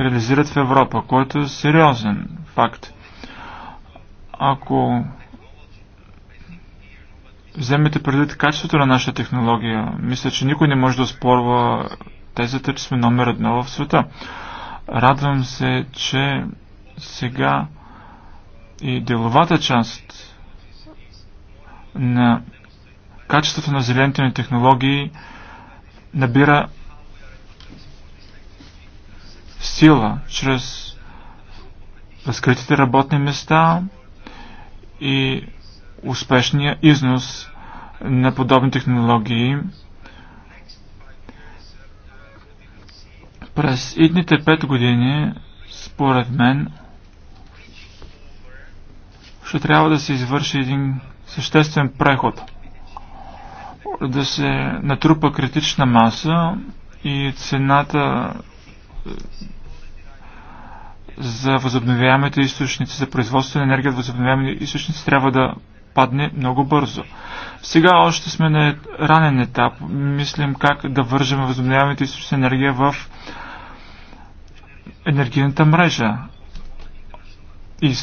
реализират в Европа, който е сериозен факт. Ако вземете предвид качеството на нашата технология. Мисля, че никой не може да спорва тезата, че сме номер едно в света. Радвам се, че сега и деловата част на качеството на зелените ни технологии набира сила чрез разкритите работни места и успешния износ на подобни технологии. През идните 5 години, според мен, ще трябва да се извърши един съществен преход, да се натрупа критична маса и цената за възобновяемите източници, за производство на енергия от възобновяеми източници трябва да падне много бързо. Сега още сме на ранен етап. Мислим как да вържем възобновяемите източни енергия в енергийната мрежа. И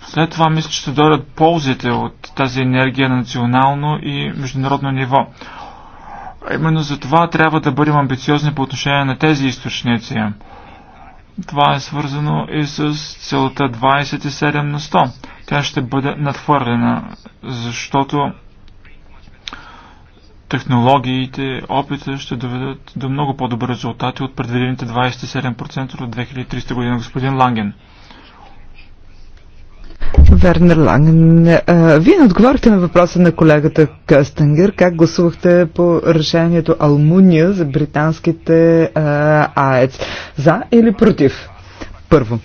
след това мисля, че ще дойдат ползите от тази енергия на национално и международно ниво. Именно за това трябва да бъдем амбициозни по отношение на тези източници. Това е свързано и с целта 27 на 100. Тя ще бъде надхвърлена, защото технологиите, опита ще доведат до много по-добри резултати от предвидените 27% от 2300 година, господин Ланген. Вернер Ланген, е, вие не отговорихте на въпроса на колегата Къстенгер. Как гласувахте по решението Алмуния за британските а, е, АЕЦ? За или против? Първо.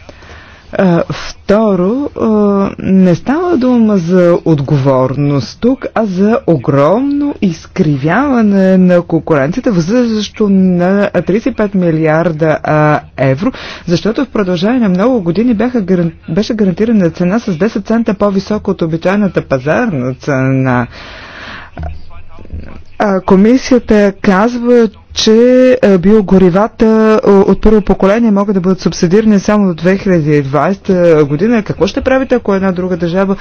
Второ, не става дума за отговорност тук, а за огромно изкривяване на конкуренцията, възлизащо на 35 милиарда евро, защото в продължение на много години бяха, беше гарантирана цена с 10 цента по-висока от обичайната пазарна цена. Комисията казва, че е, биогоривата е, от първо поколение могат да бъдат субсидирани само до 2020 е, година. Какво ще правите, ако една друга държава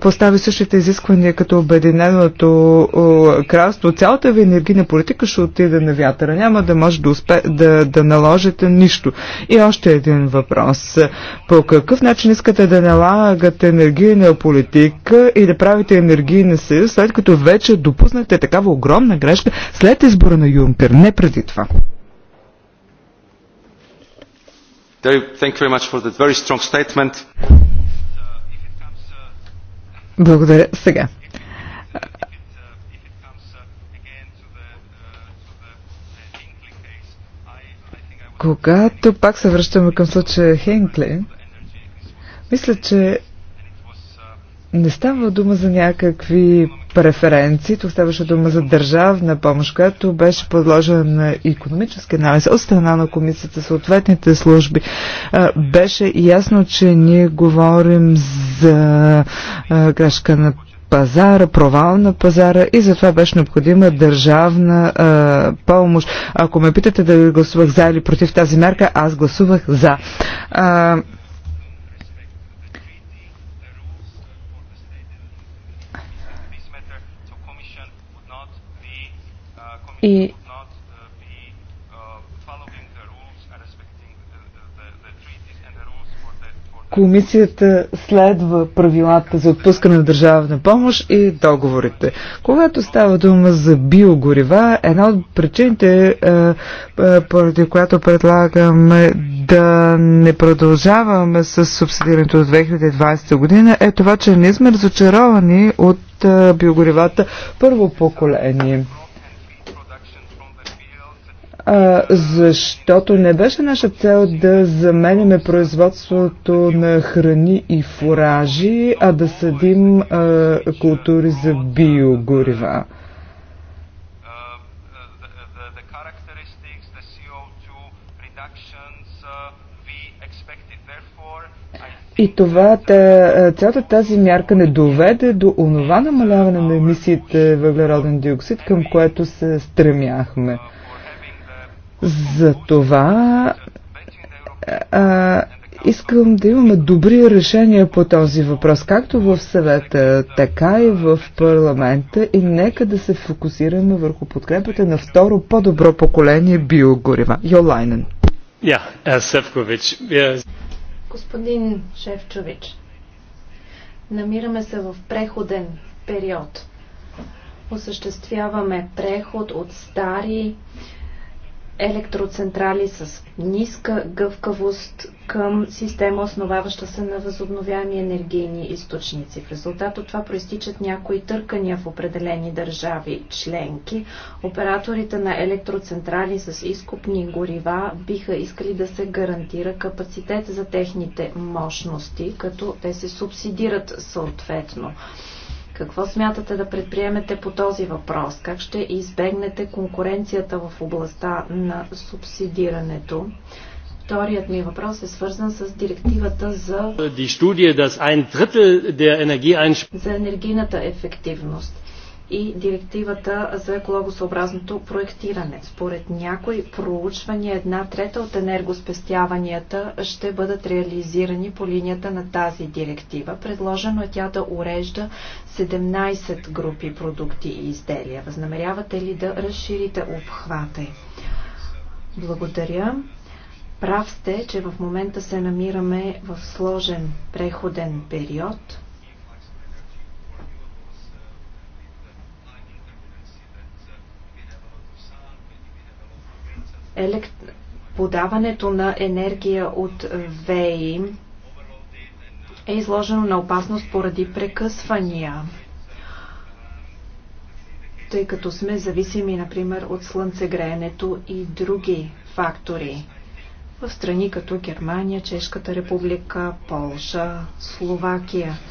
постави същите изисквания като Обединеното кралство? Цялата ви енергийна политика ще отиде на вятъра. Няма да може да, успе, да, да наложите нищо. И още един въпрос. По какъв начин искате да налагате енергийна политика и да правите енергийна съюз, след като вече допуснате такава огромна грешка след избора на Юнкер? Не преди това. Благодаря. Сега. Когато пак се връщаме към случая Хенкли, мисля, че не става дума за някакви преференции, тук ставаше дума за държавна помощ, която беше подложена на економически анализ от страна на комисията, съответните служби. Беше ясно, че ние говорим за грешка на пазара, провал на пазара и затова беше необходима държавна а, помощ. Ако ме питате да гласувах за или против тази мерка, аз гласувах за. А, И комисията следва правилата за отпускане на държавна помощ и договорите. Когато става дума за биогорива, една от причините, е, е, поради която предлагаме да не продължаваме с субсидирането от 2020 година, е това, че ние сме разочаровани от е, биогоривата първо поколение а, защото не беше наша цел да заменяме производството на храни и фуражи, а да съдим а, култури за биогорива. И това, цялата тази мярка не доведе до онова намаляване на емисиите въглероден диоксид, към което се стремяхме. За това а, искам да имаме добри решения по този въпрос, както в съвета, така и в парламента и нека да се фокусираме върху подкрепата на второ по-добро поколение биогорива. Йолайнен. Yeah, Господин Шевчович, намираме се в преходен период. Осъществяваме преход от стари електроцентрали с ниска гъвкавост към система, основаваща се на възобновяеми енергийни източници. В резултат от това проистичат някои търкания в определени държави членки. Операторите на електроцентрали с изкупни горива биха искали да се гарантира капацитет за техните мощности, като те се субсидират съответно. Какво смятате да предприемете по този въпрос? Как ще избегнете конкуренцията в областта на субсидирането? Вторият ми въпрос е свързан с директивата за, за енергийната ефективност и директивата за екологосъобразното проектиране. Според някои проучвания, една трета от енергоспестяванията ще бъдат реализирани по линията на тази директива. Предложено е тя да урежда 17 групи продукти и изделия. Възнамерявате ли да разширите обхвата Благодаря. Прав сте, че в момента се намираме в сложен преходен период – елект... подаването на енергия от ВЕИ е изложено на опасност поради прекъсвания, тъй като сме зависими, например, от слънцегреенето и други фактори в страни като Германия, Чешката република, Полша, Словакия –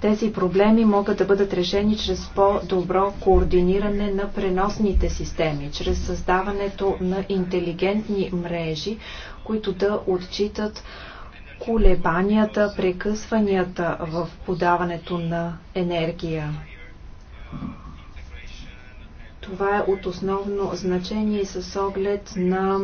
тези проблеми могат да бъдат решени чрез по-добро координиране на преносните системи, чрез създаването на интелигентни мрежи, които да отчитат колебанията, прекъсванията в подаването на енергия. Това е от основно значение с оглед на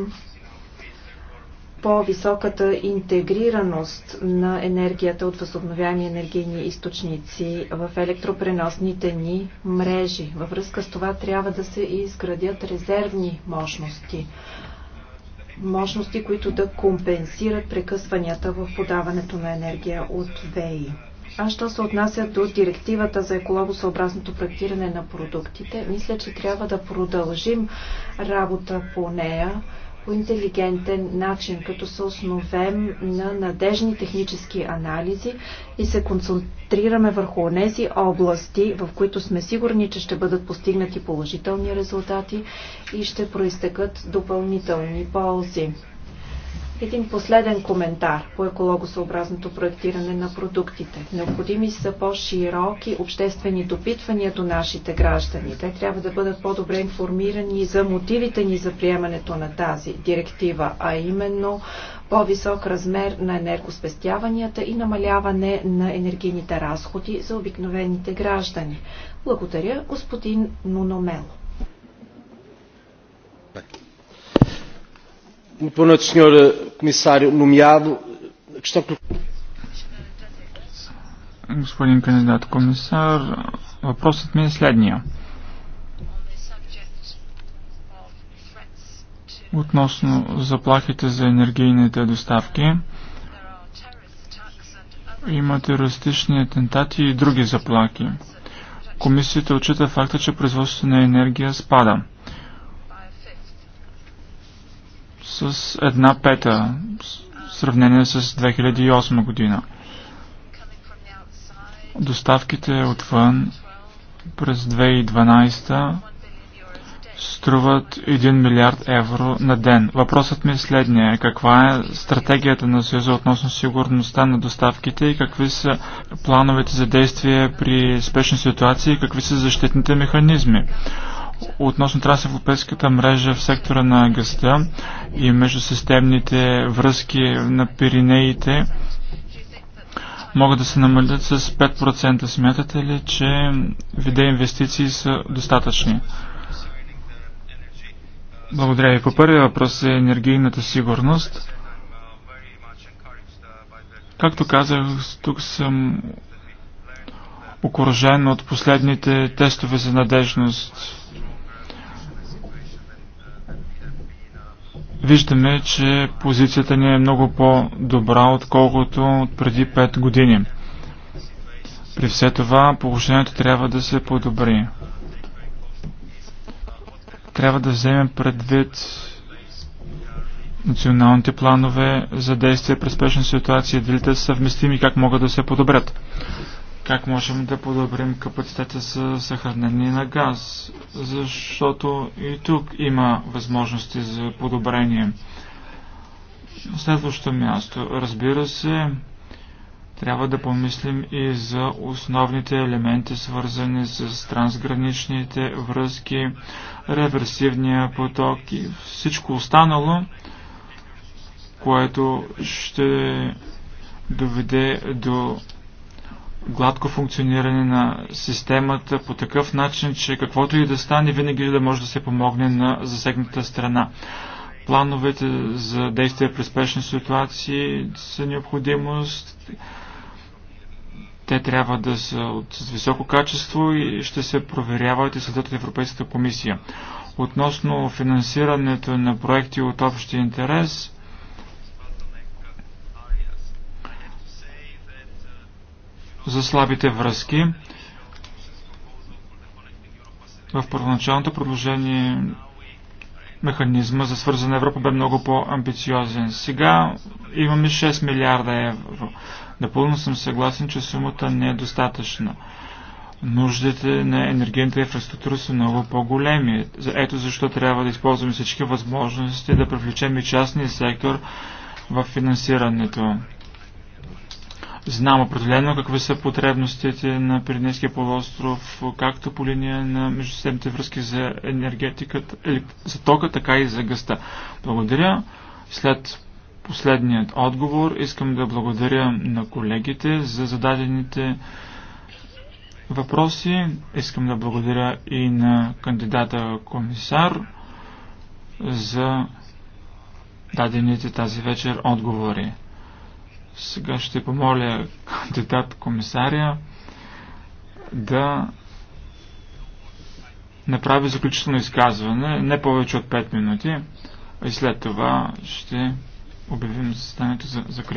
по-високата интегрираност на енергията от възобновяеми енергийни източници в електропреносните ни мрежи. Във връзка с това трябва да се изградят резервни мощности. Мощности, които да компенсират прекъсванията в подаването на енергия от ВЕИ. А що се отнася до директивата за екологосъобразното проектиране на продуктите, мисля, че трябва да продължим работа по нея по интелигентен начин, като се основем на надежни технически анализи и се концентрираме върху тези области, в които сме сигурни, че ще бъдат постигнати положителни резултати и ще проистекат допълнителни ползи. Един последен коментар по екологосъобразното проектиране на продуктите. Необходими са по-широки обществени допитвания до нашите граждани. Те трябва да бъдат по-добре информирани за мотивите ни за приемането на тази директива, а именно по-висок размер на енергоспестяванията и намаляване на енергийните разходи за обикновените граждани. Благодаря, господин Нуномело. Eh, questão que... Господин кандидат комисар, въпросът ми е следния. Относно заплахите за енергийните доставки, има терористични атентати и други заплахи. Комисията отчита факта, че производството на енергия спада. с една пета в сравнение с 2008 година. Доставките отвън през 2012 струват 1 милиард евро на ден. Въпросът ми е следния. Каква е стратегията на Съюза относно сигурността на доставките и какви са плановете за действие при спешни ситуации и какви са защитните механизми? относно трансевропейската мрежа в сектора на гъста и междусистемните връзки на Пиринеите могат да се намалят с 5%. Смятате ли, че виде инвестиции са достатъчни? Благодаря ви. По първия въпрос е енергийната сигурност. Както казах, тук съм окоръжен от последните тестове за надежност виждаме, че позицията ни е много по-добра, отколкото от преди 5 години. При все това положението трябва да се подобри. Трябва да вземем предвид националните планове за действие при спешна ситуация, дали те са съвместими и как могат да се подобрят как можем да подобрим капацитета за съхранение на газ, защото и тук има възможности за подобрение. следващото място. Разбира се, трябва да помислим и за основните елементи, свързани с трансграничните връзки, реверсивния поток и всичко останало, което ще доведе до гладко функциониране на системата по такъв начин, че каквото и да стане, винаги да може да се помогне на засегната страна. Плановете за действия при спешни ситуации са необходимост. Те трябва да са от високо качество и ще се проверяват и следят от Европейската комисия. Относно финансирането на проекти от общия интерес, за слабите връзки. В първоначалното предложение механизма за свързана Европа бе много по-амбициозен. Сега имаме 6 милиарда евро. Напълно съм съгласен, че сумата не е достатъчна. Нуждите на енергийната инфраструктура са много по-големи. Ето защо трябва да използваме всички възможности да привлечем и частния сектор в финансирането. Знам определено какви са потребностите на Пиренейския полуостров, както по линия на междусистемните връзки за енергетиката, за тока, така и за гъста. Благодаря. След последният отговор искам да благодаря на колегите за зададените въпроси. Искам да благодаря и на кандидата комисар за дадените тази вечер отговори. Сега ще помоля кандидат комисаря да направи заключително изказване, не повече от 5 минути, и след това ще обявим състоянието за закрито.